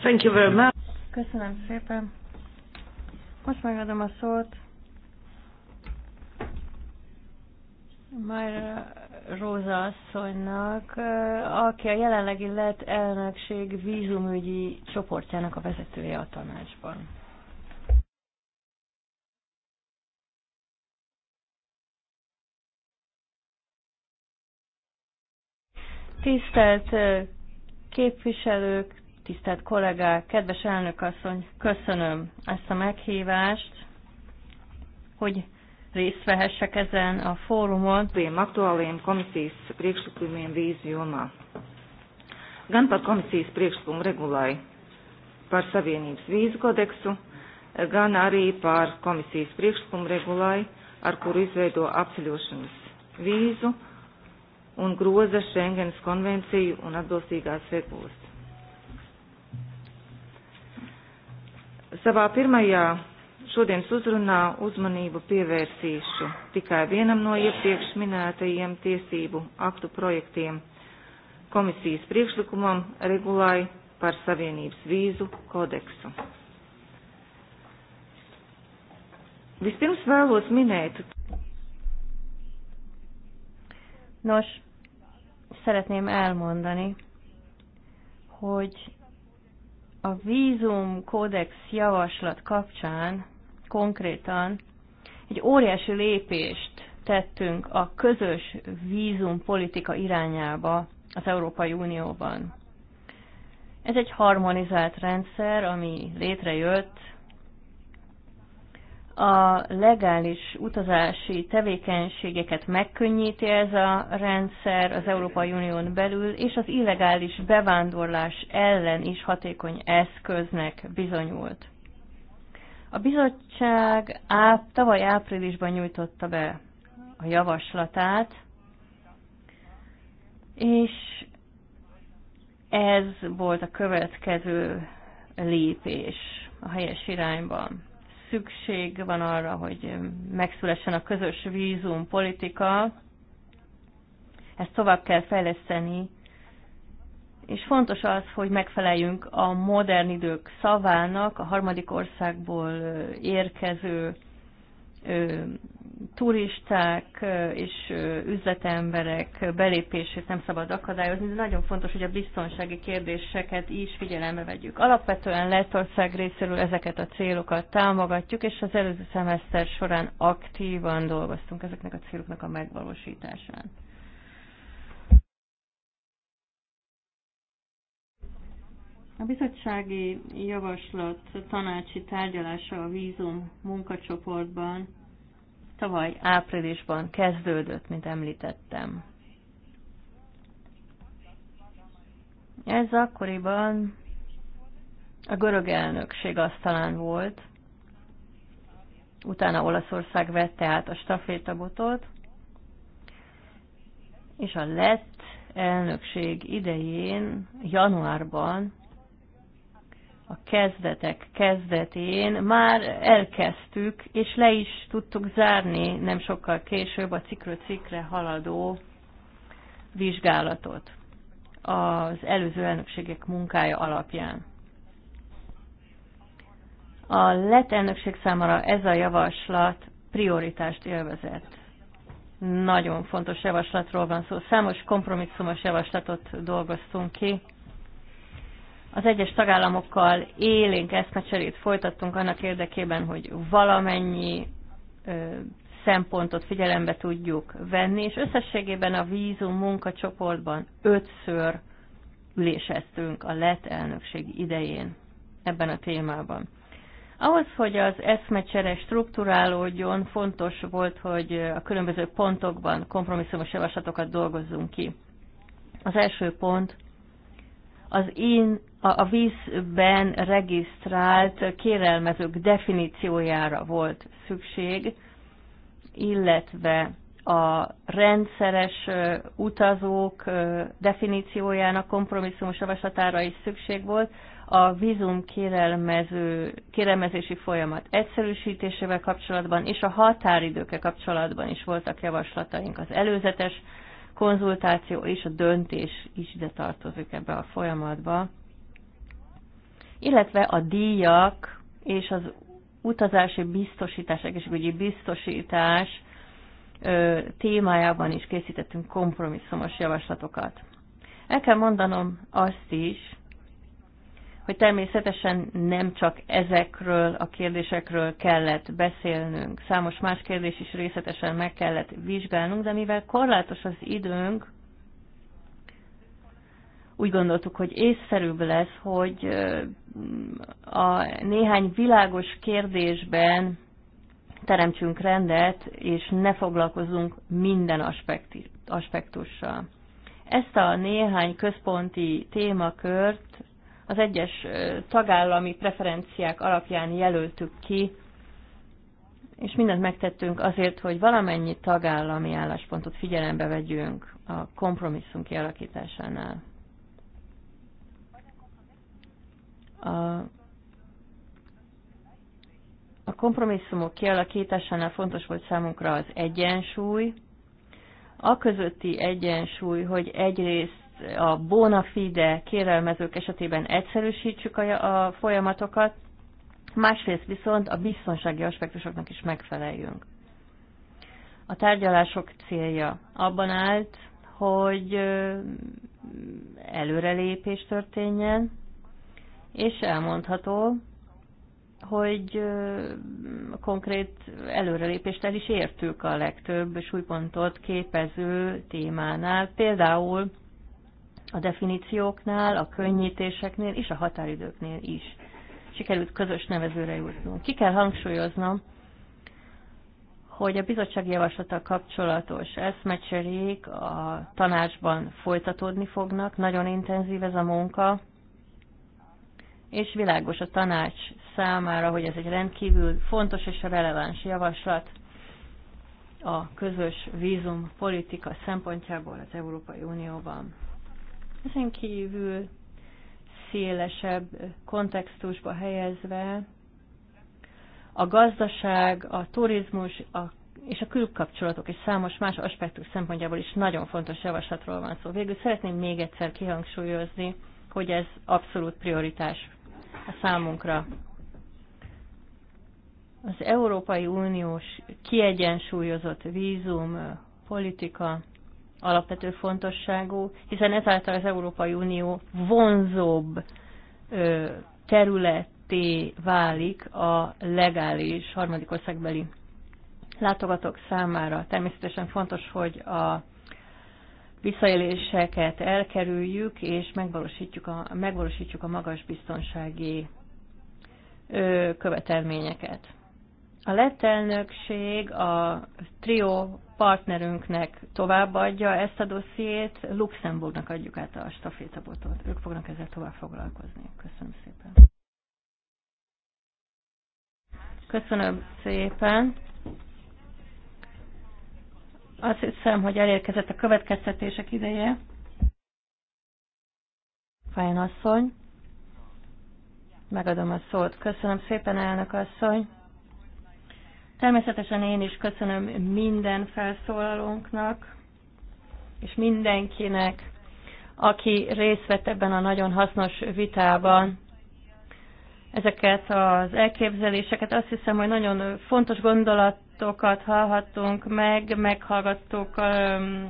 Thank you very much. Köszönöm szépen. Most megadom a szót Már uh, Róza asszonynak, uh, aki a jelenlegi lett elnökség vízumügyi csoportjának a vezetője a tanácsban. Tisztelt uh, képviselők, tisztelt kollégák, kedves elnök asszony, köszönöm ezt a meghívást, hogy részt vehessek ezen a fórumon. Aktuáliem komisijas priekšlikumiem vīzu jomā. Gan par komisijas priekšlikumu regulai par Savienības vīzu kodeksu, gan arī par komisijas priekšlikumu regulai, ar kuru izveido apceļošanas vīzu un groza Schengenas konvenciju un atbilstīgās regulas. Savā pirmajā Šodienas uzrunā uzmanību pievērsīšu tikai vienam no iepriekš minētajiem tiesību aktu projektiem komisijas priekšlikumam regulai par Savienības vīzu kodeksu. Vispirms vēlos minēt. Nos, szeretném elmondani, hogy a vízum kódex javaslat kapcsán konkrétan egy óriási lépést tettünk a közös vízumpolitika irányába az Európai Unióban. Ez egy harmonizált rendszer, ami létrejött a legális utazási tevékenységeket megkönnyíti ez a rendszer az Európai Unión belül, és az illegális bevándorlás ellen is hatékony eszköznek bizonyult. A bizottság á, tavaly áprilisban nyújtotta be a javaslatát, és ez volt a következő lépés a helyes irányban. Szükség van arra, hogy megszülessen a közös vízum politika, ezt tovább kell fejleszteni és fontos az, hogy megfeleljünk a modern idők szavának, a harmadik országból érkező turisták és üzletemberek belépését nem szabad akadályozni, de nagyon fontos, hogy a biztonsági kérdéseket is figyelembe vegyük. Alapvetően Lettország részéről ezeket a célokat támogatjuk, és az előző szemeszter során aktívan dolgoztunk ezeknek a céloknak a megvalósításán. A bizottsági javaslat tanácsi tárgyalása a vízum munkacsoportban tavaly áprilisban kezdődött, mint említettem. Ez akkoriban a görög elnökség asztalán volt, utána Olaszország vette át a stafétabotot, és a lett elnökség idején, januárban a kezdetek kezdetén már elkezdtük, és le is tudtuk zárni nem sokkal később a cikről cikre haladó vizsgálatot az előző elnökségek munkája alapján. A lett elnökség számára ez a javaslat prioritást élvezett. Nagyon fontos javaslatról van szó. Számos kompromisszumos javaslatot dolgoztunk ki, az egyes tagállamokkal élénk eszmecserét folytattunk annak érdekében, hogy valamennyi szempontot figyelembe tudjuk venni, és összességében a vízum munkacsoportban ötször üléseztünk a lett elnökség idején ebben a témában. Ahhoz, hogy az eszmecsere strukturálódjon, fontos volt, hogy a különböző pontokban kompromisszumos javaslatokat dolgozzunk ki. Az első pont az én a, a vízben regisztrált kérelmezők definíciójára volt szükség, illetve a rendszeres utazók definíciójának kompromisszumos javaslatára is szükség volt, a vízum kérelmező, kérelmezési folyamat egyszerűsítésével kapcsolatban és a határidőkkel kapcsolatban is voltak javaslataink. Az előzetes konzultáció és a döntés is ide tartozik ebbe a folyamatba, illetve a díjak és az utazási biztosítás, egészségügyi biztosítás témájában is készítettünk kompromisszumos javaslatokat. El kell mondanom azt is, hogy természetesen nem csak ezekről a kérdésekről kellett beszélnünk, számos más kérdés is részletesen meg kellett vizsgálnunk, de mivel korlátos az időnk, úgy gondoltuk, hogy észszerűbb lesz, hogy a néhány világos kérdésben teremtsünk rendet, és ne foglalkozunk minden aspektussal. Ezt a néhány központi témakört az egyes tagállami preferenciák alapján jelöltük ki, és mindent megtettünk azért, hogy valamennyi tagállami álláspontot figyelembe vegyünk a kompromisszum kialakításánál. A, a kompromisszumok kialakításánál fontos volt számunkra az egyensúly, a közötti egyensúly, hogy egyrészt a bona fide kérelmezők esetében egyszerűsítsük a, a folyamatokat, másrészt viszont a biztonsági aspektusoknak is megfeleljünk. A tárgyalások célja abban állt, hogy előrelépés történjen, és elmondható, hogy konkrét előrelépést el is értük a legtöbb súlypontot képező témánál. Például a definícióknál, a könnyítéseknél és a határidőknél is. Sikerült közös nevezőre jutnunk. Ki kell hangsúlyoznom, hogy a bizottsági javaslata kapcsolatos eszmecserék a tanácsban folytatódni fognak, nagyon intenzív ez a munka, és világos a tanács számára, hogy ez egy rendkívül fontos és releváns javaslat a közös vízumpolitika szempontjából az Európai Unióban. Ezen kívül szélesebb kontextusba helyezve a gazdaság, a turizmus a, és a külkapcsolatok és számos más aspektus szempontjából is nagyon fontos javaslatról van szó. Végül szeretném még egyszer kihangsúlyozni, hogy ez abszolút prioritás a számunkra. Az Európai Uniós kiegyensúlyozott vízum politika alapvető fontosságú, hiszen ezáltal az Európai Unió vonzóbb ö, területé válik a legális harmadik országbeli látogatók számára. Természetesen fontos, hogy a visszaéléseket elkerüljük, és megvalósítjuk a, megvalósítjuk a magas biztonsági ö, követelményeket. A lett elnökség a trió partnerünknek továbbadja ezt a dossziét, Luxemburgnak adjuk át a stafétabotot. Ők fognak ezzel tovább foglalkozni. Köszönöm szépen. Köszönöm szépen. Azt hiszem, hogy elérkezett a következtetések ideje. Fájn asszony. Megadom a szót. Köszönöm szépen, elnök asszony. Természetesen én is köszönöm minden felszólalónknak, és mindenkinek, aki részt vett ebben a nagyon hasznos vitában. Ezeket az elképzeléseket azt hiszem, hogy nagyon fontos gondolatokat hallhattunk meg, meghallgattuk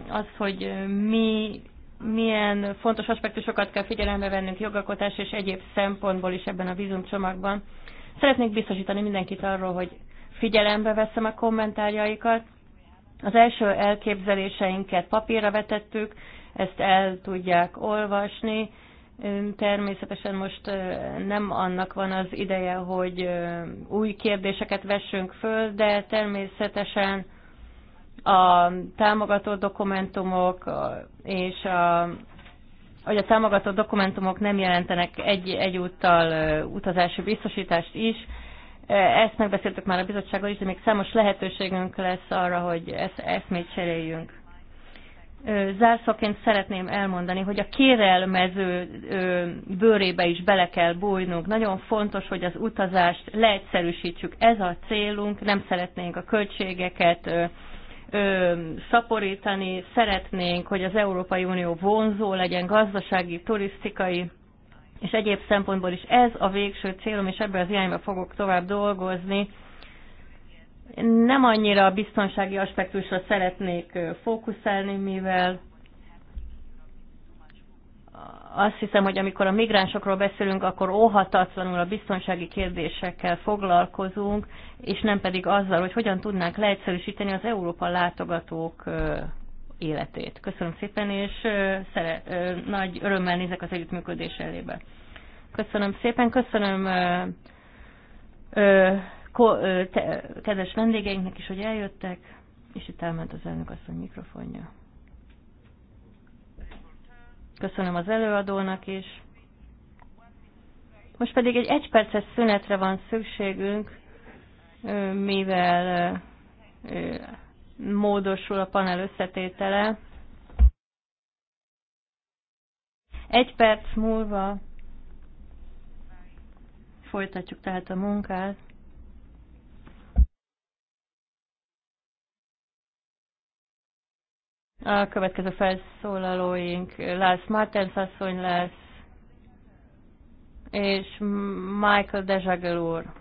az, hogy mi milyen fontos aspektusokat kell figyelembe vennünk jogalkotás és egyéb szempontból is ebben a vízumcsomagban. Szeretnék biztosítani mindenkit arról, hogy figyelembe veszem a kommentárjaikat. Az első elképzeléseinket papírra vetettük, ezt el tudják olvasni. Természetesen most nem annak van az ideje, hogy új kérdéseket vessünk föl, de természetesen a támogató dokumentumok és a, hogy a támogató dokumentumok nem jelentenek egy, egyúttal utazási biztosítást is, ezt megbeszéltük már a bizottsággal is, de még számos lehetőségünk lesz arra, hogy ezt, még cseréljünk zárszóként szeretném elmondani, hogy a kérelmező bőrébe is bele kell bújnunk. Nagyon fontos, hogy az utazást leegyszerűsítsük. Ez a célunk, nem szeretnénk a költségeket szaporítani, szeretnénk, hogy az Európai Unió vonzó legyen gazdasági, turisztikai és egyéb szempontból is ez a végső célom, és ebben az irányba fogok tovább dolgozni. Nem annyira a biztonsági aspektusra szeretnék fókuszálni, mivel azt hiszem, hogy amikor a migránsokról beszélünk, akkor óhatatlanul a biztonsági kérdésekkel foglalkozunk, és nem pedig azzal, hogy hogyan tudnánk leegyszerűsíteni az Európa látogatók életét. Köszönöm szépen, és szere, nagy örömmel nézek az együttműködés elébe. Köszönöm szépen, köszönöm ö, ko, ö, te, kedves vendégeinknek is, hogy eljöttek, és itt elment az elnök asszony mikrofonja. Köszönöm az előadónak is. Most pedig egy egyperces szünetre van szükségünk, mivel módosul a panel összetétele. Egy perc múlva folytatjuk tehát a munkát. A következő felszólalóink Lász Martens asszony lesz, és Michael Dezsagel úr.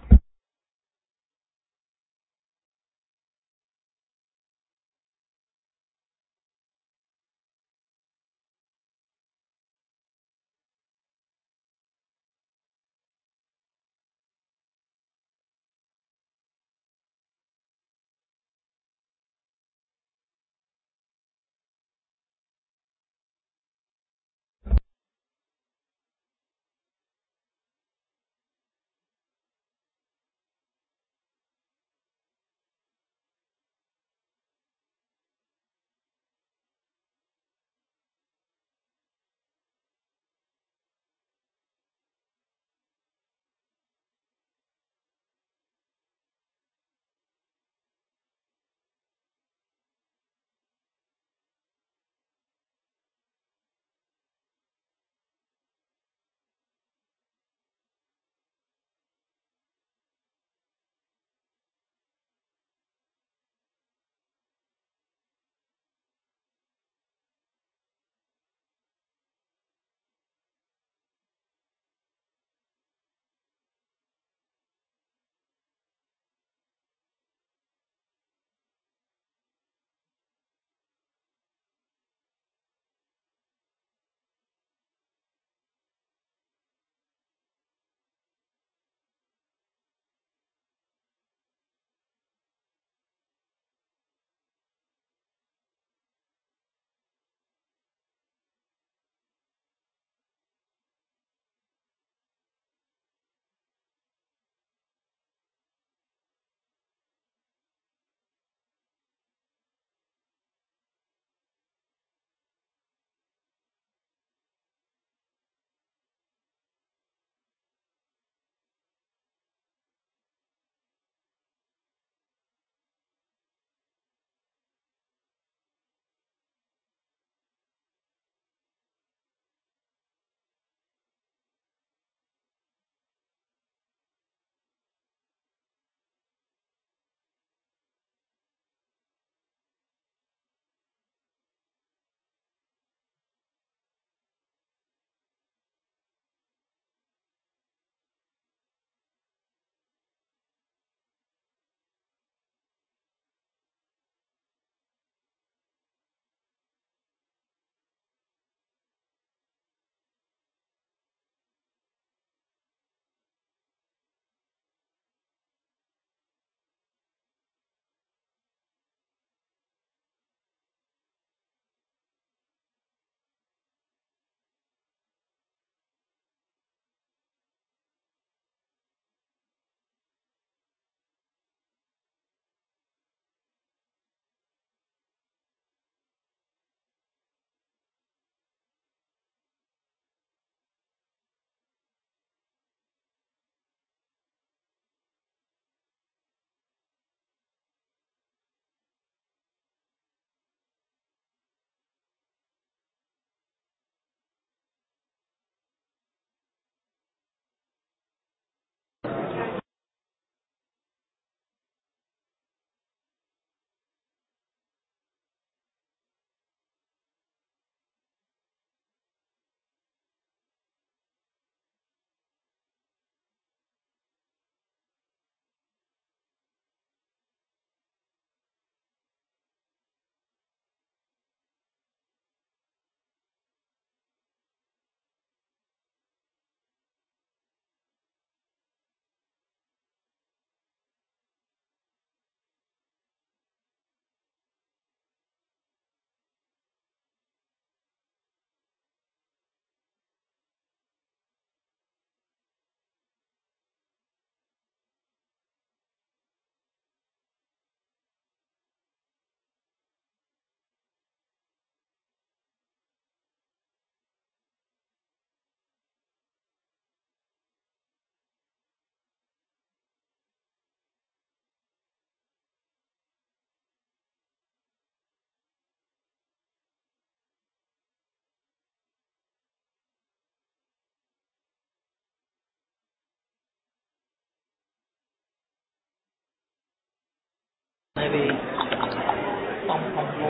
Maybe.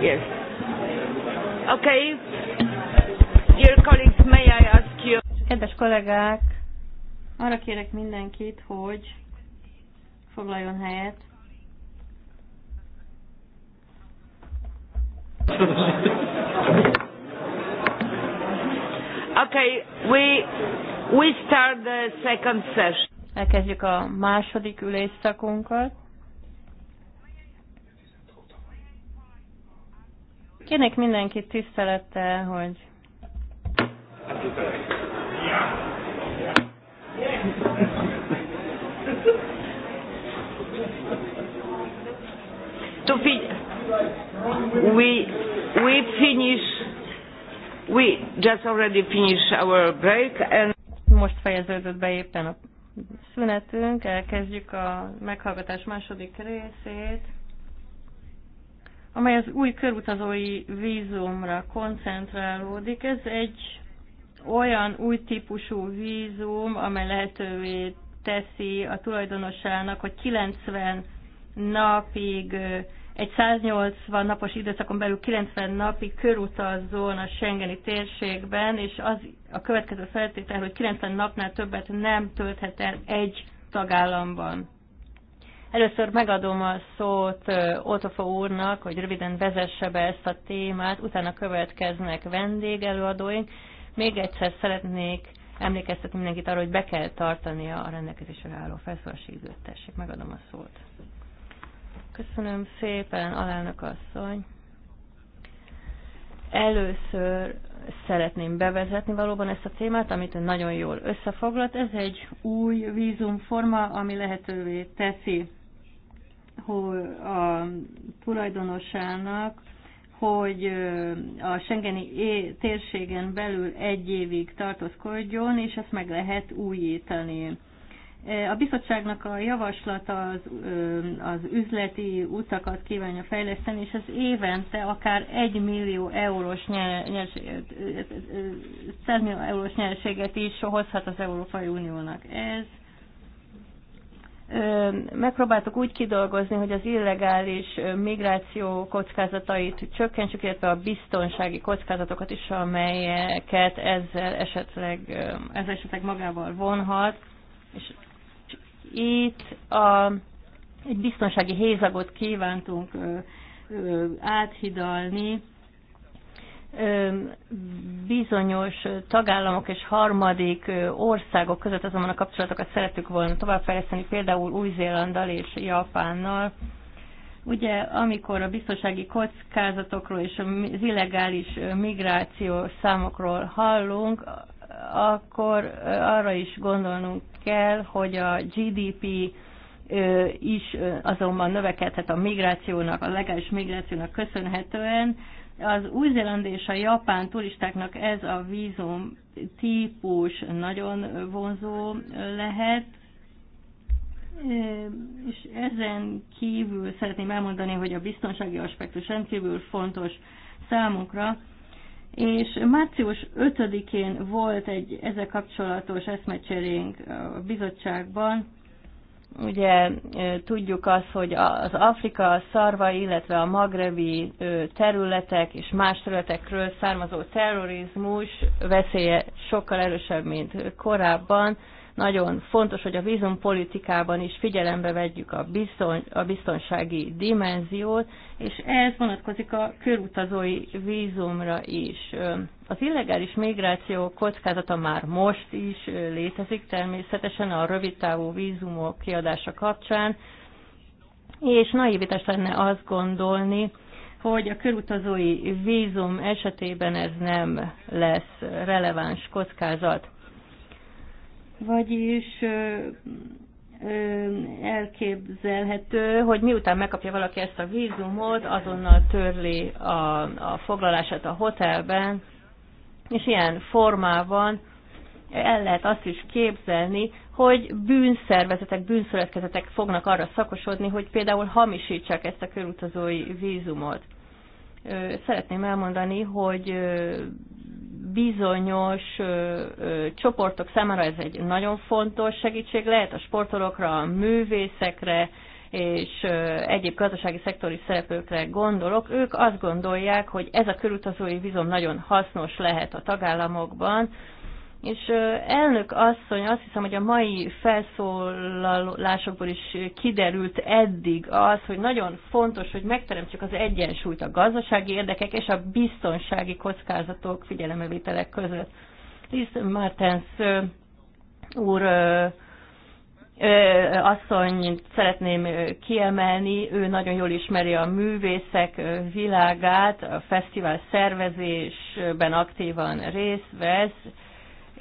Yes. Okay. Dear colleagues, may I ask you... Kedves kollégák, arra kérek mindenkit, hogy foglaljon helyet. okay, we we start the second session. Elkezdjük a második ülésszakunkat. Kérnék mindenkit tisztelettel, hogy... To be, we we finish we just already finish our break and most fejeződött be éppen a szünetünk, elkezdjük a meghallgatás második részét amely az új körutazói vízumra koncentrálódik. Ez egy olyan új típusú vízum, amely lehetővé teszi a tulajdonosának, hogy 90 napig, egy 180 napos időszakon belül 90 napig körutazzon a Schengeni térségben, és az a következő feltétel, hogy 90 napnál többet nem tölthet el egy tagállamban. Először megadom a szót Otofa úrnak, hogy röviden vezesse be ezt a témát, utána következnek vendégelőadóink. Még egyszer szeretnék emlékeztetni mindenkit arra, hogy be kell tartani a rendelkezésre álló felszólási időt. Tessék, megadom a szót. Köszönöm szépen, alelnök asszony. Először szeretném bevezetni valóban ezt a témát, amit nagyon jól összefoglalt. Ez egy új vízumforma, ami lehetővé teszi a tulajdonosának, hogy a Schengeni térségen belül egy évig tartózkodjon, és ezt meg lehet újítani. E, a bizottságnak a javaslata az, az üzleti utakat kívánja fejleszteni, és az évente akár 1 millió eurós, nyers, 100 millió eurós nyerséget is hozhat az Európai Uniónak. Ez megpróbáltuk úgy kidolgozni, hogy az illegális migráció kockázatait csökkentsük, illetve a biztonsági kockázatokat is, amelyeket ezzel esetleg, ez esetleg magával vonhat. És itt a, egy biztonsági hézagot kívántunk áthidalni, bizonyos tagállamok és harmadik országok között azonban a kapcsolatokat szeretük volna továbbfejleszteni, például Új-Zélanddal és Japánnal. Ugye, amikor a biztonsági kockázatokról és az illegális migráció számokról hallunk, akkor arra is gondolnunk kell, hogy a GDP is azonban növekedhet a migrációnak, a legális migrációnak köszönhetően, az új-zéland és a japán turistáknak ez a vízum típus nagyon vonzó lehet, és ezen kívül szeretném elmondani, hogy a biztonsági aspektus rendkívül fontos számunkra, és március 5-én volt egy ezzel kapcsolatos eszmecserénk a bizottságban, Ugye tudjuk azt, hogy az Afrika szarva, illetve a magrebi területek és más területekről származó terrorizmus veszélye sokkal erősebb, mint korábban nagyon fontos, hogy a vízumpolitikában is figyelembe vegyük a, bizony, a biztonsági dimenziót, és ez vonatkozik a körutazói vízumra is. Az illegális migráció kockázata már most is létezik természetesen a rövidtávú vízumok kiadása kapcsán, és naivitás lenne azt gondolni, hogy a körutazói vízum esetében ez nem lesz releváns kockázat. Vagyis elképzelhető, hogy miután megkapja valaki ezt a vízumot, azonnal törli a, a foglalását a hotelben, és ilyen formában el lehet azt is képzelni, hogy bűnszervezetek, bűnszövetkezetek fognak arra szakosodni, hogy például hamisítsák ezt a körutazói vízumot. Szeretném elmondani, hogy bizonyos csoportok számára ez egy nagyon fontos segítség lehet, a sportolókra, a művészekre, és egyéb gazdasági szektori szereplőkre gondolok, ők azt gondolják, hogy ez a körutazói vízum nagyon hasznos lehet a tagállamokban, és elnök asszony, azt hiszem, hogy a mai felszólalásokból is kiderült eddig az, hogy nagyon fontos, hogy megteremtsük az egyensúlyt a gazdasági érdekek és a biztonsági kockázatok figyelemevételek között. Liz Martens úr asszonyt szeretném kiemelni, ő nagyon jól ismeri a művészek világát, a fesztivál szervezésben aktívan részt vesz,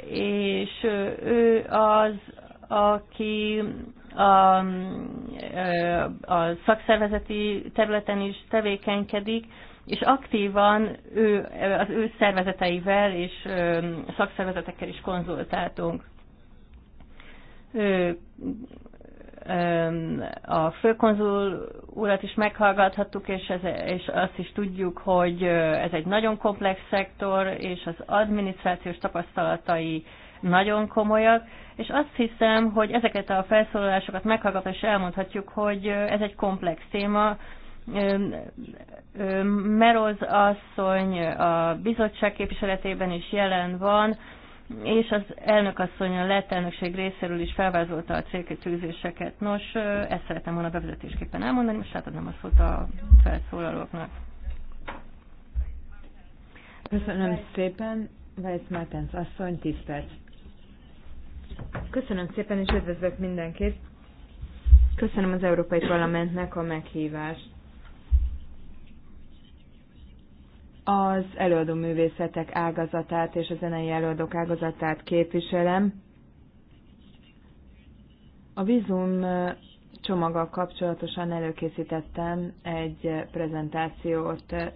és ő az, aki a, a szakszervezeti területen is tevékenykedik, és aktívan ő, az ő szervezeteivel és szakszervezetekkel is konzultáltunk a főkonzul urat is meghallgathattuk, és, ez, és azt is tudjuk, hogy ez egy nagyon komplex szektor, és az adminisztrációs tapasztalatai nagyon komolyak, és azt hiszem, hogy ezeket a felszólalásokat meghallgatva és elmondhatjuk, hogy ez egy komplex téma. Meroz asszony a bizottság képviseletében is jelen van, és az asszony a lett elnökség részéről is felvázolta a célkitűzéseket. Nos, ezt szeretem volna bevezetésképpen elmondani, most átadnám a szót a felszólalóknak. Köszönöm szépen, Weiss Mertens asszony, 10 perc. Köszönöm szépen, és üdvözlök mindenkit. Köszönöm az Európai Parlamentnek a meghívást. az előadó művészetek ágazatát és a zenei előadók ágazatát képviselem. A vízum csomaggal kapcsolatosan előkészítettem egy prezentációt.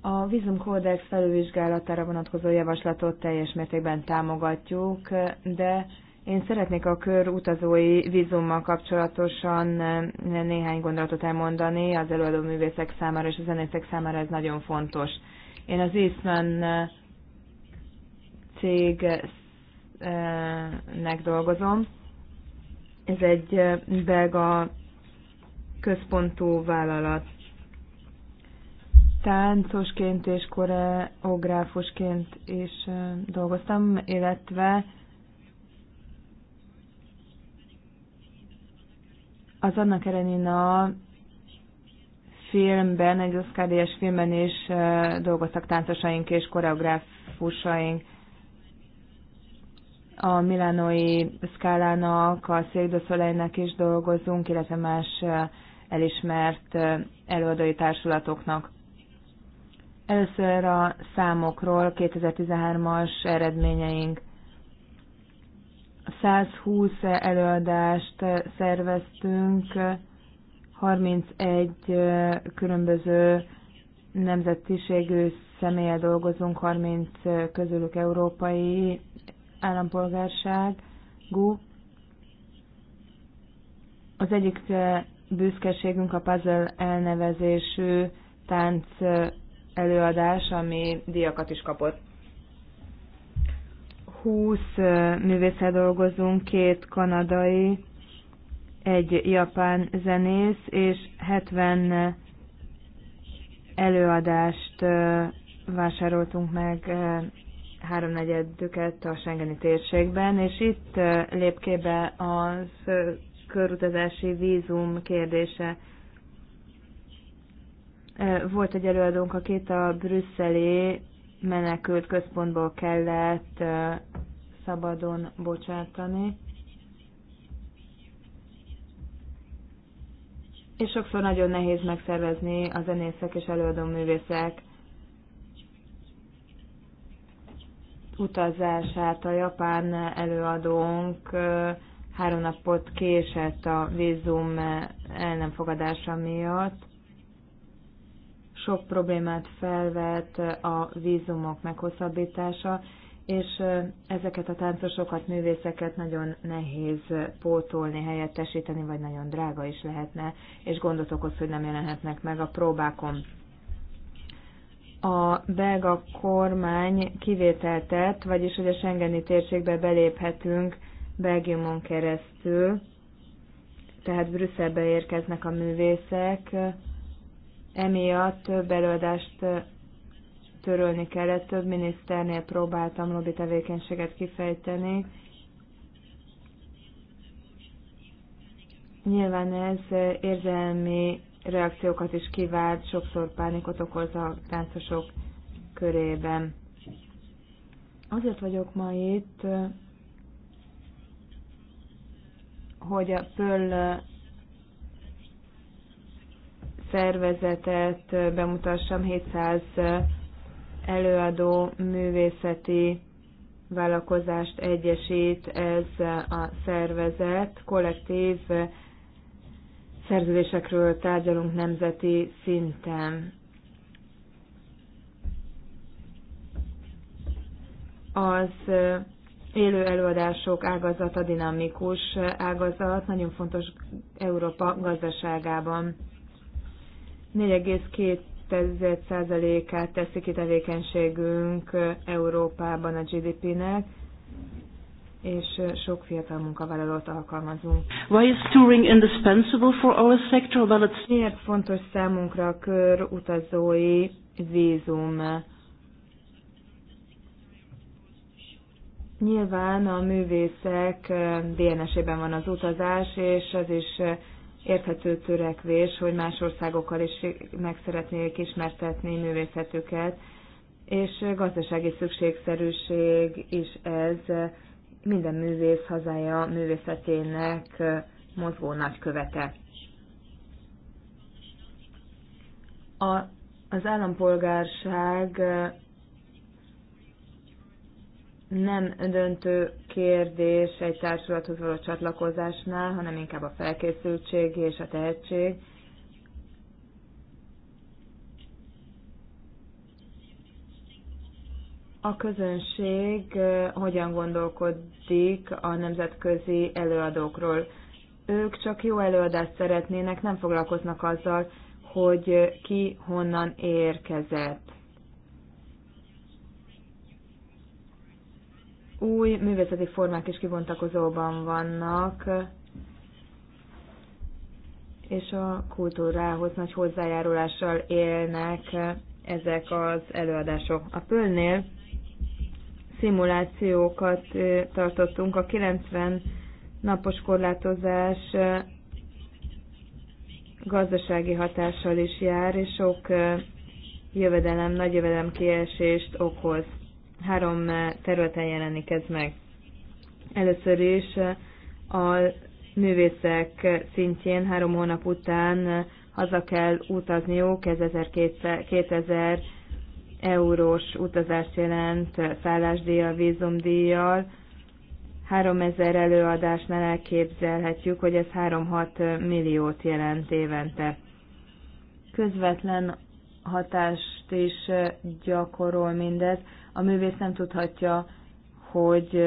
A vizum kódex felülvizsgálatára vonatkozó javaslatot teljes mértékben támogatjuk, de én szeretnék a körutazói vízummal kapcsolatosan eh, néhány gondolatot elmondani. Az előadó művészek számára és a zenészek számára ez nagyon fontos. Én az Eastman eh, cégnek eh, dolgozom. Ez egy belga központú vállalat. Táncosként és koreográfusként is dolgoztam, illetve Az ellenén a filmben, egy oscar filmben is dolgoztak táncosaink és koreográfusaink. A Milánói Szkálának, a Székdoszolejnek is dolgozunk, illetve más elismert előadói társulatoknak. Először a számokról 2013-as eredményeink. 120 előadást szerveztünk, 31 különböző nemzetiségű személye dolgozunk, 30 közülük európai GU. Az egyik büszkeségünk a puzzle elnevezésű tánc előadás, ami diakat is kapott. 20 eh, művésszel dolgozunk, két kanadai, egy japán zenész, és 70 eh, előadást eh, vásároltunk meg háromnegyedüket a Schengeni térségben, és itt lépkébe a az körutazási vízum kérdése. Volt egy előadónk, akit a brüsszeli menekült központból kellett szabadon bocsátani. És sokszor nagyon nehéz megszervezni a zenészek és előadó művészek utazását. A japán előadónk három napot késett a vízum el nem fogadása miatt sok problémát felvet a vízumok meghosszabbítása, és ezeket a táncosokat, művészeket nagyon nehéz pótolni, helyettesíteni, vagy nagyon drága is lehetne, és gondot okoz, hogy nem jelenhetnek meg a próbákon. A belga kormány kivételt tett, vagyis hogy a Schengeni térségbe beléphetünk Belgiumon keresztül, tehát Brüsszelbe érkeznek a művészek, emiatt több előadást törölni kellett, több miniszternél próbáltam lobby tevékenységet kifejteni. Nyilván ez érzelmi reakciókat is kivált, sokszor pánikot okoz a táncosok körében. Azért vagyok ma itt, hogy a Pöl szervezetet bemutassam, 700 előadó művészeti vállalkozást egyesít ez a szervezet. Kollektív szerződésekről tárgyalunk nemzeti szinten. Az élő előadások ágazata dinamikus ágazat, nagyon fontos Európa gazdaságában. 4,2%-át teszi ki tevékenységünk Európában a GDP-nek, és sok fiatal munkavállalót alkalmazunk. Why is touring indispensable for our sector? Well, it's... Miért fontos számunkra a körutazói vízum? Nyilván a művészek eh, DNS-ében van az utazás, és az is eh, érthető törekvés, hogy más országokkal is meg szeretnék ismertetni művészetüket, és gazdasági szükségszerűség is ez minden művész hazája művészetének mozgó nagykövete. A, az állampolgárság nem döntő kérdés egy társulathoz való csatlakozásnál, hanem inkább a felkészültség és a tehetség. A közönség hogyan gondolkodik a nemzetközi előadókról? Ők csak jó előadást szeretnének, nem foglalkoznak azzal, hogy ki honnan érkezett új művészeti formák is kibontakozóban vannak, és a kultúrához nagy hozzájárulással élnek ezek az előadások. A Pölnél szimulációkat tartottunk, a 90 napos korlátozás gazdasági hatással is jár, és sok jövedelem, nagy jövedelem kiesést okoz három területen jelenik ez meg. Először is a művészek szintjén három hónap után haza kell utazniuk, ez 2000 eurós utazást jelent szállásdíja, vízumdíjjal. 3000 előadásnál elképzelhetjük, hogy ez 3-6 milliót jelent évente. Közvetlen hatást is gyakorol mindez a művész nem tudhatja, hogy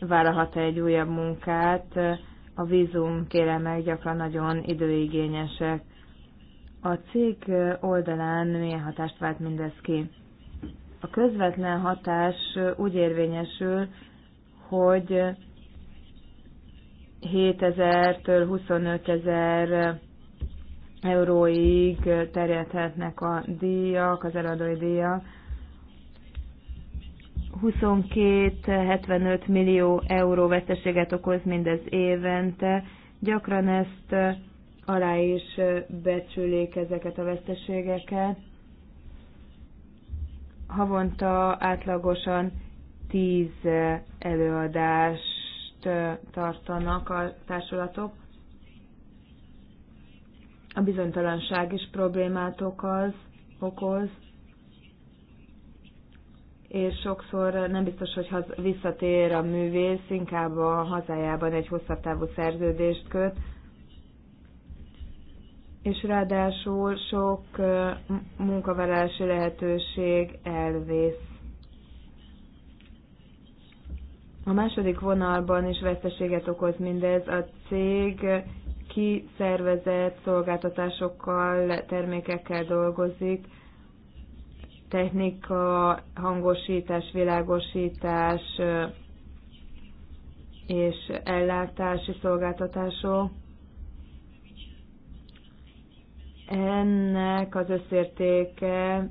vállalhat -e egy újabb munkát. A vízum kérelmek gyakran nagyon időigényesek. A cég oldalán milyen hatást vált mindez ki? A közvetlen hatás úgy érvényesül, hogy 7000-től 25000 euróig terjedhetnek a díjak, az eladói díjak, 22-75 millió euró veszteséget okoz mindez évente. Gyakran ezt eh, alá is eh, becsülik ezeket a veszteségeket. Havonta átlagosan 10 eh, előadást tartanak a társulatok. A bizonytalanság is problémát okoz, okoz és sokszor nem biztos, hogy haz, visszatér a művész, inkább a hazájában egy hosszabb távú szerződést köt, és ráadásul sok munkavállalási lehetőség elvész. A második vonalban is veszteséget okoz mindez. A cég kiszervezett szolgáltatásokkal, termékekkel dolgozik, technika, hangosítás, világosítás és ellátási szolgáltatások. Ennek az összértéke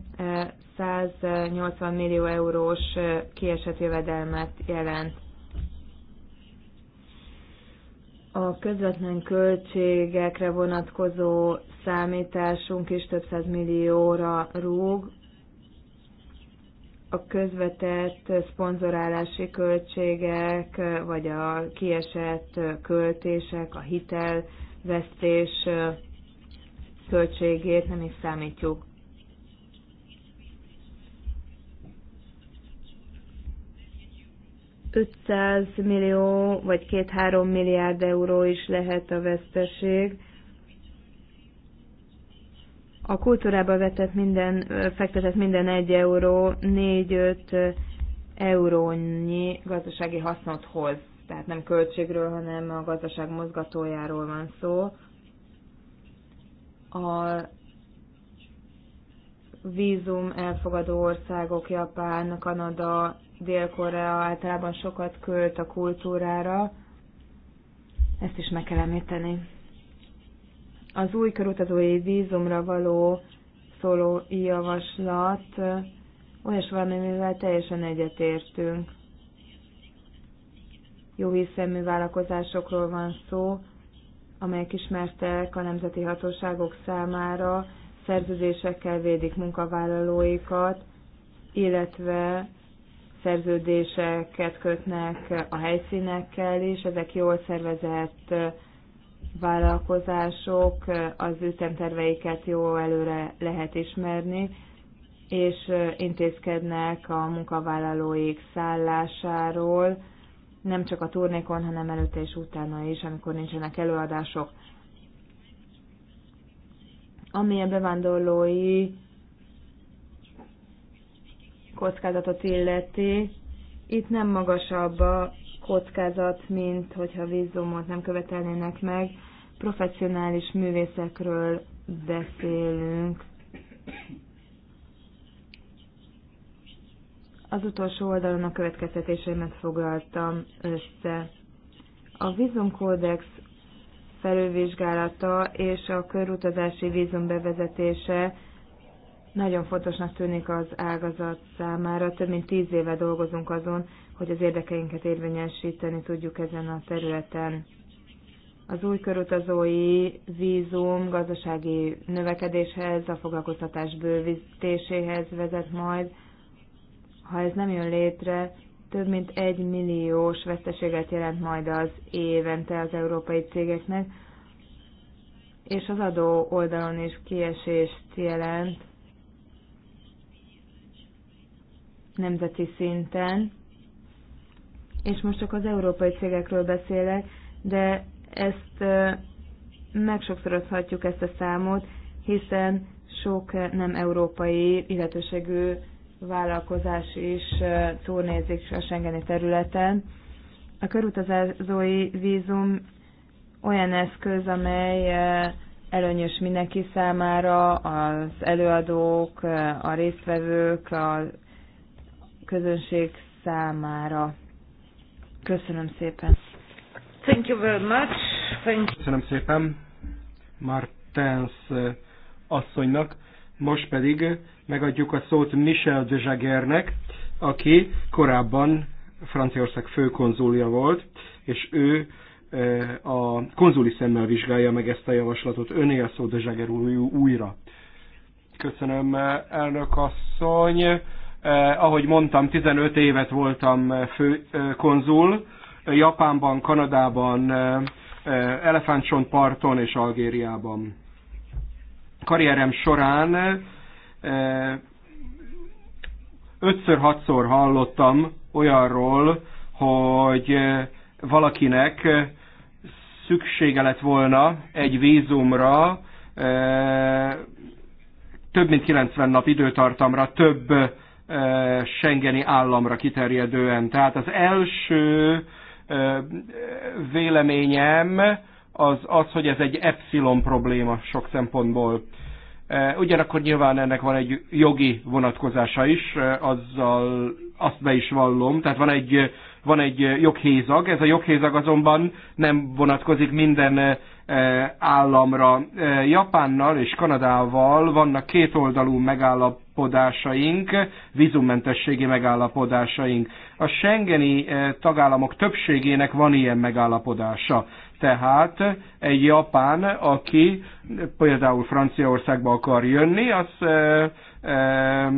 180 millió eurós kiesett jövedelmet jelent. A közvetlen költségekre vonatkozó számításunk is több száz millióra rúg, a közvetett szponzorálási költségek, vagy a kiesett költések, a hitelvesztés költségét nem is számítjuk. millió vagy 2-3 milliárd euró is lehet a veszteség a kultúrába vetett minden, fektetett minden egy euró négy-öt eurónyi gazdasági hasznot hoz. Tehát nem költségről, hanem a gazdaság mozgatójáról van szó. A vízum elfogadó országok, Japán, Kanada, Dél-Korea általában sokat költ a kultúrára. Ezt is meg kell említeni. Az új körutazói vízumra való szóló javaslat olyas valami, mivel teljesen egyetértünk. Jó hiszemű vállalkozásokról van szó, amelyek ismertek a nemzeti hatóságok számára, szerződésekkel védik munkavállalóikat, illetve szerződéseket kötnek a helyszínekkel is, ezek jól szervezett vállalkozások az üzemterveiket jó előre lehet ismerni, és intézkednek a munkavállalóik szállásáról, nem csak a turnékon, hanem előtte és utána is, amikor nincsenek előadások. Ami a bevándorlói kockázatot illeti, itt nem magasabb a kockázat, mint hogyha vízumot nem követelnének meg. Professzionális művészekről beszélünk. Az utolsó oldalon a következtetéseimet foglaltam össze. A vízumkódex felülvizsgálata és a körutazási vízum bevezetése nagyon fontosnak tűnik az ágazat számára. Több mint tíz éve dolgozunk azon, hogy az érdekeinket érvényesíteni tudjuk ezen a területen. Az új körutazói vízum gazdasági növekedéshez, a foglalkoztatás bővítéséhez vezet majd. Ha ez nem jön létre, több mint egy milliós veszteséget jelent majd az évente az európai cégeknek, és az adó oldalon is kiesést jelent nemzeti szinten, és most csak az európai cégekről beszélek, de ezt megsokszorozhatjuk ezt a számot, hiszen sok nem európai illetőségű vállalkozás is túlnézik a Schengeni területen. A körutazázói vízum olyan eszköz, amely előnyös mindenki számára, az előadók, a résztvevők, a közönség számára. Köszönöm szépen. Thank you very much. Thank you. Köszönöm szépen Martens eh, asszonynak. Most pedig megadjuk a szót Michel de Jagernek, aki korábban Franciaország főkonzulja volt, és ő eh, a konzuli szemmel vizsgálja meg ezt a javaslatot. Öné a szó de Jager újra. Köszönöm, eh, elnök asszony. Eh, ahogy mondtam, 15 évet voltam eh, fő eh, konzul eh, Japánban, Kanadában, eh, eh parton és Algériában. Karrierem során eh, ötször-hatszor hallottam olyanról, hogy valakinek szüksége lett volna egy vízumra, több mint 90 nap időtartamra, több Schengeni államra kiterjedően. Tehát az első véleményem az az, hogy ez egy epsilon probléma sok szempontból. Ugyanakkor nyilván ennek van egy jogi vonatkozása is, azzal azt be is vallom, tehát van egy, van egy joghézag, ez a joghézag azonban nem vonatkozik minden államra. Japánnal és Kanadával vannak kétoldalú megállapodások, megállapodásaink, vízummentességi megállapodásaink. A Schengeni eh, tagállamok többségének van ilyen megállapodása. Tehát egy japán, aki például Franciaországba akar jönni, az e, e,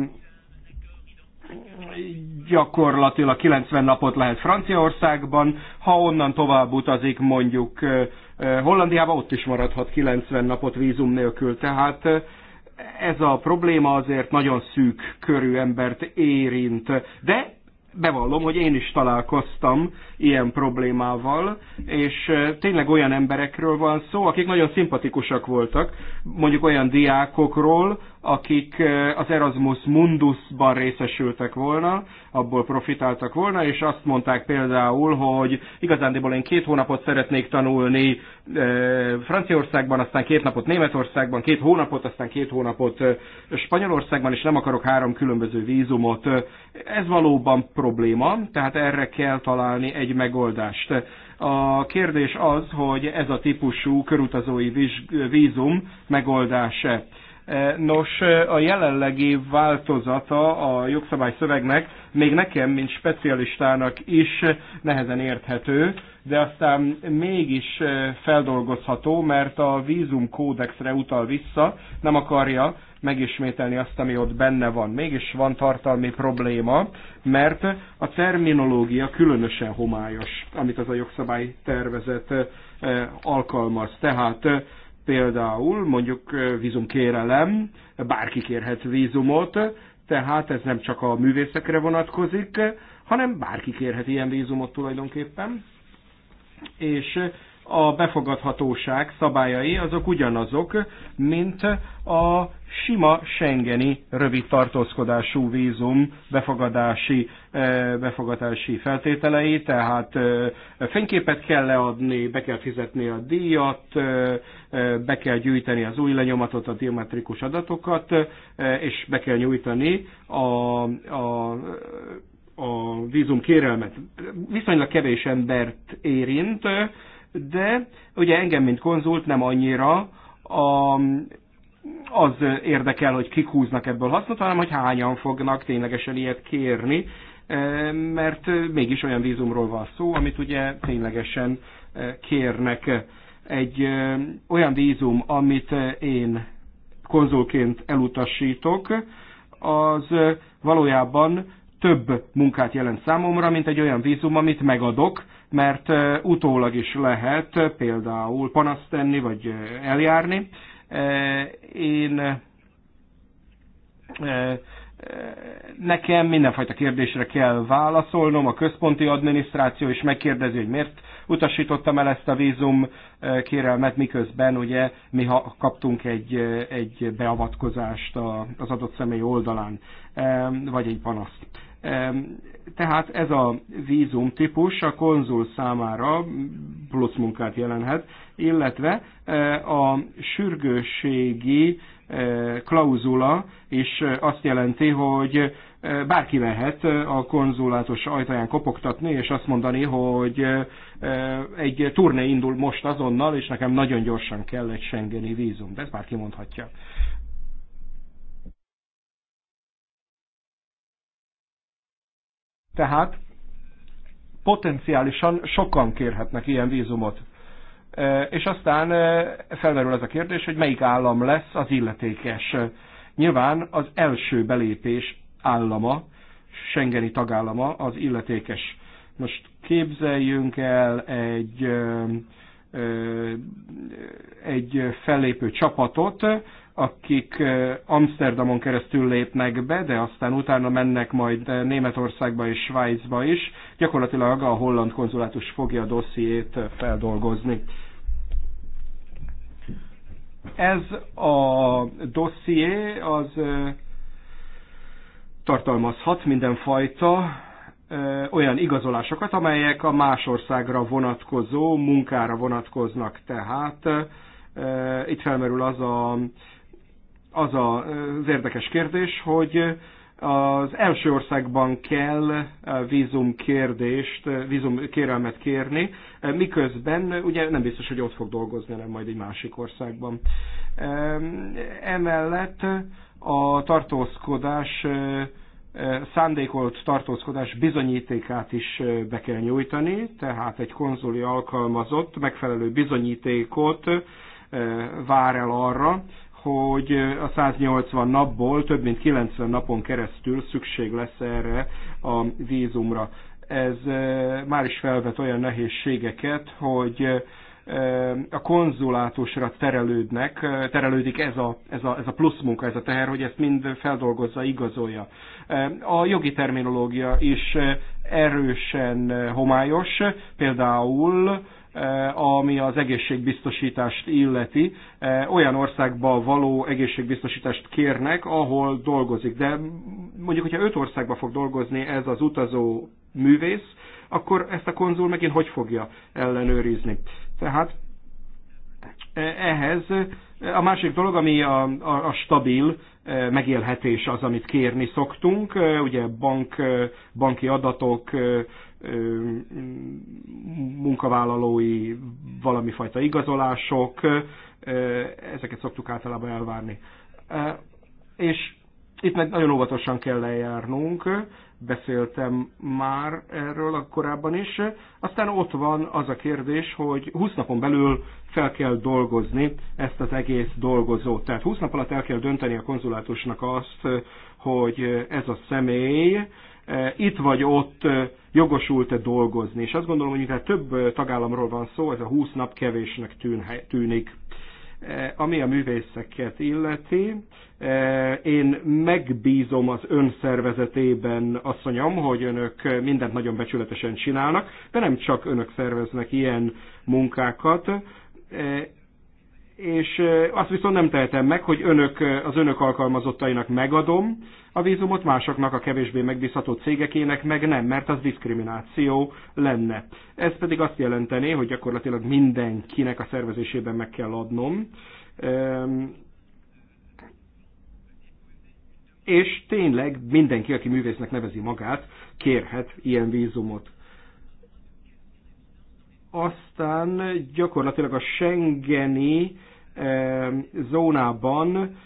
gyakorlatilag 90 napot lehet Franciaországban, ha onnan tovább utazik mondjuk Hollandiába, ott is maradhat 90 napot vízum nélkül. Tehát ez a probléma azért nagyon szűk körű embert érint, de bevallom, hogy én is találkoztam ilyen problémával, és tényleg olyan emberekről van szó, akik nagyon szimpatikusak voltak, mondjuk olyan diákokról, akik az Erasmus Mundusban részesültek volna, abból profitáltak volna, és azt mondták például, hogy igazándiból én két hónapot szeretnék tanulni Franciaországban, aztán két napot Németországban, két hónapot, aztán két hónapot Spanyolországban, és nem akarok három különböző vízumot. Ez valóban probléma, tehát erre kell találni egy megoldást. A kérdés az, hogy ez a típusú körutazói vízum megoldása E, nos, e, a jelenlegi változata a jogszabály szövegnek még nekem, mint specialistának is nehezen érthető, de aztán mégis e, feldolgozható, mert a vízum kódexre utal vissza, nem akarja megismételni azt, ami ott benne van. Mégis van tartalmi probléma, mert a terminológia különösen homályos, amit az a jogszabály tervezet alkalmaz. Tehát Például mondjuk vízumkérelem, bárki kérhet vízumot, tehát ez nem csak a művészekre vonatkozik, hanem bárki kérhet ilyen vízumot tulajdonképpen. És a befogadhatóság szabályai azok ugyanazok, mint a sima Schengeni rövid tartózkodású vízum befogadási, befogadási feltételei, tehát fényképet kell leadni, be kell fizetni a díjat, be kell gyűjteni az új lenyomatot, a biometrikus adatokat, és be kell nyújtani a, a a vízum kérelmet. Viszonylag kevés embert érint, de ugye engem, mint konzult nem annyira a, az érdekel, hogy kik húznak ebből hasznot, hanem hogy hányan fognak ténylegesen ilyet kérni, mert mégis olyan vízumról van szó, amit ugye ténylegesen kérnek egy olyan vízum, amit én konzulként elutasítok, az valójában több munkát jelent számomra, mint egy olyan vízum, amit megadok, mert utólag is lehet például panaszt tenni, vagy eljárni. Én nekem mindenfajta kérdésre kell válaszolnom, a központi adminisztráció is megkérdezi, hogy miért utasítottam el ezt a vízum eh, kérelmet, miközben ugye mi ha kaptunk egy, eh, egy beavatkozást az adott személy oldalán, vagy egy panaszt. Tehát ez a vízum típus a konzul számára plusz munkát jelenhet, illetve eh, a sürgősségi klauzula is azt jelenti, hogy bárki lehet a konzulátus ajtaján kopogtatni, és azt mondani, hogy egy turné indul most azonnal, és nekem nagyon gyorsan kell egy Schengeni vízum, de ezt már mondhatja. Tehát potenciálisan sokan kérhetnek ilyen vízumot. És aztán felmerül ez a kérdés, hogy melyik állam lesz az illetékes. Nyilván az első belépés állama, Schengeni tagállama az illetékes. Most képzeljünk el egy, egy fellépő csapatot, akik Amsterdamon keresztül lépnek be, de aztán utána mennek majd Németországba és Svájcba is. Gyakorlatilag a holland konzulátus fogja a dossziét feldolgozni. Ez a dosszié az tartalmazhat mindenfajta olyan igazolásokat, amelyek a más országra vonatkozó munkára vonatkoznak. Tehát itt felmerül az a, az, a, az érdekes kérdés, hogy az első országban kell vízum kérelmet kérni, miközben ugye nem biztos, hogy ott fog dolgozni, hanem majd egy másik országban. Emellett a tartózkodás szándékolt tartózkodás bizonyítékát is be kell nyújtani, tehát egy konzuli alkalmazott megfelelő bizonyítékot vár el arra, hogy a 180 napból több mint 90 napon keresztül szükség lesz erre a vízumra. Ez már is felvet olyan nehézségeket, hogy a konzulátusra terelődnek, terelődik ez a, ez, a, ez a plusz munka, ez a teher, hogy ezt mind feldolgozza, igazolja. A jogi terminológia is erősen homályos, például ami az egészségbiztosítást illeti. Olyan országba való egészségbiztosítást kérnek, ahol dolgozik. De mondjuk, hogyha öt országba fog dolgozni ez az utazó művész, akkor ezt a konzul megint hogy fogja ellenőrizni? Tehát e, ehhez e, a másik dolog, ami a, a, a stabil e, megélhetés az, amit kérni szoktunk, ugye bank, banki adatok, munkavállalói valami fajta igazolások, ezeket szoktuk általában elvárni. És itt meg nagyon óvatosan kell eljárnunk, beszéltem már erről korábban is. Aztán ott van az a kérdés, hogy 20 napon belül fel kell dolgozni ezt az egész dolgozót. Tehát 20 nap alatt el kell dönteni a konzulátusnak azt, hogy ez a személy e, itt vagy ott e, jogosult-e dolgozni. És azt gondolom, hogy mivel több tagállamról van szó, ez a 20 nap kevésnek tűnik. Eh, ami a művészeket illeti, eh, én megbízom az ön szervezetében, asszonyom, hogy önök mindent nagyon becsületesen csinálnak, de nem csak önök szerveznek ilyen munkákat, eh, és azt viszont nem tehetem meg, hogy önök, az önök alkalmazottainak megadom a vízumot, másoknak a kevésbé megbízható cégekének meg nem, mert az diszkrimináció lenne. Ez pedig azt jelenteni, hogy gyakorlatilag mindenkinek a szervezésében meg kell adnom. És tényleg mindenki, aki művésznek nevezi magát, kérhet ilyen vízumot aztán gyakorlatilag a Schengeni zónában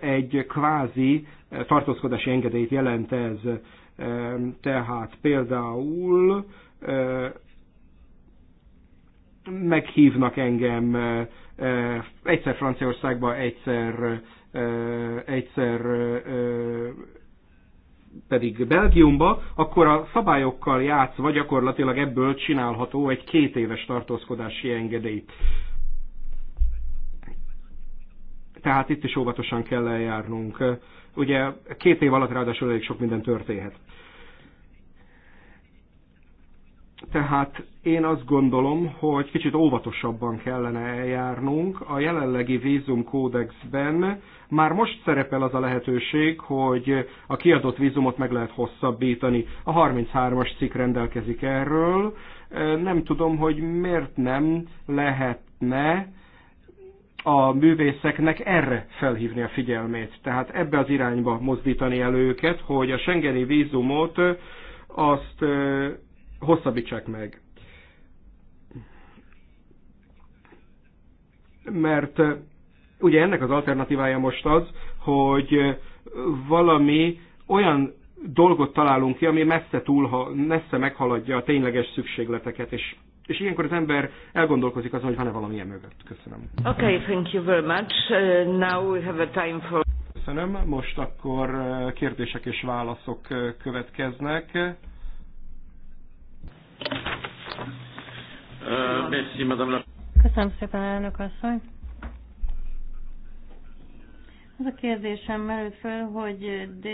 egy kvázi tartózkodási engedélyt jelent ez. Tehát például meghívnak engem egyszer Franciaországba, egyszer, egyszer pedig Belgiumba, akkor a szabályokkal játszva gyakorlatilag ebből csinálható egy két éves tartózkodási engedély tehát itt is óvatosan kell eljárnunk. Ugye két év alatt ráadásul elég sok minden történhet. Tehát én azt gondolom, hogy kicsit óvatosabban kellene eljárnunk. A jelenlegi vízumkódexben már most szerepel az a lehetőség, hogy a kiadott vízumot meg lehet hosszabbítani. A 33-as cikk rendelkezik erről. Nem tudom, hogy miért nem lehetne a művészeknek erre felhívni a figyelmét. Tehát ebbe az irányba mozdítani el őket, hogy a Schengeni vízumot azt hosszabbítsák meg. Mert ugye ennek az alternatívája most az, hogy valami olyan dolgot találunk ki, ami messze, túl, ha messze meghaladja a tényleges szükségleteket, és, és ilyenkor az ember elgondolkozik azon, hogy van-e valami mögött. Köszönöm. Okay, thank you very much. Uh, now we have a time for... Köszönöm. Most akkor uh, kérdések és válaszok uh, következnek. Uh, merci, madame Köszönöm szépen, elnök asszony. Az a kérdésem merült föl, hogy de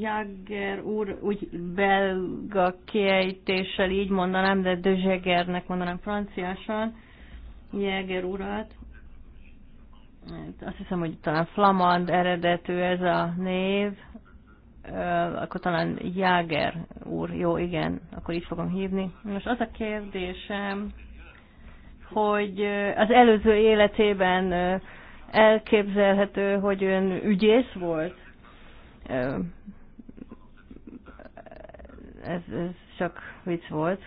Jagger úr, úgy belga kiejtéssel így mondanám, de de Jagernek mondanám franciásan, Jagger urat. Hát azt hiszem, hogy talán flamand eredetű ez a név, akkor talán Jagger úr, jó, igen, akkor így fogom hívni. Most az a kérdésem, hogy az előző életében Elképzelhető, hogy ön ügyész volt? Ez, ez csak vicc volt.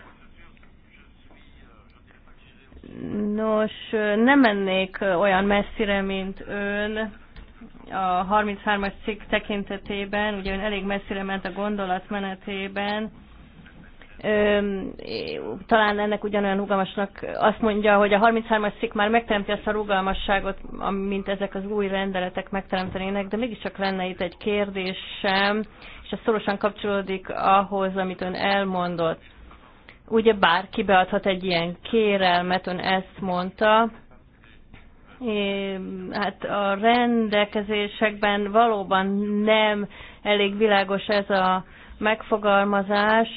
Nos, nem mennék olyan messzire, mint ön a 33-as cikk tekintetében, ugye ön elég messzire ment a gondolatmenetében, talán ennek ugyanolyan rugalmasnak azt mondja, hogy a 33-as szik már megteremti azt a rugalmasságot, mint ezek az új rendeletek megteremtenének, de mégiscsak lenne itt egy kérdésem, és ez szorosan kapcsolódik ahhoz, amit ön elmondott. Ugye bárki beadhat egy ilyen kérelmet, ön ezt mondta, É, hát a rendelkezésekben valóban nem elég világos ez a megfogalmazás,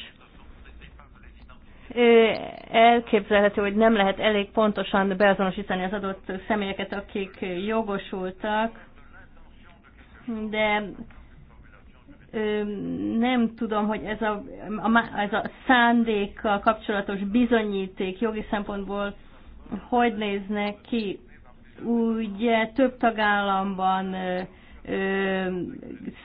elképzelhető, hogy nem lehet elég pontosan beazonosítani az adott személyeket, akik jogosultak, de nem tudom, hogy ez a, a, ez a szándékkal kapcsolatos bizonyíték jogi szempontból hogy néznek ki. Ugye több tagállamban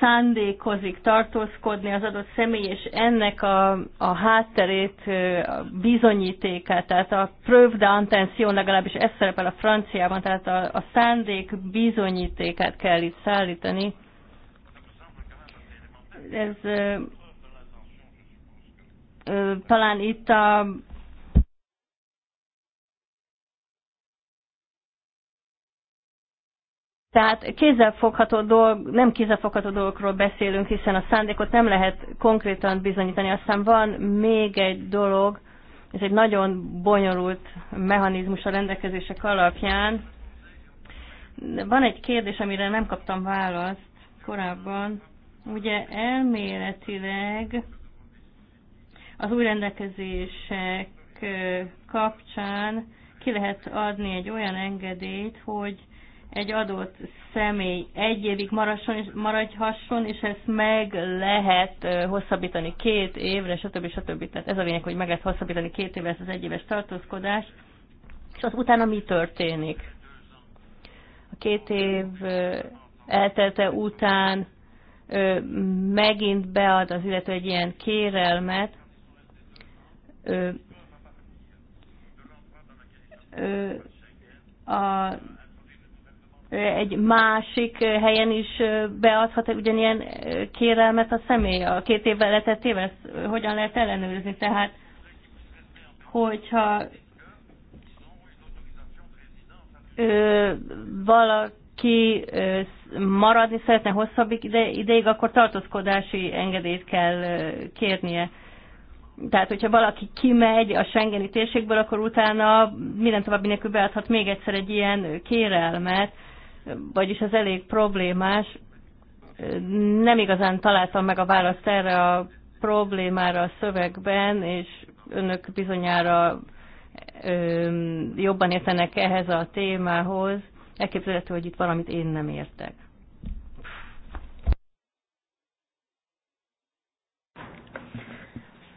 szándékozik tartózkodni az adott személy, és ennek a, a hátterét, a bizonyítékát, tehát a preuve d'intention, legalábbis ez szerepel a franciában, tehát a, a szándék bizonyítékát kell itt szállítani. Ez talán itt a, Tehát kézzelfogható dolg, nem kézzelfogható dolgokról beszélünk, hiszen a szándékot nem lehet konkrétan bizonyítani. Aztán van még egy dolog, ez egy nagyon bonyolult mechanizmus a rendelkezések alapján. Van egy kérdés, amire nem kaptam választ korábban. Ugye elméletileg az új rendelkezések kapcsán ki lehet adni egy olyan engedélyt, hogy egy adott személy egy évig maradhasson, és ezt meg lehet hosszabbítani két évre, stb. stb. Tehát ez a lényeg, hogy meg lehet hosszabbítani két évre ezt az egyéves tartózkodást, és az utána mi történik? A két év eltelte után megint bead az illető egy ilyen kérelmet, a egy másik helyen is beadhat ugyanilyen kérelmet a személy a két évvel letett év, ezt hogyan lehet ellenőrizni? Tehát, hogyha ö, valaki ö, maradni szeretne hosszabb ide, ideig, akkor tartózkodási engedélyt kell ö, kérnie. Tehát, hogyha valaki kimegy a Schengeni térségből, akkor utána minden további nélkül beadhat még egyszer egy ilyen kérelmet vagyis ez elég problémás. Nem igazán találtam meg a választ erre a problémára a szövegben, és önök bizonyára jobban értenek ehhez a témához. Elképzelhető, hogy itt valamit én nem értek.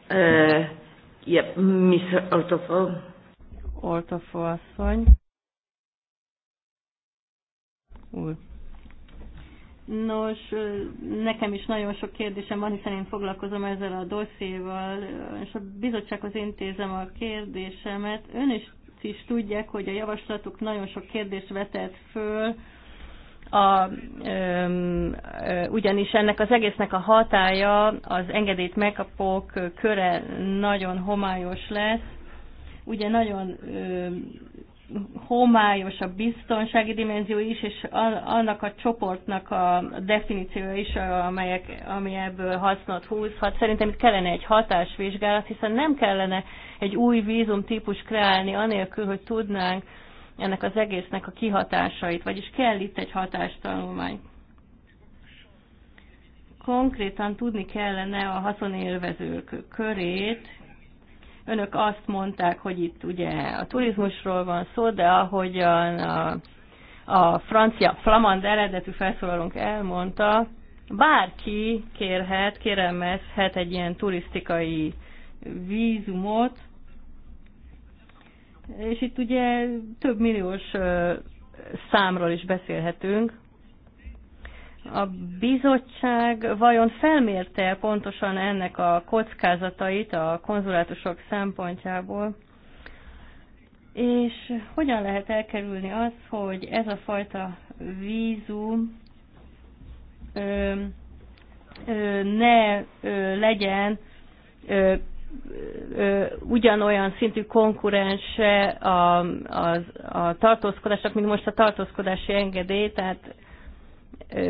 Uh, yep, Miss Ortofo. Ortofo asszony úr. Nos, nekem is nagyon sok kérdésem van, hiszen én foglalkozom ezzel a dosszéval, és a bizottsághoz intézem a kérdésemet. Ön is, is tudják, hogy a javaslatuk nagyon sok kérdést vetett föl, a, ö, ö, ugyanis ennek az egésznek a hatája az engedélyt megkapók köre nagyon homályos lesz. Ugye nagyon ö, homályos a biztonsági dimenzió is, és annak a csoportnak a definíciója is, amelyek, ami ebből hasznot húzhat. Szerintem itt kellene egy hatásvizsgálat, hiszen nem kellene egy új vízum típus kreálni, anélkül, hogy tudnánk ennek az egésznek a kihatásait, vagyis kell itt egy hatástanulmány. Konkrétan tudni kellene a haszonélvezők körét, Önök azt mondták, hogy itt ugye a turizmusról van szó, de ahogyan a, a francia flamand eredetű felszólalónk elmondta, bárki kérhet, kérelmezhet egy ilyen turisztikai vízumot, és itt ugye több milliós számról is beszélhetünk, a bizottság vajon felmérte pontosan ennek a kockázatait a konzulátusok szempontjából? És hogyan lehet elkerülni az, hogy ez a fajta vízum ö, ö, ne ö, legyen ö, ö, ugyanolyan szintű konkurense a, a, a tartózkodásnak, mint most a tartózkodási engedély, tehát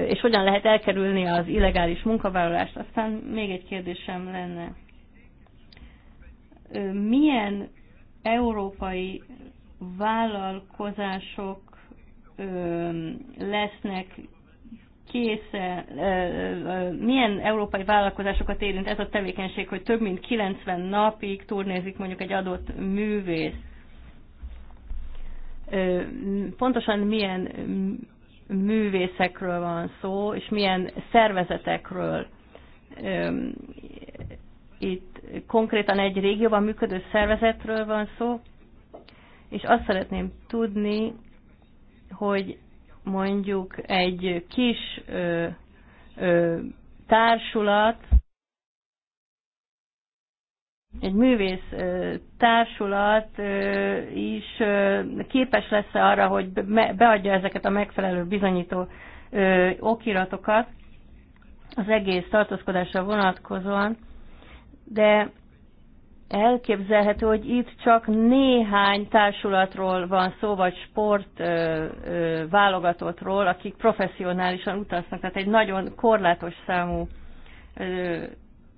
és hogyan lehet elkerülni az illegális munkavállalást. Aztán még egy kérdésem lenne. Milyen európai vállalkozások lesznek Késze, milyen európai vállalkozásokat érint ez a tevékenység, hogy több mint 90 napig turnézik mondjuk egy adott művész. Pontosan milyen művészekről van szó, és milyen szervezetekről. Itt konkrétan egy régióban működő szervezetről van szó, és azt szeretném tudni, hogy mondjuk egy kis ö, ö, társulat, egy művész társulat is képes lesz -e arra, hogy beadja ezeket a megfelelő bizonyító okiratokat az egész tartózkodásra vonatkozóan, de elképzelhető, hogy itt csak néhány társulatról van szó, vagy sport válogatottról, akik professzionálisan utaznak, tehát egy nagyon korlátos számú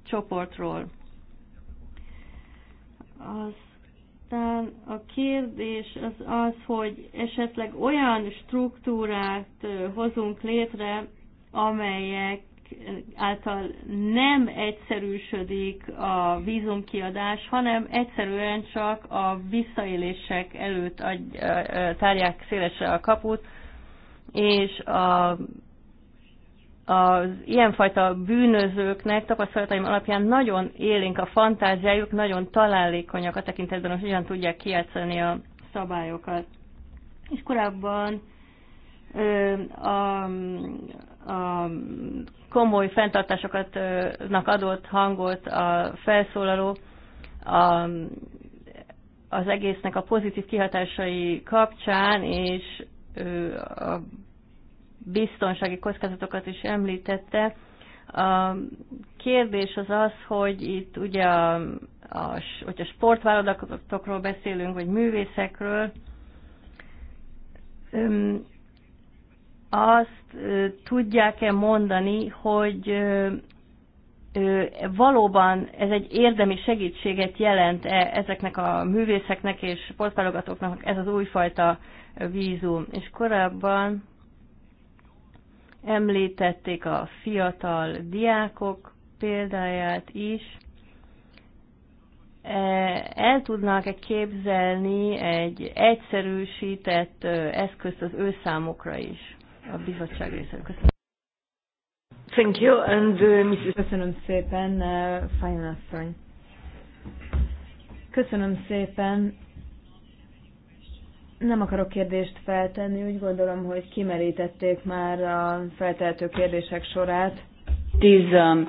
csoportról aztán a kérdés az az, hogy esetleg olyan struktúrát hozunk létre, amelyek által nem egyszerűsödik a vízumkiadás, hanem egyszerűen csak a visszaélések előtt tárják szélesre a kaput, és a az ilyenfajta bűnözőknek tapasztalataim alapján nagyon élénk a fantáziájuk, nagyon találékonyak a tekintetben, hogy hogyan tudják kijátszani a szabályokat. És korábban a, a komoly ö, adott hangot a felszólaló a, az egésznek a pozitív kihatásai kapcsán, és a biztonsági kockázatokat is említette. A kérdés az az, hogy itt ugye a, a, hogyha sportvállalatokról beszélünk, vagy művészekről, azt tudják-e mondani, hogy valóban ez egy érdemi segítséget jelent -e ezeknek a művészeknek és sportválogatóknak ez az újfajta vízum. És korábban Említették a fiatal diákok példáját is. E, el tudnák-e képzelni egy egyszerűsített eszközt az ő számokra is a bizottság részéről? Köszönöm. Thank you, and uh, Mrs. Köszönöm szépen, uh, Fajnasszony. Köszönöm szépen, nem akarok kérdést feltenni, úgy gondolom, hogy kimerítették már a feltehető kérdések sorát. Tízem. Um,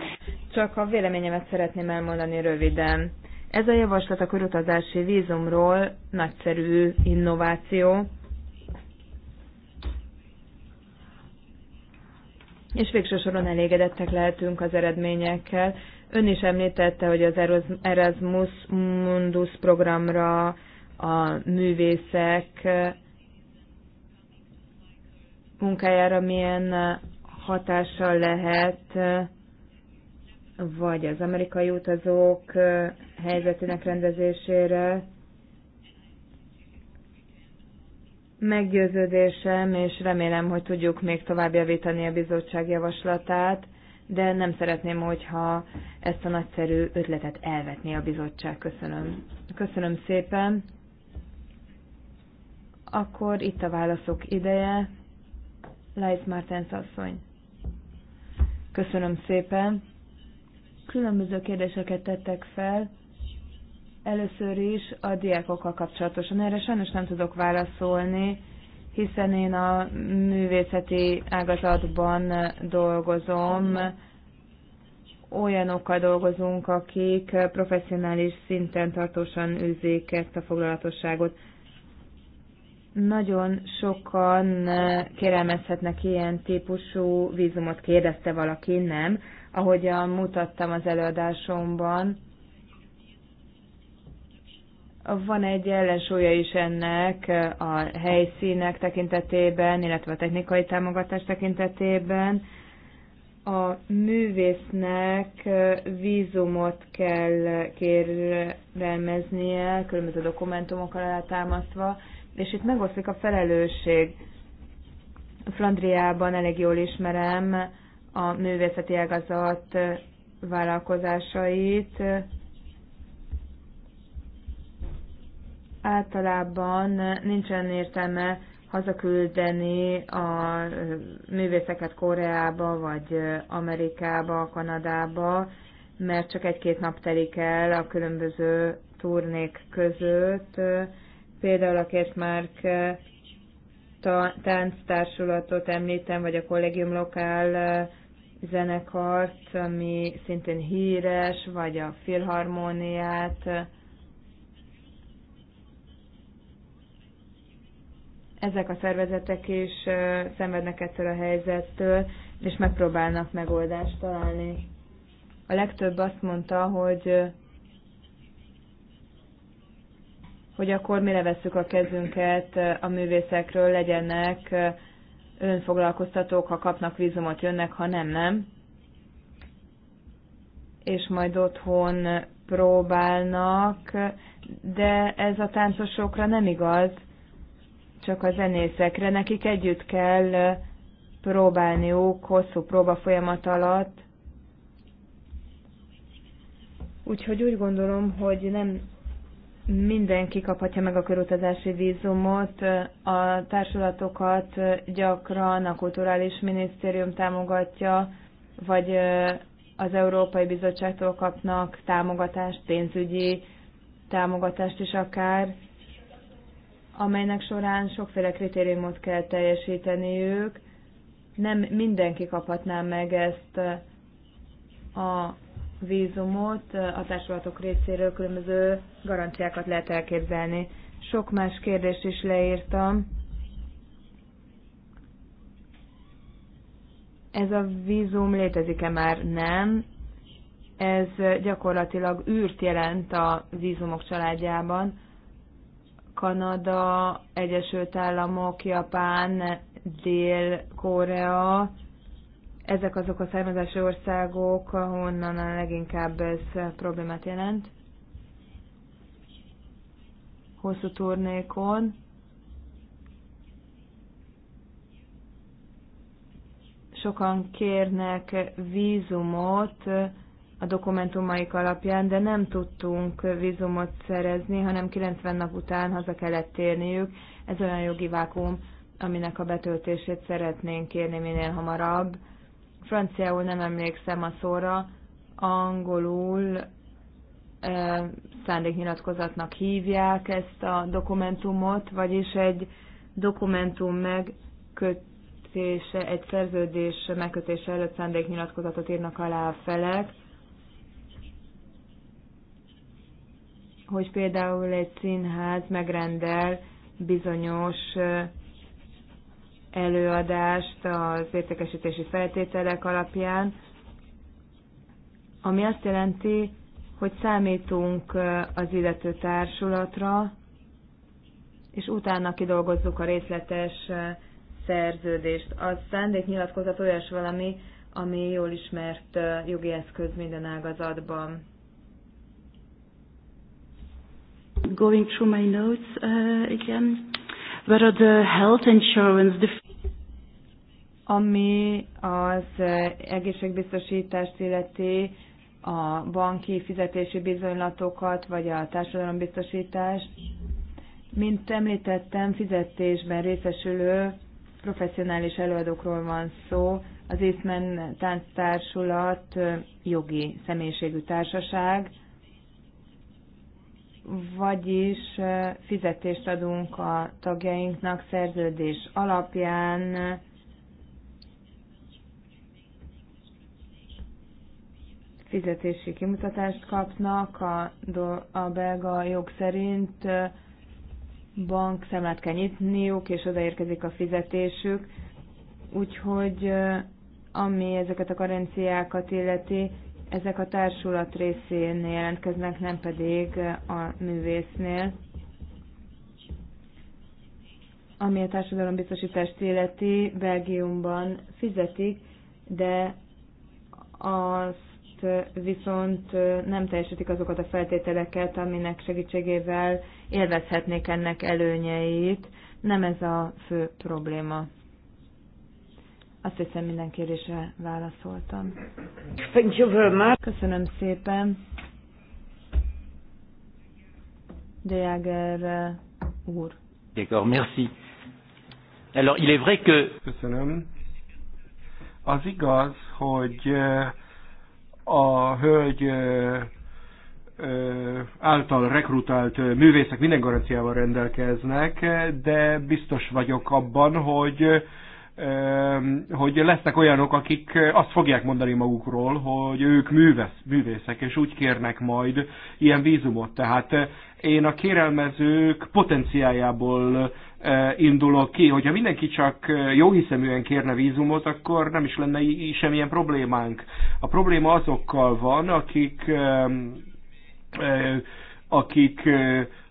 Csak a véleményemet szeretném elmondani röviden. Ez a javaslat a körutazási vízumról nagyszerű innováció. És végső soron elégedettek lehetünk az eredményekkel. Ön is említette, hogy az Erasmus Mundus programra a művészek munkájára milyen hatással lehet, vagy az amerikai utazók helyzetének rendezésére. Meggyőződésem, és remélem, hogy tudjuk még tovább javítani a bizottság javaslatát, de nem szeretném, hogyha ezt a nagyszerű ötletet elvetné a bizottság. Köszönöm. Köszönöm szépen. Akkor itt a válaszok ideje. Lajz Martens asszony. Köszönöm szépen. Különböző kérdéseket tettek fel. Először is a diákokkal kapcsolatosan. Erre sajnos nem tudok válaszolni, hiszen én a művészeti ágazatban dolgozom. Olyanokkal dolgozunk, akik professzionális szinten tartósan űzik ezt a foglalatosságot. Nagyon sokan eh, kérelmezhetnek ilyen típusú vízumot, kérdezte valaki, nem. Ahogyan mutattam az előadásomban, van egy ellensúlya is ennek eh, a helyszínek tekintetében, illetve a technikai támogatás tekintetében. A művésznek eh, vízumot kell kérelmeznie, különböző dokumentumok alá támasztva, és itt megoszlik a felelősség. Flandriában elég jól ismerem a művészeti ágazat vállalkozásait. Általában nincsen értelme hazaküldeni a művészeket Koreába, vagy Amerikába, Kanadába, mert csak egy-két nap telik el a különböző turnék között, Például a Készmárk eh, tánctársulatot említem, vagy a Kollégium Lokál eh, zenekart, ami szintén híres, vagy a filharmóniát. Eh. Ezek a szervezetek is szenvednek ettől a helyzettől, és megpróbálnak megoldást találni. A legtöbb azt mondta, hogy hogy akkor mire vesszük a kezünket eh, a művészekről, legyenek eh, önfoglalkoztatók, ha kapnak vízumot, jönnek, ha nem, nem. És majd otthon próbálnak, de ez a táncosokra nem igaz, csak a zenészekre. Nekik együtt kell eh, próbálniuk hosszú próba folyamat alatt. Úgyhogy úgy gondolom, hogy nem mindenki kaphatja meg a körutazási vízumot, a társulatokat gyakran a Kulturális Minisztérium támogatja, vagy az Európai Bizottságtól kapnak támogatást, pénzügyi támogatást is akár, amelynek során sokféle kritériumot kell teljesíteniük. Nem mindenki kaphatná meg ezt a vízumot, a társulatok részéről különböző garanciákat lehet elképzelni. Sok más kérdést is leírtam. Ez a vízum létezik-e már? Nem. Ez gyakorlatilag űrt jelent a vízumok családjában. Kanada, Egyesült Államok, Japán, Dél-Korea, ezek azok a származási országok, ahonnan a leginkább ez problémát jelent. Hosszú turnékon. Sokan kérnek vízumot a dokumentumaik alapján, de nem tudtunk vízumot szerezni, hanem 90 nap után haza kellett térniük. Ez olyan jogi vákum, aminek a betöltését szeretnénk kérni minél hamarabb franciául nem emlékszem a szóra, angolul e, szándéknyilatkozatnak hívják ezt a dokumentumot, vagyis egy dokumentum megkötése, egy szerződés megkötése előtt szándéknyilatkozatot írnak alá a felek, hogy például egy színház megrendel bizonyos előadást az értékesítési feltételek alapján, ami azt jelenti, hogy számítunk az illető társulatra, és utána kidolgozzuk a részletes szerződést. A szándéknyilatkozat olyas valami, ami jól ismert jogi eszköz minden ágazatban. Going through my notes uh, again whether the health insurance, the ami az eh, egészségbiztosítást illeti a banki fizetési bizonylatokat, vagy a társadalombiztosítást. Mint említettem, fizetésben részesülő professzionális előadókról van szó. Az Észmen Tánctársulat eh, jogi személyiségű társaság, vagyis fizetést adunk a tagjainknak szerződés alapján, fizetési kimutatást kapnak a, a belga jog szerint, bankszámlát kell nyitniuk, és odaérkezik a fizetésük, úgyhogy ami ezeket a karenciákat illeti, ezek a társulat részén jelentkeznek, nem pedig a művésznél. Ami a társadalombiztosítást illeti, Belgiumban fizetik, de azt viszont nem teljesítik azokat a feltételeket, aminek segítségével élvezhetnék ennek előnyeit. Nem ez a fő probléma. Azt hiszem minden kérésre válaszoltam. Köszönöm szépen. De Jager uh, úr. D'accord, merci. Alors, il est vrai que... Köszönöm. Az igaz, hogy uh, a hölgy uh, által rekrutált művészek minden garanciával rendelkeznek, de biztos vagyok abban, hogy hogy lesznek olyanok, akik azt fogják mondani magukról, hogy ők művesz, művészek, és úgy kérnek majd ilyen vízumot. Tehát én a kérelmezők potenciájából indulok ki, hogyha mindenki csak jóhiszeműen kérne vízumot, akkor nem is lenne semmilyen problémánk. A probléma azokkal van, akik akik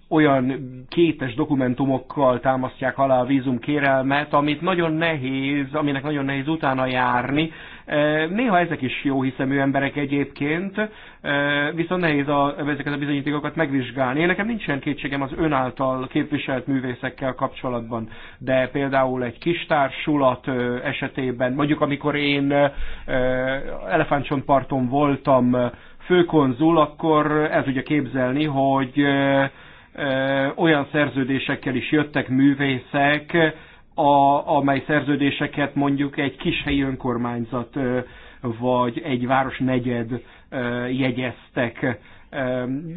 olyan kétes dokumentumokkal támasztják alá a kérelmet, amit nagyon nehéz, aminek nagyon nehéz utána járni. E, néha ezek is jó hiszemű emberek egyébként, e, viszont nehéz a, ezeket a bizonyítékokat megvizsgálni. Én nekem nincsen kétségem az önáltal képviselt művészekkel kapcsolatban, de például egy kis társulat e, esetében, mondjuk amikor én elefántcsontparton voltam főkonzul, akkor ez ugye képzelni, hogy olyan szerződésekkel is jöttek művészek, a, amely szerződéseket mondjuk egy kis helyi önkormányzat vagy egy város negyed jegyeztek.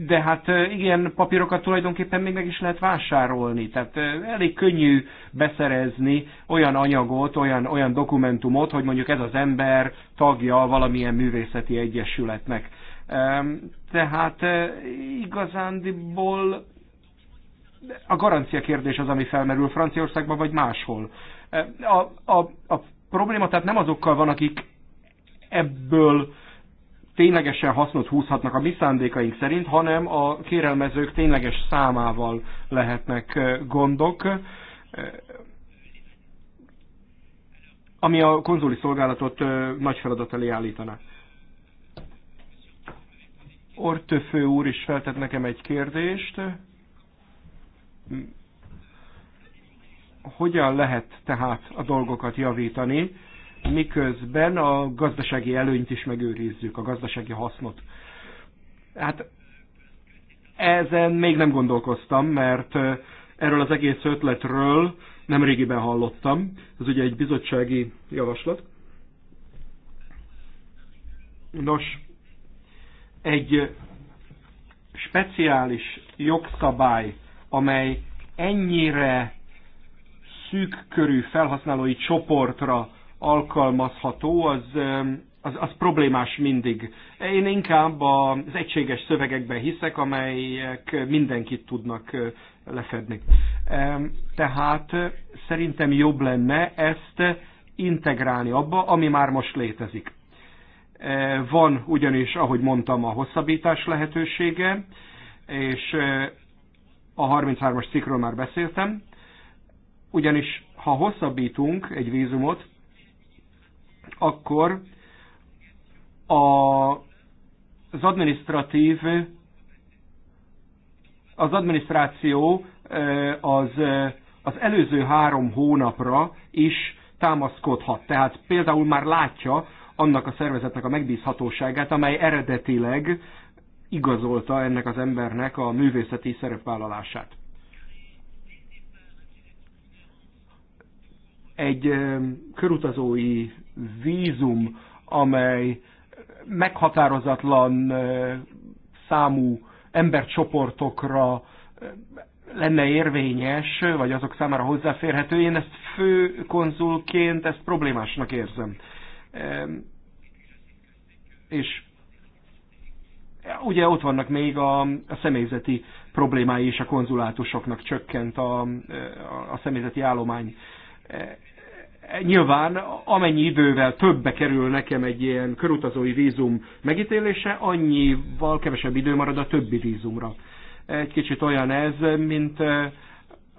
De hát ilyen papírokat tulajdonképpen még meg is lehet vásárolni, tehát elég könnyű beszerezni olyan anyagot, olyan, olyan dokumentumot, hogy mondjuk ez az ember tagja valamilyen művészeti egyesületnek. Tehát igazándiból a garancia kérdés az, ami felmerül Franciaországban vagy máshol. E, a, a, a probléma tehát nem azokkal van, akik ebből ténylegesen hasznot húzhatnak a mi szándékaink szerint, hanem a kérelmezők tényleges számával lehetnek e, gondok. E, ami a konzuli szolgálatot nagy feladat elé állítaná. Ortöfő úr is feltett nekem egy kérdést hogyan lehet tehát a dolgokat javítani, miközben a gazdasági előnyt is megőrizzük, a gazdasági hasznot. Hát ezen még nem gondolkoztam, mert erről az egész ötletről nem régiben hallottam. Ez ugye egy bizottsági javaslat. Nos, egy speciális jogszabály amely ennyire szűk körű felhasználói csoportra alkalmazható, az, az, az problémás mindig. Én inkább az egységes szövegekben hiszek, amelyek mindenkit tudnak lefedni. Tehát szerintem jobb lenne ezt integrálni abba, ami már most létezik. Van ugyanis, ahogy mondtam, a hosszabbítás lehetősége, és a 33-as cikkről már beszéltem, ugyanis ha hosszabbítunk egy vízumot, akkor a, az administratív az adminisztráció az, az előző három hónapra is támaszkodhat. Tehát például már látja annak a szervezetnek a megbízhatóságát, amely eredetileg igazolta ennek az embernek a művészeti szerepvállalását. Egy körutazói vízum, amely meghatározatlan számú embercsoportokra lenne érvényes, vagy azok számára hozzáférhető, én ezt főkonzulként ezt problémásnak érzem. És Ugye ott vannak még a, a személyzeti problémái is a konzulátusoknak csökkent a, a személyzeti állomány. E, nyilván amennyi idővel többbe kerül nekem egy ilyen körutazói vízum megítélése, annyival kevesebb idő marad a többi vízumra. Egy kicsit olyan ez, mint e,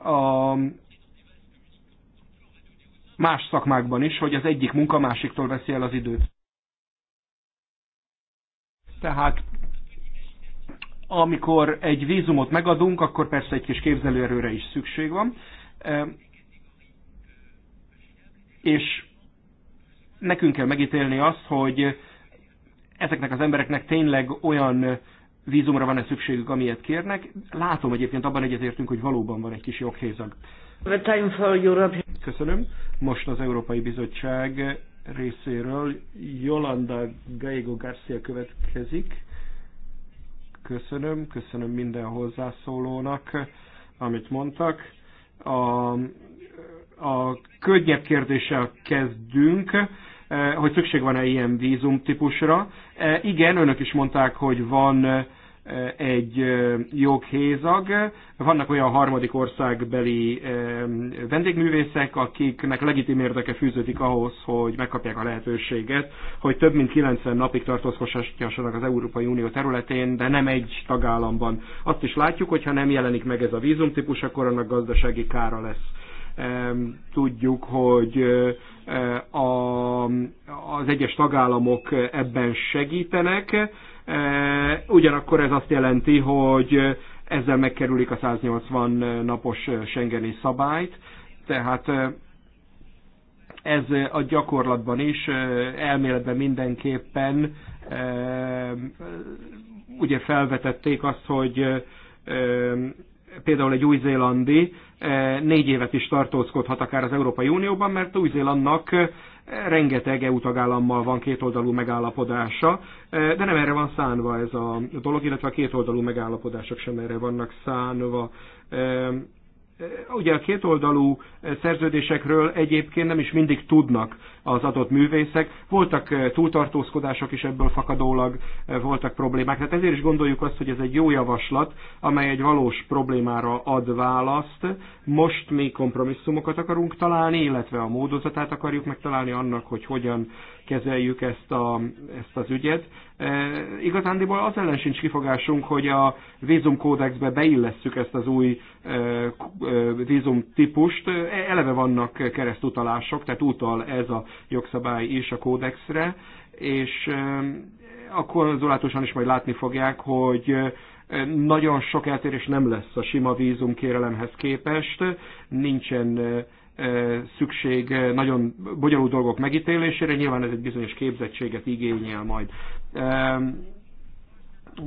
a más szakmákban is, hogy az egyik munka másiktól veszi el az időt. Tehát amikor egy vízumot megadunk, akkor persze egy kis képzelőerőre is szükség van. És nekünk kell megítélni azt, hogy ezeknek az embereknek tényleg olyan vízumra van-e szükségük, amilyet kérnek. Látom egyébként, abban egyetértünk, hogy valóban van egy kis joghézag. Köszönöm. Most az Európai Bizottság részéről Jolanda Gallego Garcia következik köszönöm, köszönöm minden hozzászólónak, amit mondtak. A, a könnyebb kérdéssel kezdünk, eh, hogy szükség van-e ilyen vízum típusra. Eh, igen, önök is mondták, hogy van eh, egy joghézag. Vannak olyan harmadik országbeli vendégművészek, akiknek legitim érdeke fűződik ahhoz, hogy megkapják a lehetőséget, hogy több mint 90 napig tartózkodhassanak az Európai Unió területén, de nem egy tagállamban. Azt is látjuk, hogyha nem jelenik meg ez a vízumtípus, akkor annak gazdasági kára lesz tudjuk, hogy az egyes tagállamok ebben segítenek, Ugyanakkor ez azt jelenti, hogy ezzel megkerülik a 180 napos Schengeni szabályt, tehát ez a gyakorlatban is, elméletben mindenképpen ugye felvetették azt, hogy például egy új-zélandi négy évet is tartózkodhat akár az Európai Unióban, mert Új-Zélandnak rengeteg EU tagállammal van kétoldalú megállapodása, e, de nem erre van szánva ez a dolog, illetve a kétoldalú megállapodások sem erre vannak szánva. E, e, ugye a kétoldalú szerződésekről egyébként nem is mindig tudnak az adott művészek. Voltak eh, túltartózkodások is ebből fakadólag, eh, voltak problémák. Tehát ezért is gondoljuk azt, hogy ez egy jó javaslat, amely egy valós problémára ad választ. Most mi kompromisszumokat akarunk találni, illetve a módozatát akarjuk megtalálni annak, hogy hogyan kezeljük ezt, a, ezt az ügyet. E, igazándiból az ellen sincs kifogásunk, hogy a vízumkódexbe beillesszük ezt az új e, e, vízumtípust. Eleve vannak keresztutalások, tehát utal ez a jogszabály és a kódexre, és akkor konzulátusan is majd látni fogják, hogy nagyon sok eltérés nem lesz a sima vízum kérelemhez képest, nincsen szükség nagyon bonyolult dolgok megítélésére, nyilván ez egy bizonyos képzettséget igényel majd.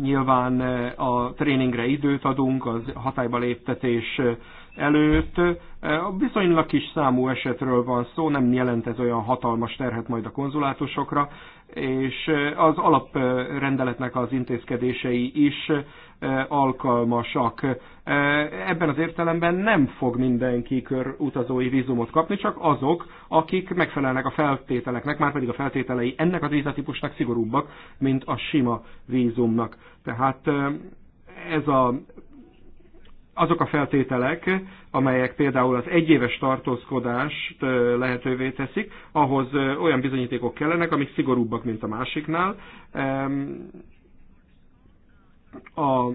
Nyilván a tréningre időt adunk, az hatályba léptetés előtt. E, a viszonylag kis számú esetről van szó, nem jelent ez olyan hatalmas terhet majd a konzulátusokra, és e, az alaprendeletnek az intézkedései is e, alkalmasak. Ebben az értelemben nem fog mindenki kör utazói vízumot kapni, csak azok, akik megfelelnek a feltételeknek, már pedig a feltételei ennek a vízatípusnak szigorúbbak, mint a sima vízumnak. Tehát ez a azok a feltételek, amelyek például az egyéves tartózkodást lehetővé teszik, ahhoz olyan bizonyítékok kellenek, amik szigorúbbak, mint a másiknál. A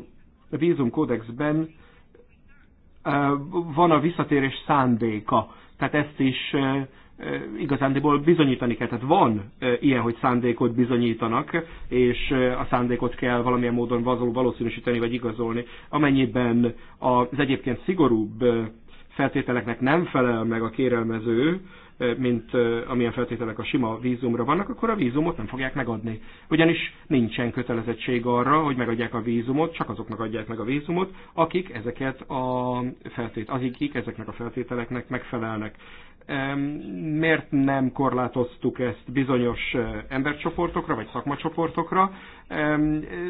vízumkódexben van a visszatérés szándéka, tehát ezt is igazándiból bizonyítani kell. Tehát van ilyen, hogy szándékot bizonyítanak, és a szándékot kell valamilyen módon valószínűsíteni vagy igazolni. Amennyiben az egyébként szigorúbb feltételeknek nem felel meg a kérelmező, mint amilyen feltételek a sima vízumra vannak, akkor a vízumot nem fogják megadni. Ugyanis nincsen kötelezettség arra, hogy megadják a vízumot, csak azoknak adják meg a vízumot, akik ezeket a feltét, akik ezeknek a feltételeknek megfelelnek. Miért nem korlátoztuk ezt bizonyos embercsoportokra vagy szakmacsoportokra?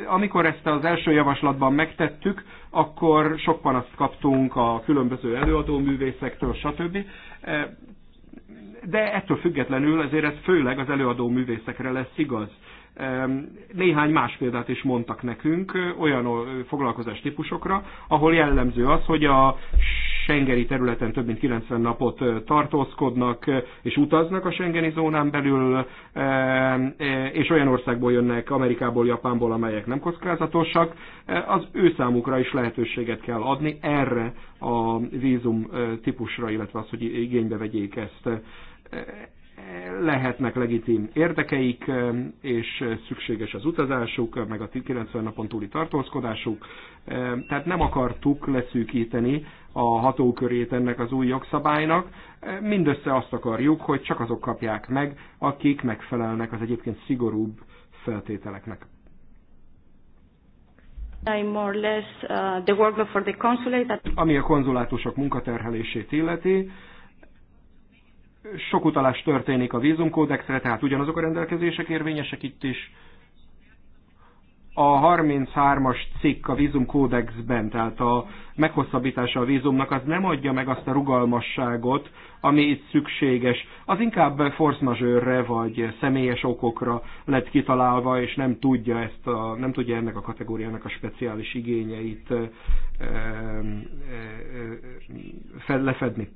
Amikor ezt az első javaslatban megtettük, akkor sok panaszt kaptunk a különböző művészektől, stb de ettől függetlenül azért ez főleg az előadó művészekre lesz igaz. Néhány más példát is mondtak nekünk olyan foglalkozás típusokra, ahol jellemző az, hogy a Schengeni területen több mint 90 napot tartózkodnak és utaznak a Schengeni zónán belül, e, és olyan országból jönnek, Amerikából, Japánból, amelyek nem kockázatosak, az ő számukra is lehetőséget kell adni erre a vízum típusra, illetve az, hogy igénybe vegyék ezt lehetnek legitim érdekeik, és szükséges az utazásuk, meg a 90 napon túli tartózkodásuk. Tehát nem akartuk leszűkíteni a hatókörét ennek az új jogszabálynak. Mindössze azt akarjuk, hogy csak azok kapják meg, akik megfelelnek az egyébként szigorúbb feltételeknek. Uh, Ami a konzulátusok munkaterhelését illeti, sok utalás történik a vízumkódexre, tehát ugyanazok a rendelkezések érvényesek itt is. A 33-as cikk a vízumkódexben, tehát a meghosszabbítása a vízumnak, az nem adja meg azt a rugalmasságot, ami itt szükséges. Az inkább force majeure vagy személyes okokra lett kitalálva, és nem tudja, ezt a, nem tudja ennek a kategóriának a speciális igényeit ö, ö, ö, lefedni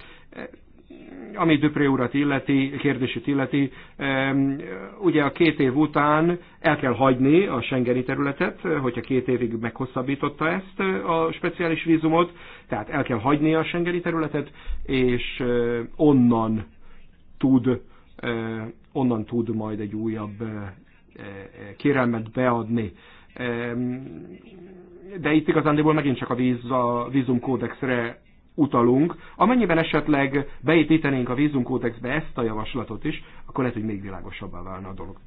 ami Döpré urat illeti, kérdését illeti, ugye a két év után el kell hagyni a Schengeni területet, hogyha két évig meghosszabbította ezt a speciális vízumot, tehát el kell hagyni a Schengeni területet, és onnan tud, onnan tud majd egy újabb kérelmet beadni. De itt igazándiból megint csak a, víz, a vízumkódexre utalunk. Amennyiben esetleg beépítenénk a vízumkódexbe ezt a javaslatot is, akkor lehet, hogy még világosabbá válna a dolog.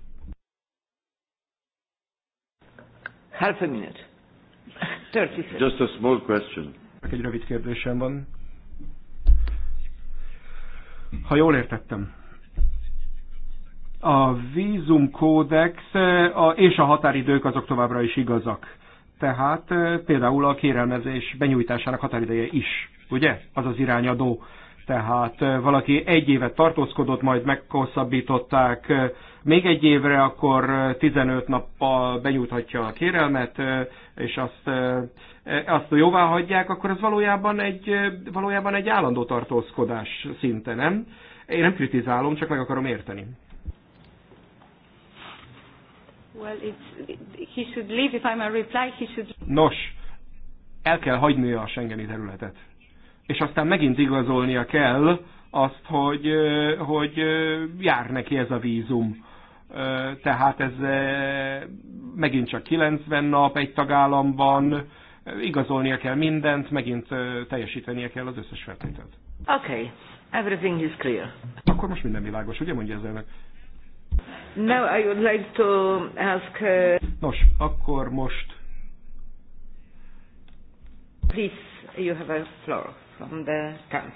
Half a minute. 30 Just a small question. Egy rövid kérdésem van. Ha jól értettem, a vízumkódex eh, és a határidők azok továbbra is igazak tehát például a kérelmezés benyújtásának határideje is, ugye? Az az irányadó. Tehát valaki egy évet tartózkodott, majd meghosszabbították még egy évre, akkor 15 nappal benyújthatja a kérelmet, és azt, azt jóvá hagyják, akkor ez valójában egy, valójában egy állandó tartózkodás szinte, nem? Én nem kritizálom, csak meg akarom érteni. Well, it's, he should leave, if reply, he should... Nos, el kell hagynia a Schengeni területet. És aztán megint igazolnia kell azt, hogy, hogy jár neki ez a vízum. Tehát ez megint csak 90 nap egy tagállamban, igazolnia kell mindent, megint teljesítenie kell az összes feltételt. Oké, okay. everything is clear. Akkor most minden világos, ugye mondja az elnök? Now I would like to ask... Uh... Nos, akkor most... Please, you have a floor from the council.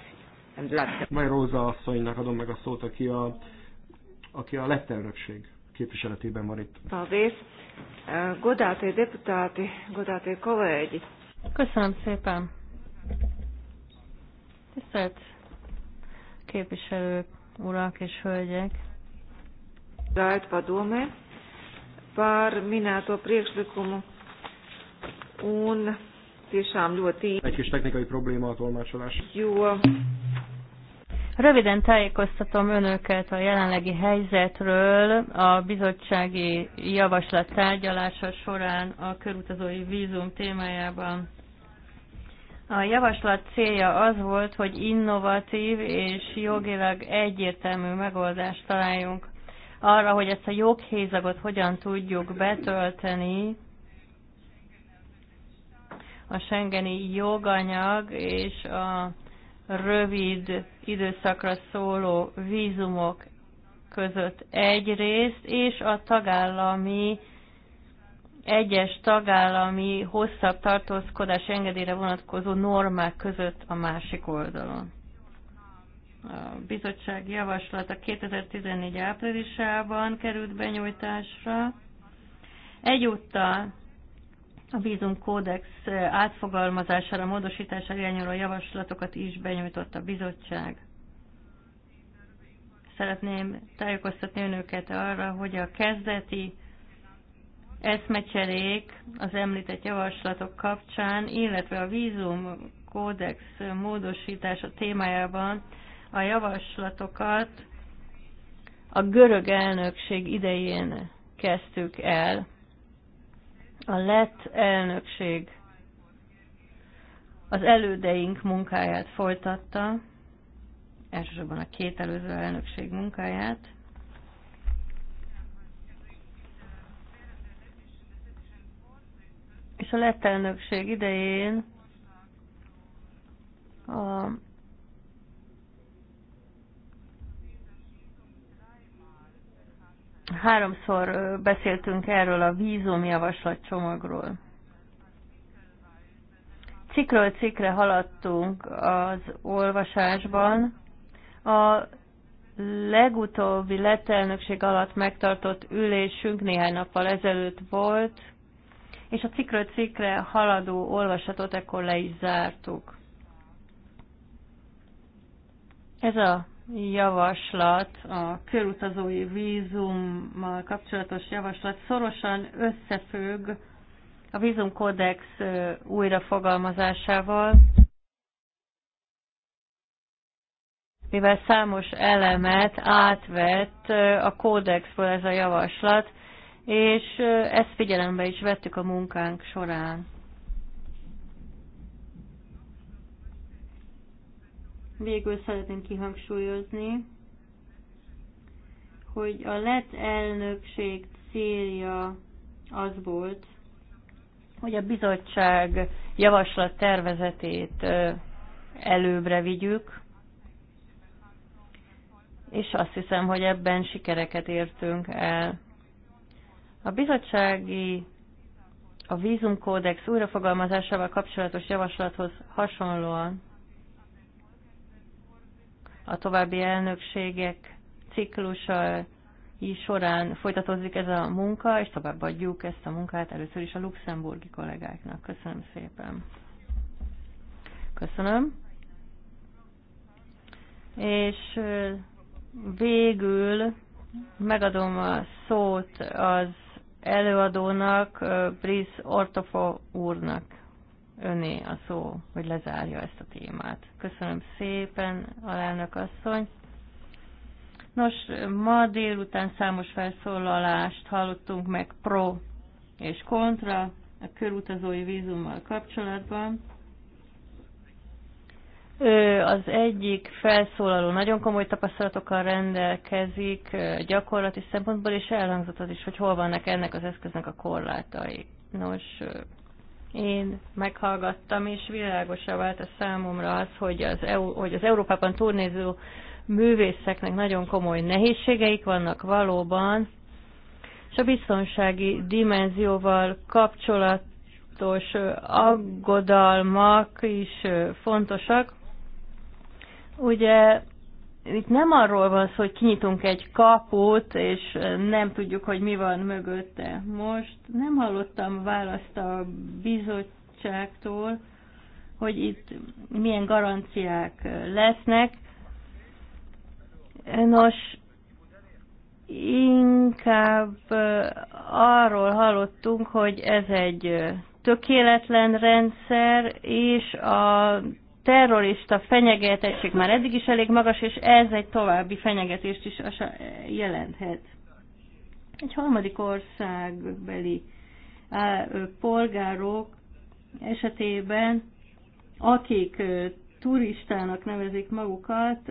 And Latvia. Majd Róza asszonynak adom meg a szót, aki a, aki a lett elnökség képviseletében van itt. Paldies. Uh, godáté deputáti, godáté kolēģi. Köszönöm szépen. Tisztelt képviselők, urak és hölgyek. Galt padomē par minēto priekšlikumu un tiešām ļoti Egy kis technikai probléma a tolmácsolás. Jó. Röviden tájékoztatom önöket a jelenlegi helyzetről. A bizottsági javaslat tárgyalása során a körutazói vízum témájában. A javaslat célja az volt, hogy innovatív és jogilag egyértelmű megoldást találjunk arra, hogy ezt a joghézagot hogyan tudjuk betölteni a Schengeni joganyag és a rövid időszakra szóló vízumok között egyrészt, és a tagállami egyes tagállami hosszabb tartózkodás engedélyre vonatkozó normák között a másik oldalon a bizottság javaslata 2014 áprilisában került benyújtásra. Egyúttal a vízum kódex átfogalmazására, módosítására irányuló javaslatokat is benyújtott a bizottság. Szeretném tájékoztatni önöket arra, hogy a kezdeti eszmecserék az említett javaslatok kapcsán, illetve a vízum kódex módosítása témájában a javaslatokat a görög elnökség idején kezdtük el. A lett elnökség az elődeink munkáját folytatta, elsősorban a két előző elnökség munkáját, és a lett elnökség idején a Háromszor beszéltünk erről a vízumjavaslat csomagról. Cikről cikre haladtunk az olvasásban. A legutóbbi lett elnökség alatt megtartott ülésünk néhány nappal ezelőtt volt, és a cikről cikre haladó olvasatot ekkor le is zártuk. Ez a javaslat, a körutazói vízummal kapcsolatos javaslat szorosan összefügg a vízumkódex újrafogalmazásával, mivel számos elemet átvett a kódexből ez a javaslat, és ezt figyelembe is vettük a munkánk során. Végül szeretném kihangsúlyozni, hogy a lett elnökség célja az volt, hogy a bizottság javaslat tervezetét előbbre vigyük, és azt hiszem, hogy ebben sikereket értünk el. A bizottsági a vízumkódex újrafogalmazásával kapcsolatos javaslathoz hasonlóan a további elnökségek ciklusa során folytatózik ez a munka, és továbbadjuk ezt a munkát először is a luxemburgi kollégáknak. Köszönöm szépen. Köszönöm. És végül megadom a szót az előadónak, Brice Ortofo úrnak öné a szó, hogy lezárja ezt a témát. Köszönöm szépen, alelnök asszony. Nos, ma délután számos felszólalást hallottunk meg pro és kontra a körutazói vízummal kapcsolatban. Ő az egyik felszólaló nagyon komoly tapasztalatokkal rendelkezik gyakorlati szempontból, és elhangzott az is, hogy hol vannak ennek az eszköznek a korlátai. Nos, én meghallgattam, és világosá vált a számomra az, hogy az, EU, hogy az Európában turnéző művészeknek nagyon komoly nehézségeik vannak valóban, és a biztonsági dimenzióval kapcsolatos aggodalmak is fontosak. Ugye itt nem arról van szó, hogy kinyitunk egy kaput, és nem tudjuk, hogy mi van mögötte. Most nem hallottam választ a bizottságtól, hogy itt milyen garanciák lesznek. Nos, inkább eh, arról hallottunk, hogy ez egy eh, tökéletlen rendszer, és a terrorista fenyegetettség már eddig is elég magas, és ez egy további fenyegetést is eh, jelenthet. Egy harmadik országbeli eh, polgárok esetében, akik turistának nevezik magukat,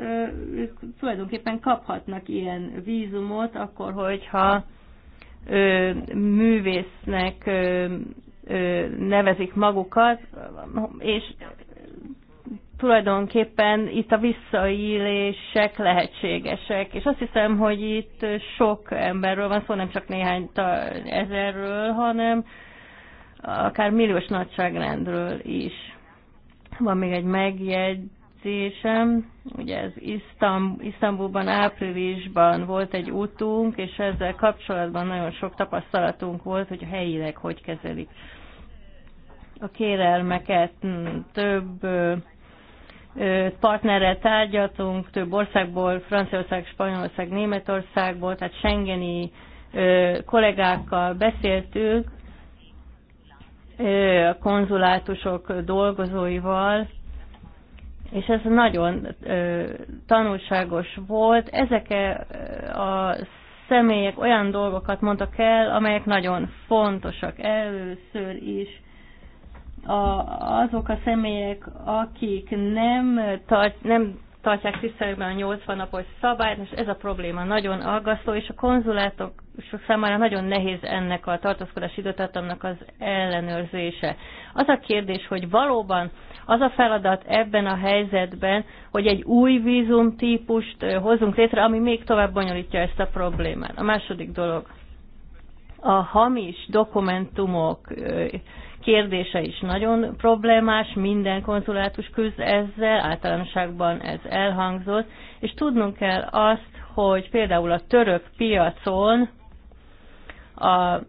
ők tulajdonképpen kaphatnak ilyen vízumot, akkor, hogyha művésznek nevezik magukat, és tulajdonképpen itt a visszaélések lehetségesek. És azt hiszem, hogy itt sok emberről van szó, nem csak néhány ezerről, hanem akár milliós nagyságrendről is. Van még egy megjegyzésem, ugye ez Isztamb- Isztambulban áprilisban volt egy útunk, és ezzel kapcsolatban nagyon sok tapasztalatunk volt, hogy a helyileg hogy kezelik a kérelmeket, több partnerrel tárgyaltunk, több országból, Franciaország, Spanyolország, Németországból, tehát Schengeni kollégákkal beszéltük, a konzulátusok dolgozóival, és ez nagyon tanulságos volt. Ezek a személyek olyan dolgokat mondtak el, amelyek nagyon fontosak először is a, azok a személyek, akik nem, tart, nem tartják tiszteletben a 80 napos szabályt, és ez a probléma nagyon aggasztó, és a konzulátok sok számára nagyon nehéz ennek a tartózkodási időtartamnak az ellenőrzése. Az a kérdés, hogy valóban az a feladat ebben a helyzetben, hogy egy új vízum típust hozunk létre, ami még tovább bonyolítja ezt a problémát. A második dolog, a hamis dokumentumok kérdése is nagyon problémás, minden konzulátus küzd ezzel, általánosságban ez elhangzott, és tudnunk kell azt, hogy például a török piacon a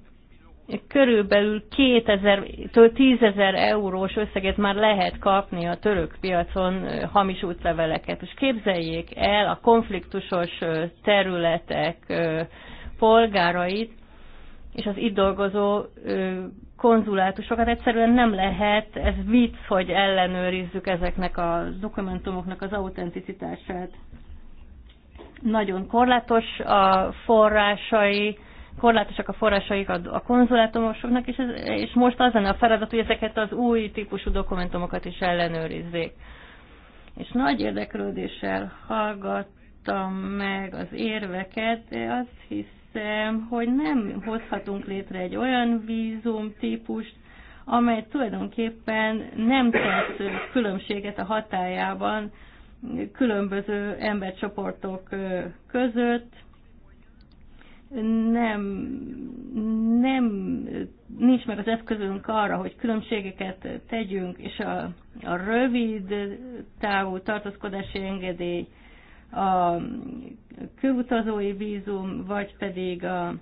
körülbelül 2000-től 10 ezer eurós összeget már lehet kapni a török piacon hamis útleveleket. És képzeljék el a konfliktusos területek polgárait és az itt dolgozó konzulátusokat. Egyszerűen nem lehet, ez vicc, hogy ellenőrizzük ezeknek a dokumentumoknak az autenticitását. Nagyon korlátos a forrásai, korlátosak a forrásaik a, a konzulátumosoknak, és, ez, és most az lenne a feladat, hogy ezeket az új típusú dokumentumokat is ellenőrizzék. És nagy érdeklődéssel hallgattam meg az érveket, de azt hiszem, hiszem, hogy nem hozhatunk létre egy olyan vízum típust, amely tulajdonképpen nem tesz különbséget a hatájában különböző embercsoportok között, nem, nem, nincs meg az eszközünk arra, hogy különbségeket tegyünk, és a, a rövid távú tartózkodási engedély a külutazói vízum, vagy pedig a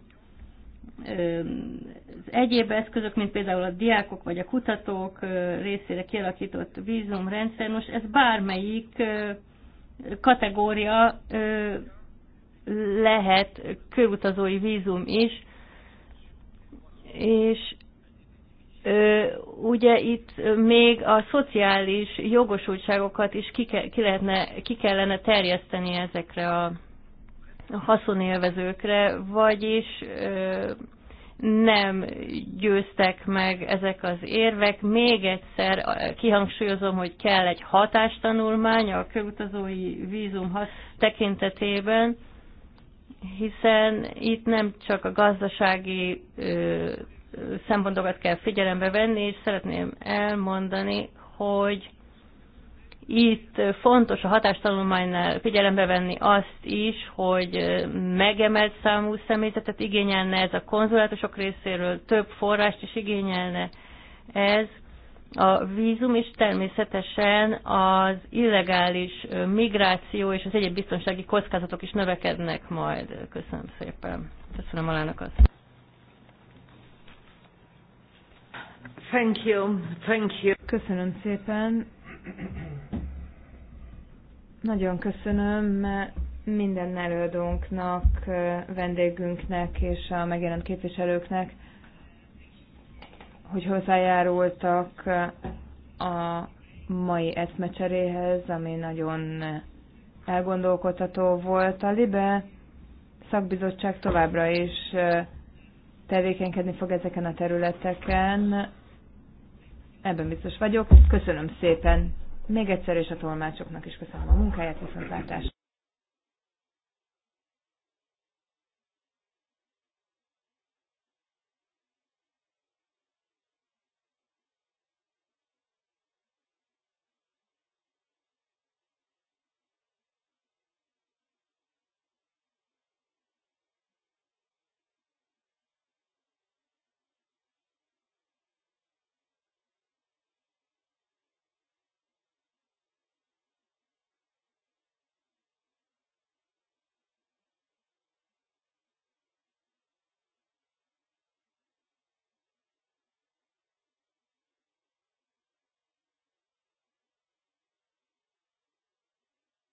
az egyéb eszközök, mint például a diákok vagy a kutatók részére kialakított vízumrendszer, most ez bármelyik kategória lehet külutazói vízum is, és ugye itt még a szociális jogosultságokat is ki, ke, ki, lehetne, ki kellene terjeszteni ezekre a haszonélvezőkre, vagyis nem győztek meg ezek az érvek. Még egyszer kihangsúlyozom, hogy kell egy hatástanulmány a körutazói vízum tekintetében, hiszen itt nem csak a gazdasági szempontokat kell figyelembe venni, és szeretném elmondani, hogy itt fontos a hatástanulmánynál figyelembe venni azt is, hogy megemelt számú személyzetet igényelne ez a konzulátusok részéről, több forrást is igényelne ez a vízum, és természetesen az illegális migráció és az egyéb biztonsági kockázatok is növekednek majd. Köszönöm szépen. Köszönöm a azt. Thank you, thank you. Köszönöm szépen. Nagyon köszönöm minden előadónknak, vendégünknek és a megjelent képviselőknek, hogy hozzájárultak a mai eszmecseréhez, ami nagyon elgondolkodható volt. A LIBE szakbizottság továbbra is tevékenykedni fog ezeken a területeken. Ebben biztos vagyok. Köszönöm szépen. Még egyszer, és a tolmácsoknak is köszönöm a munkáját, viszontlátást!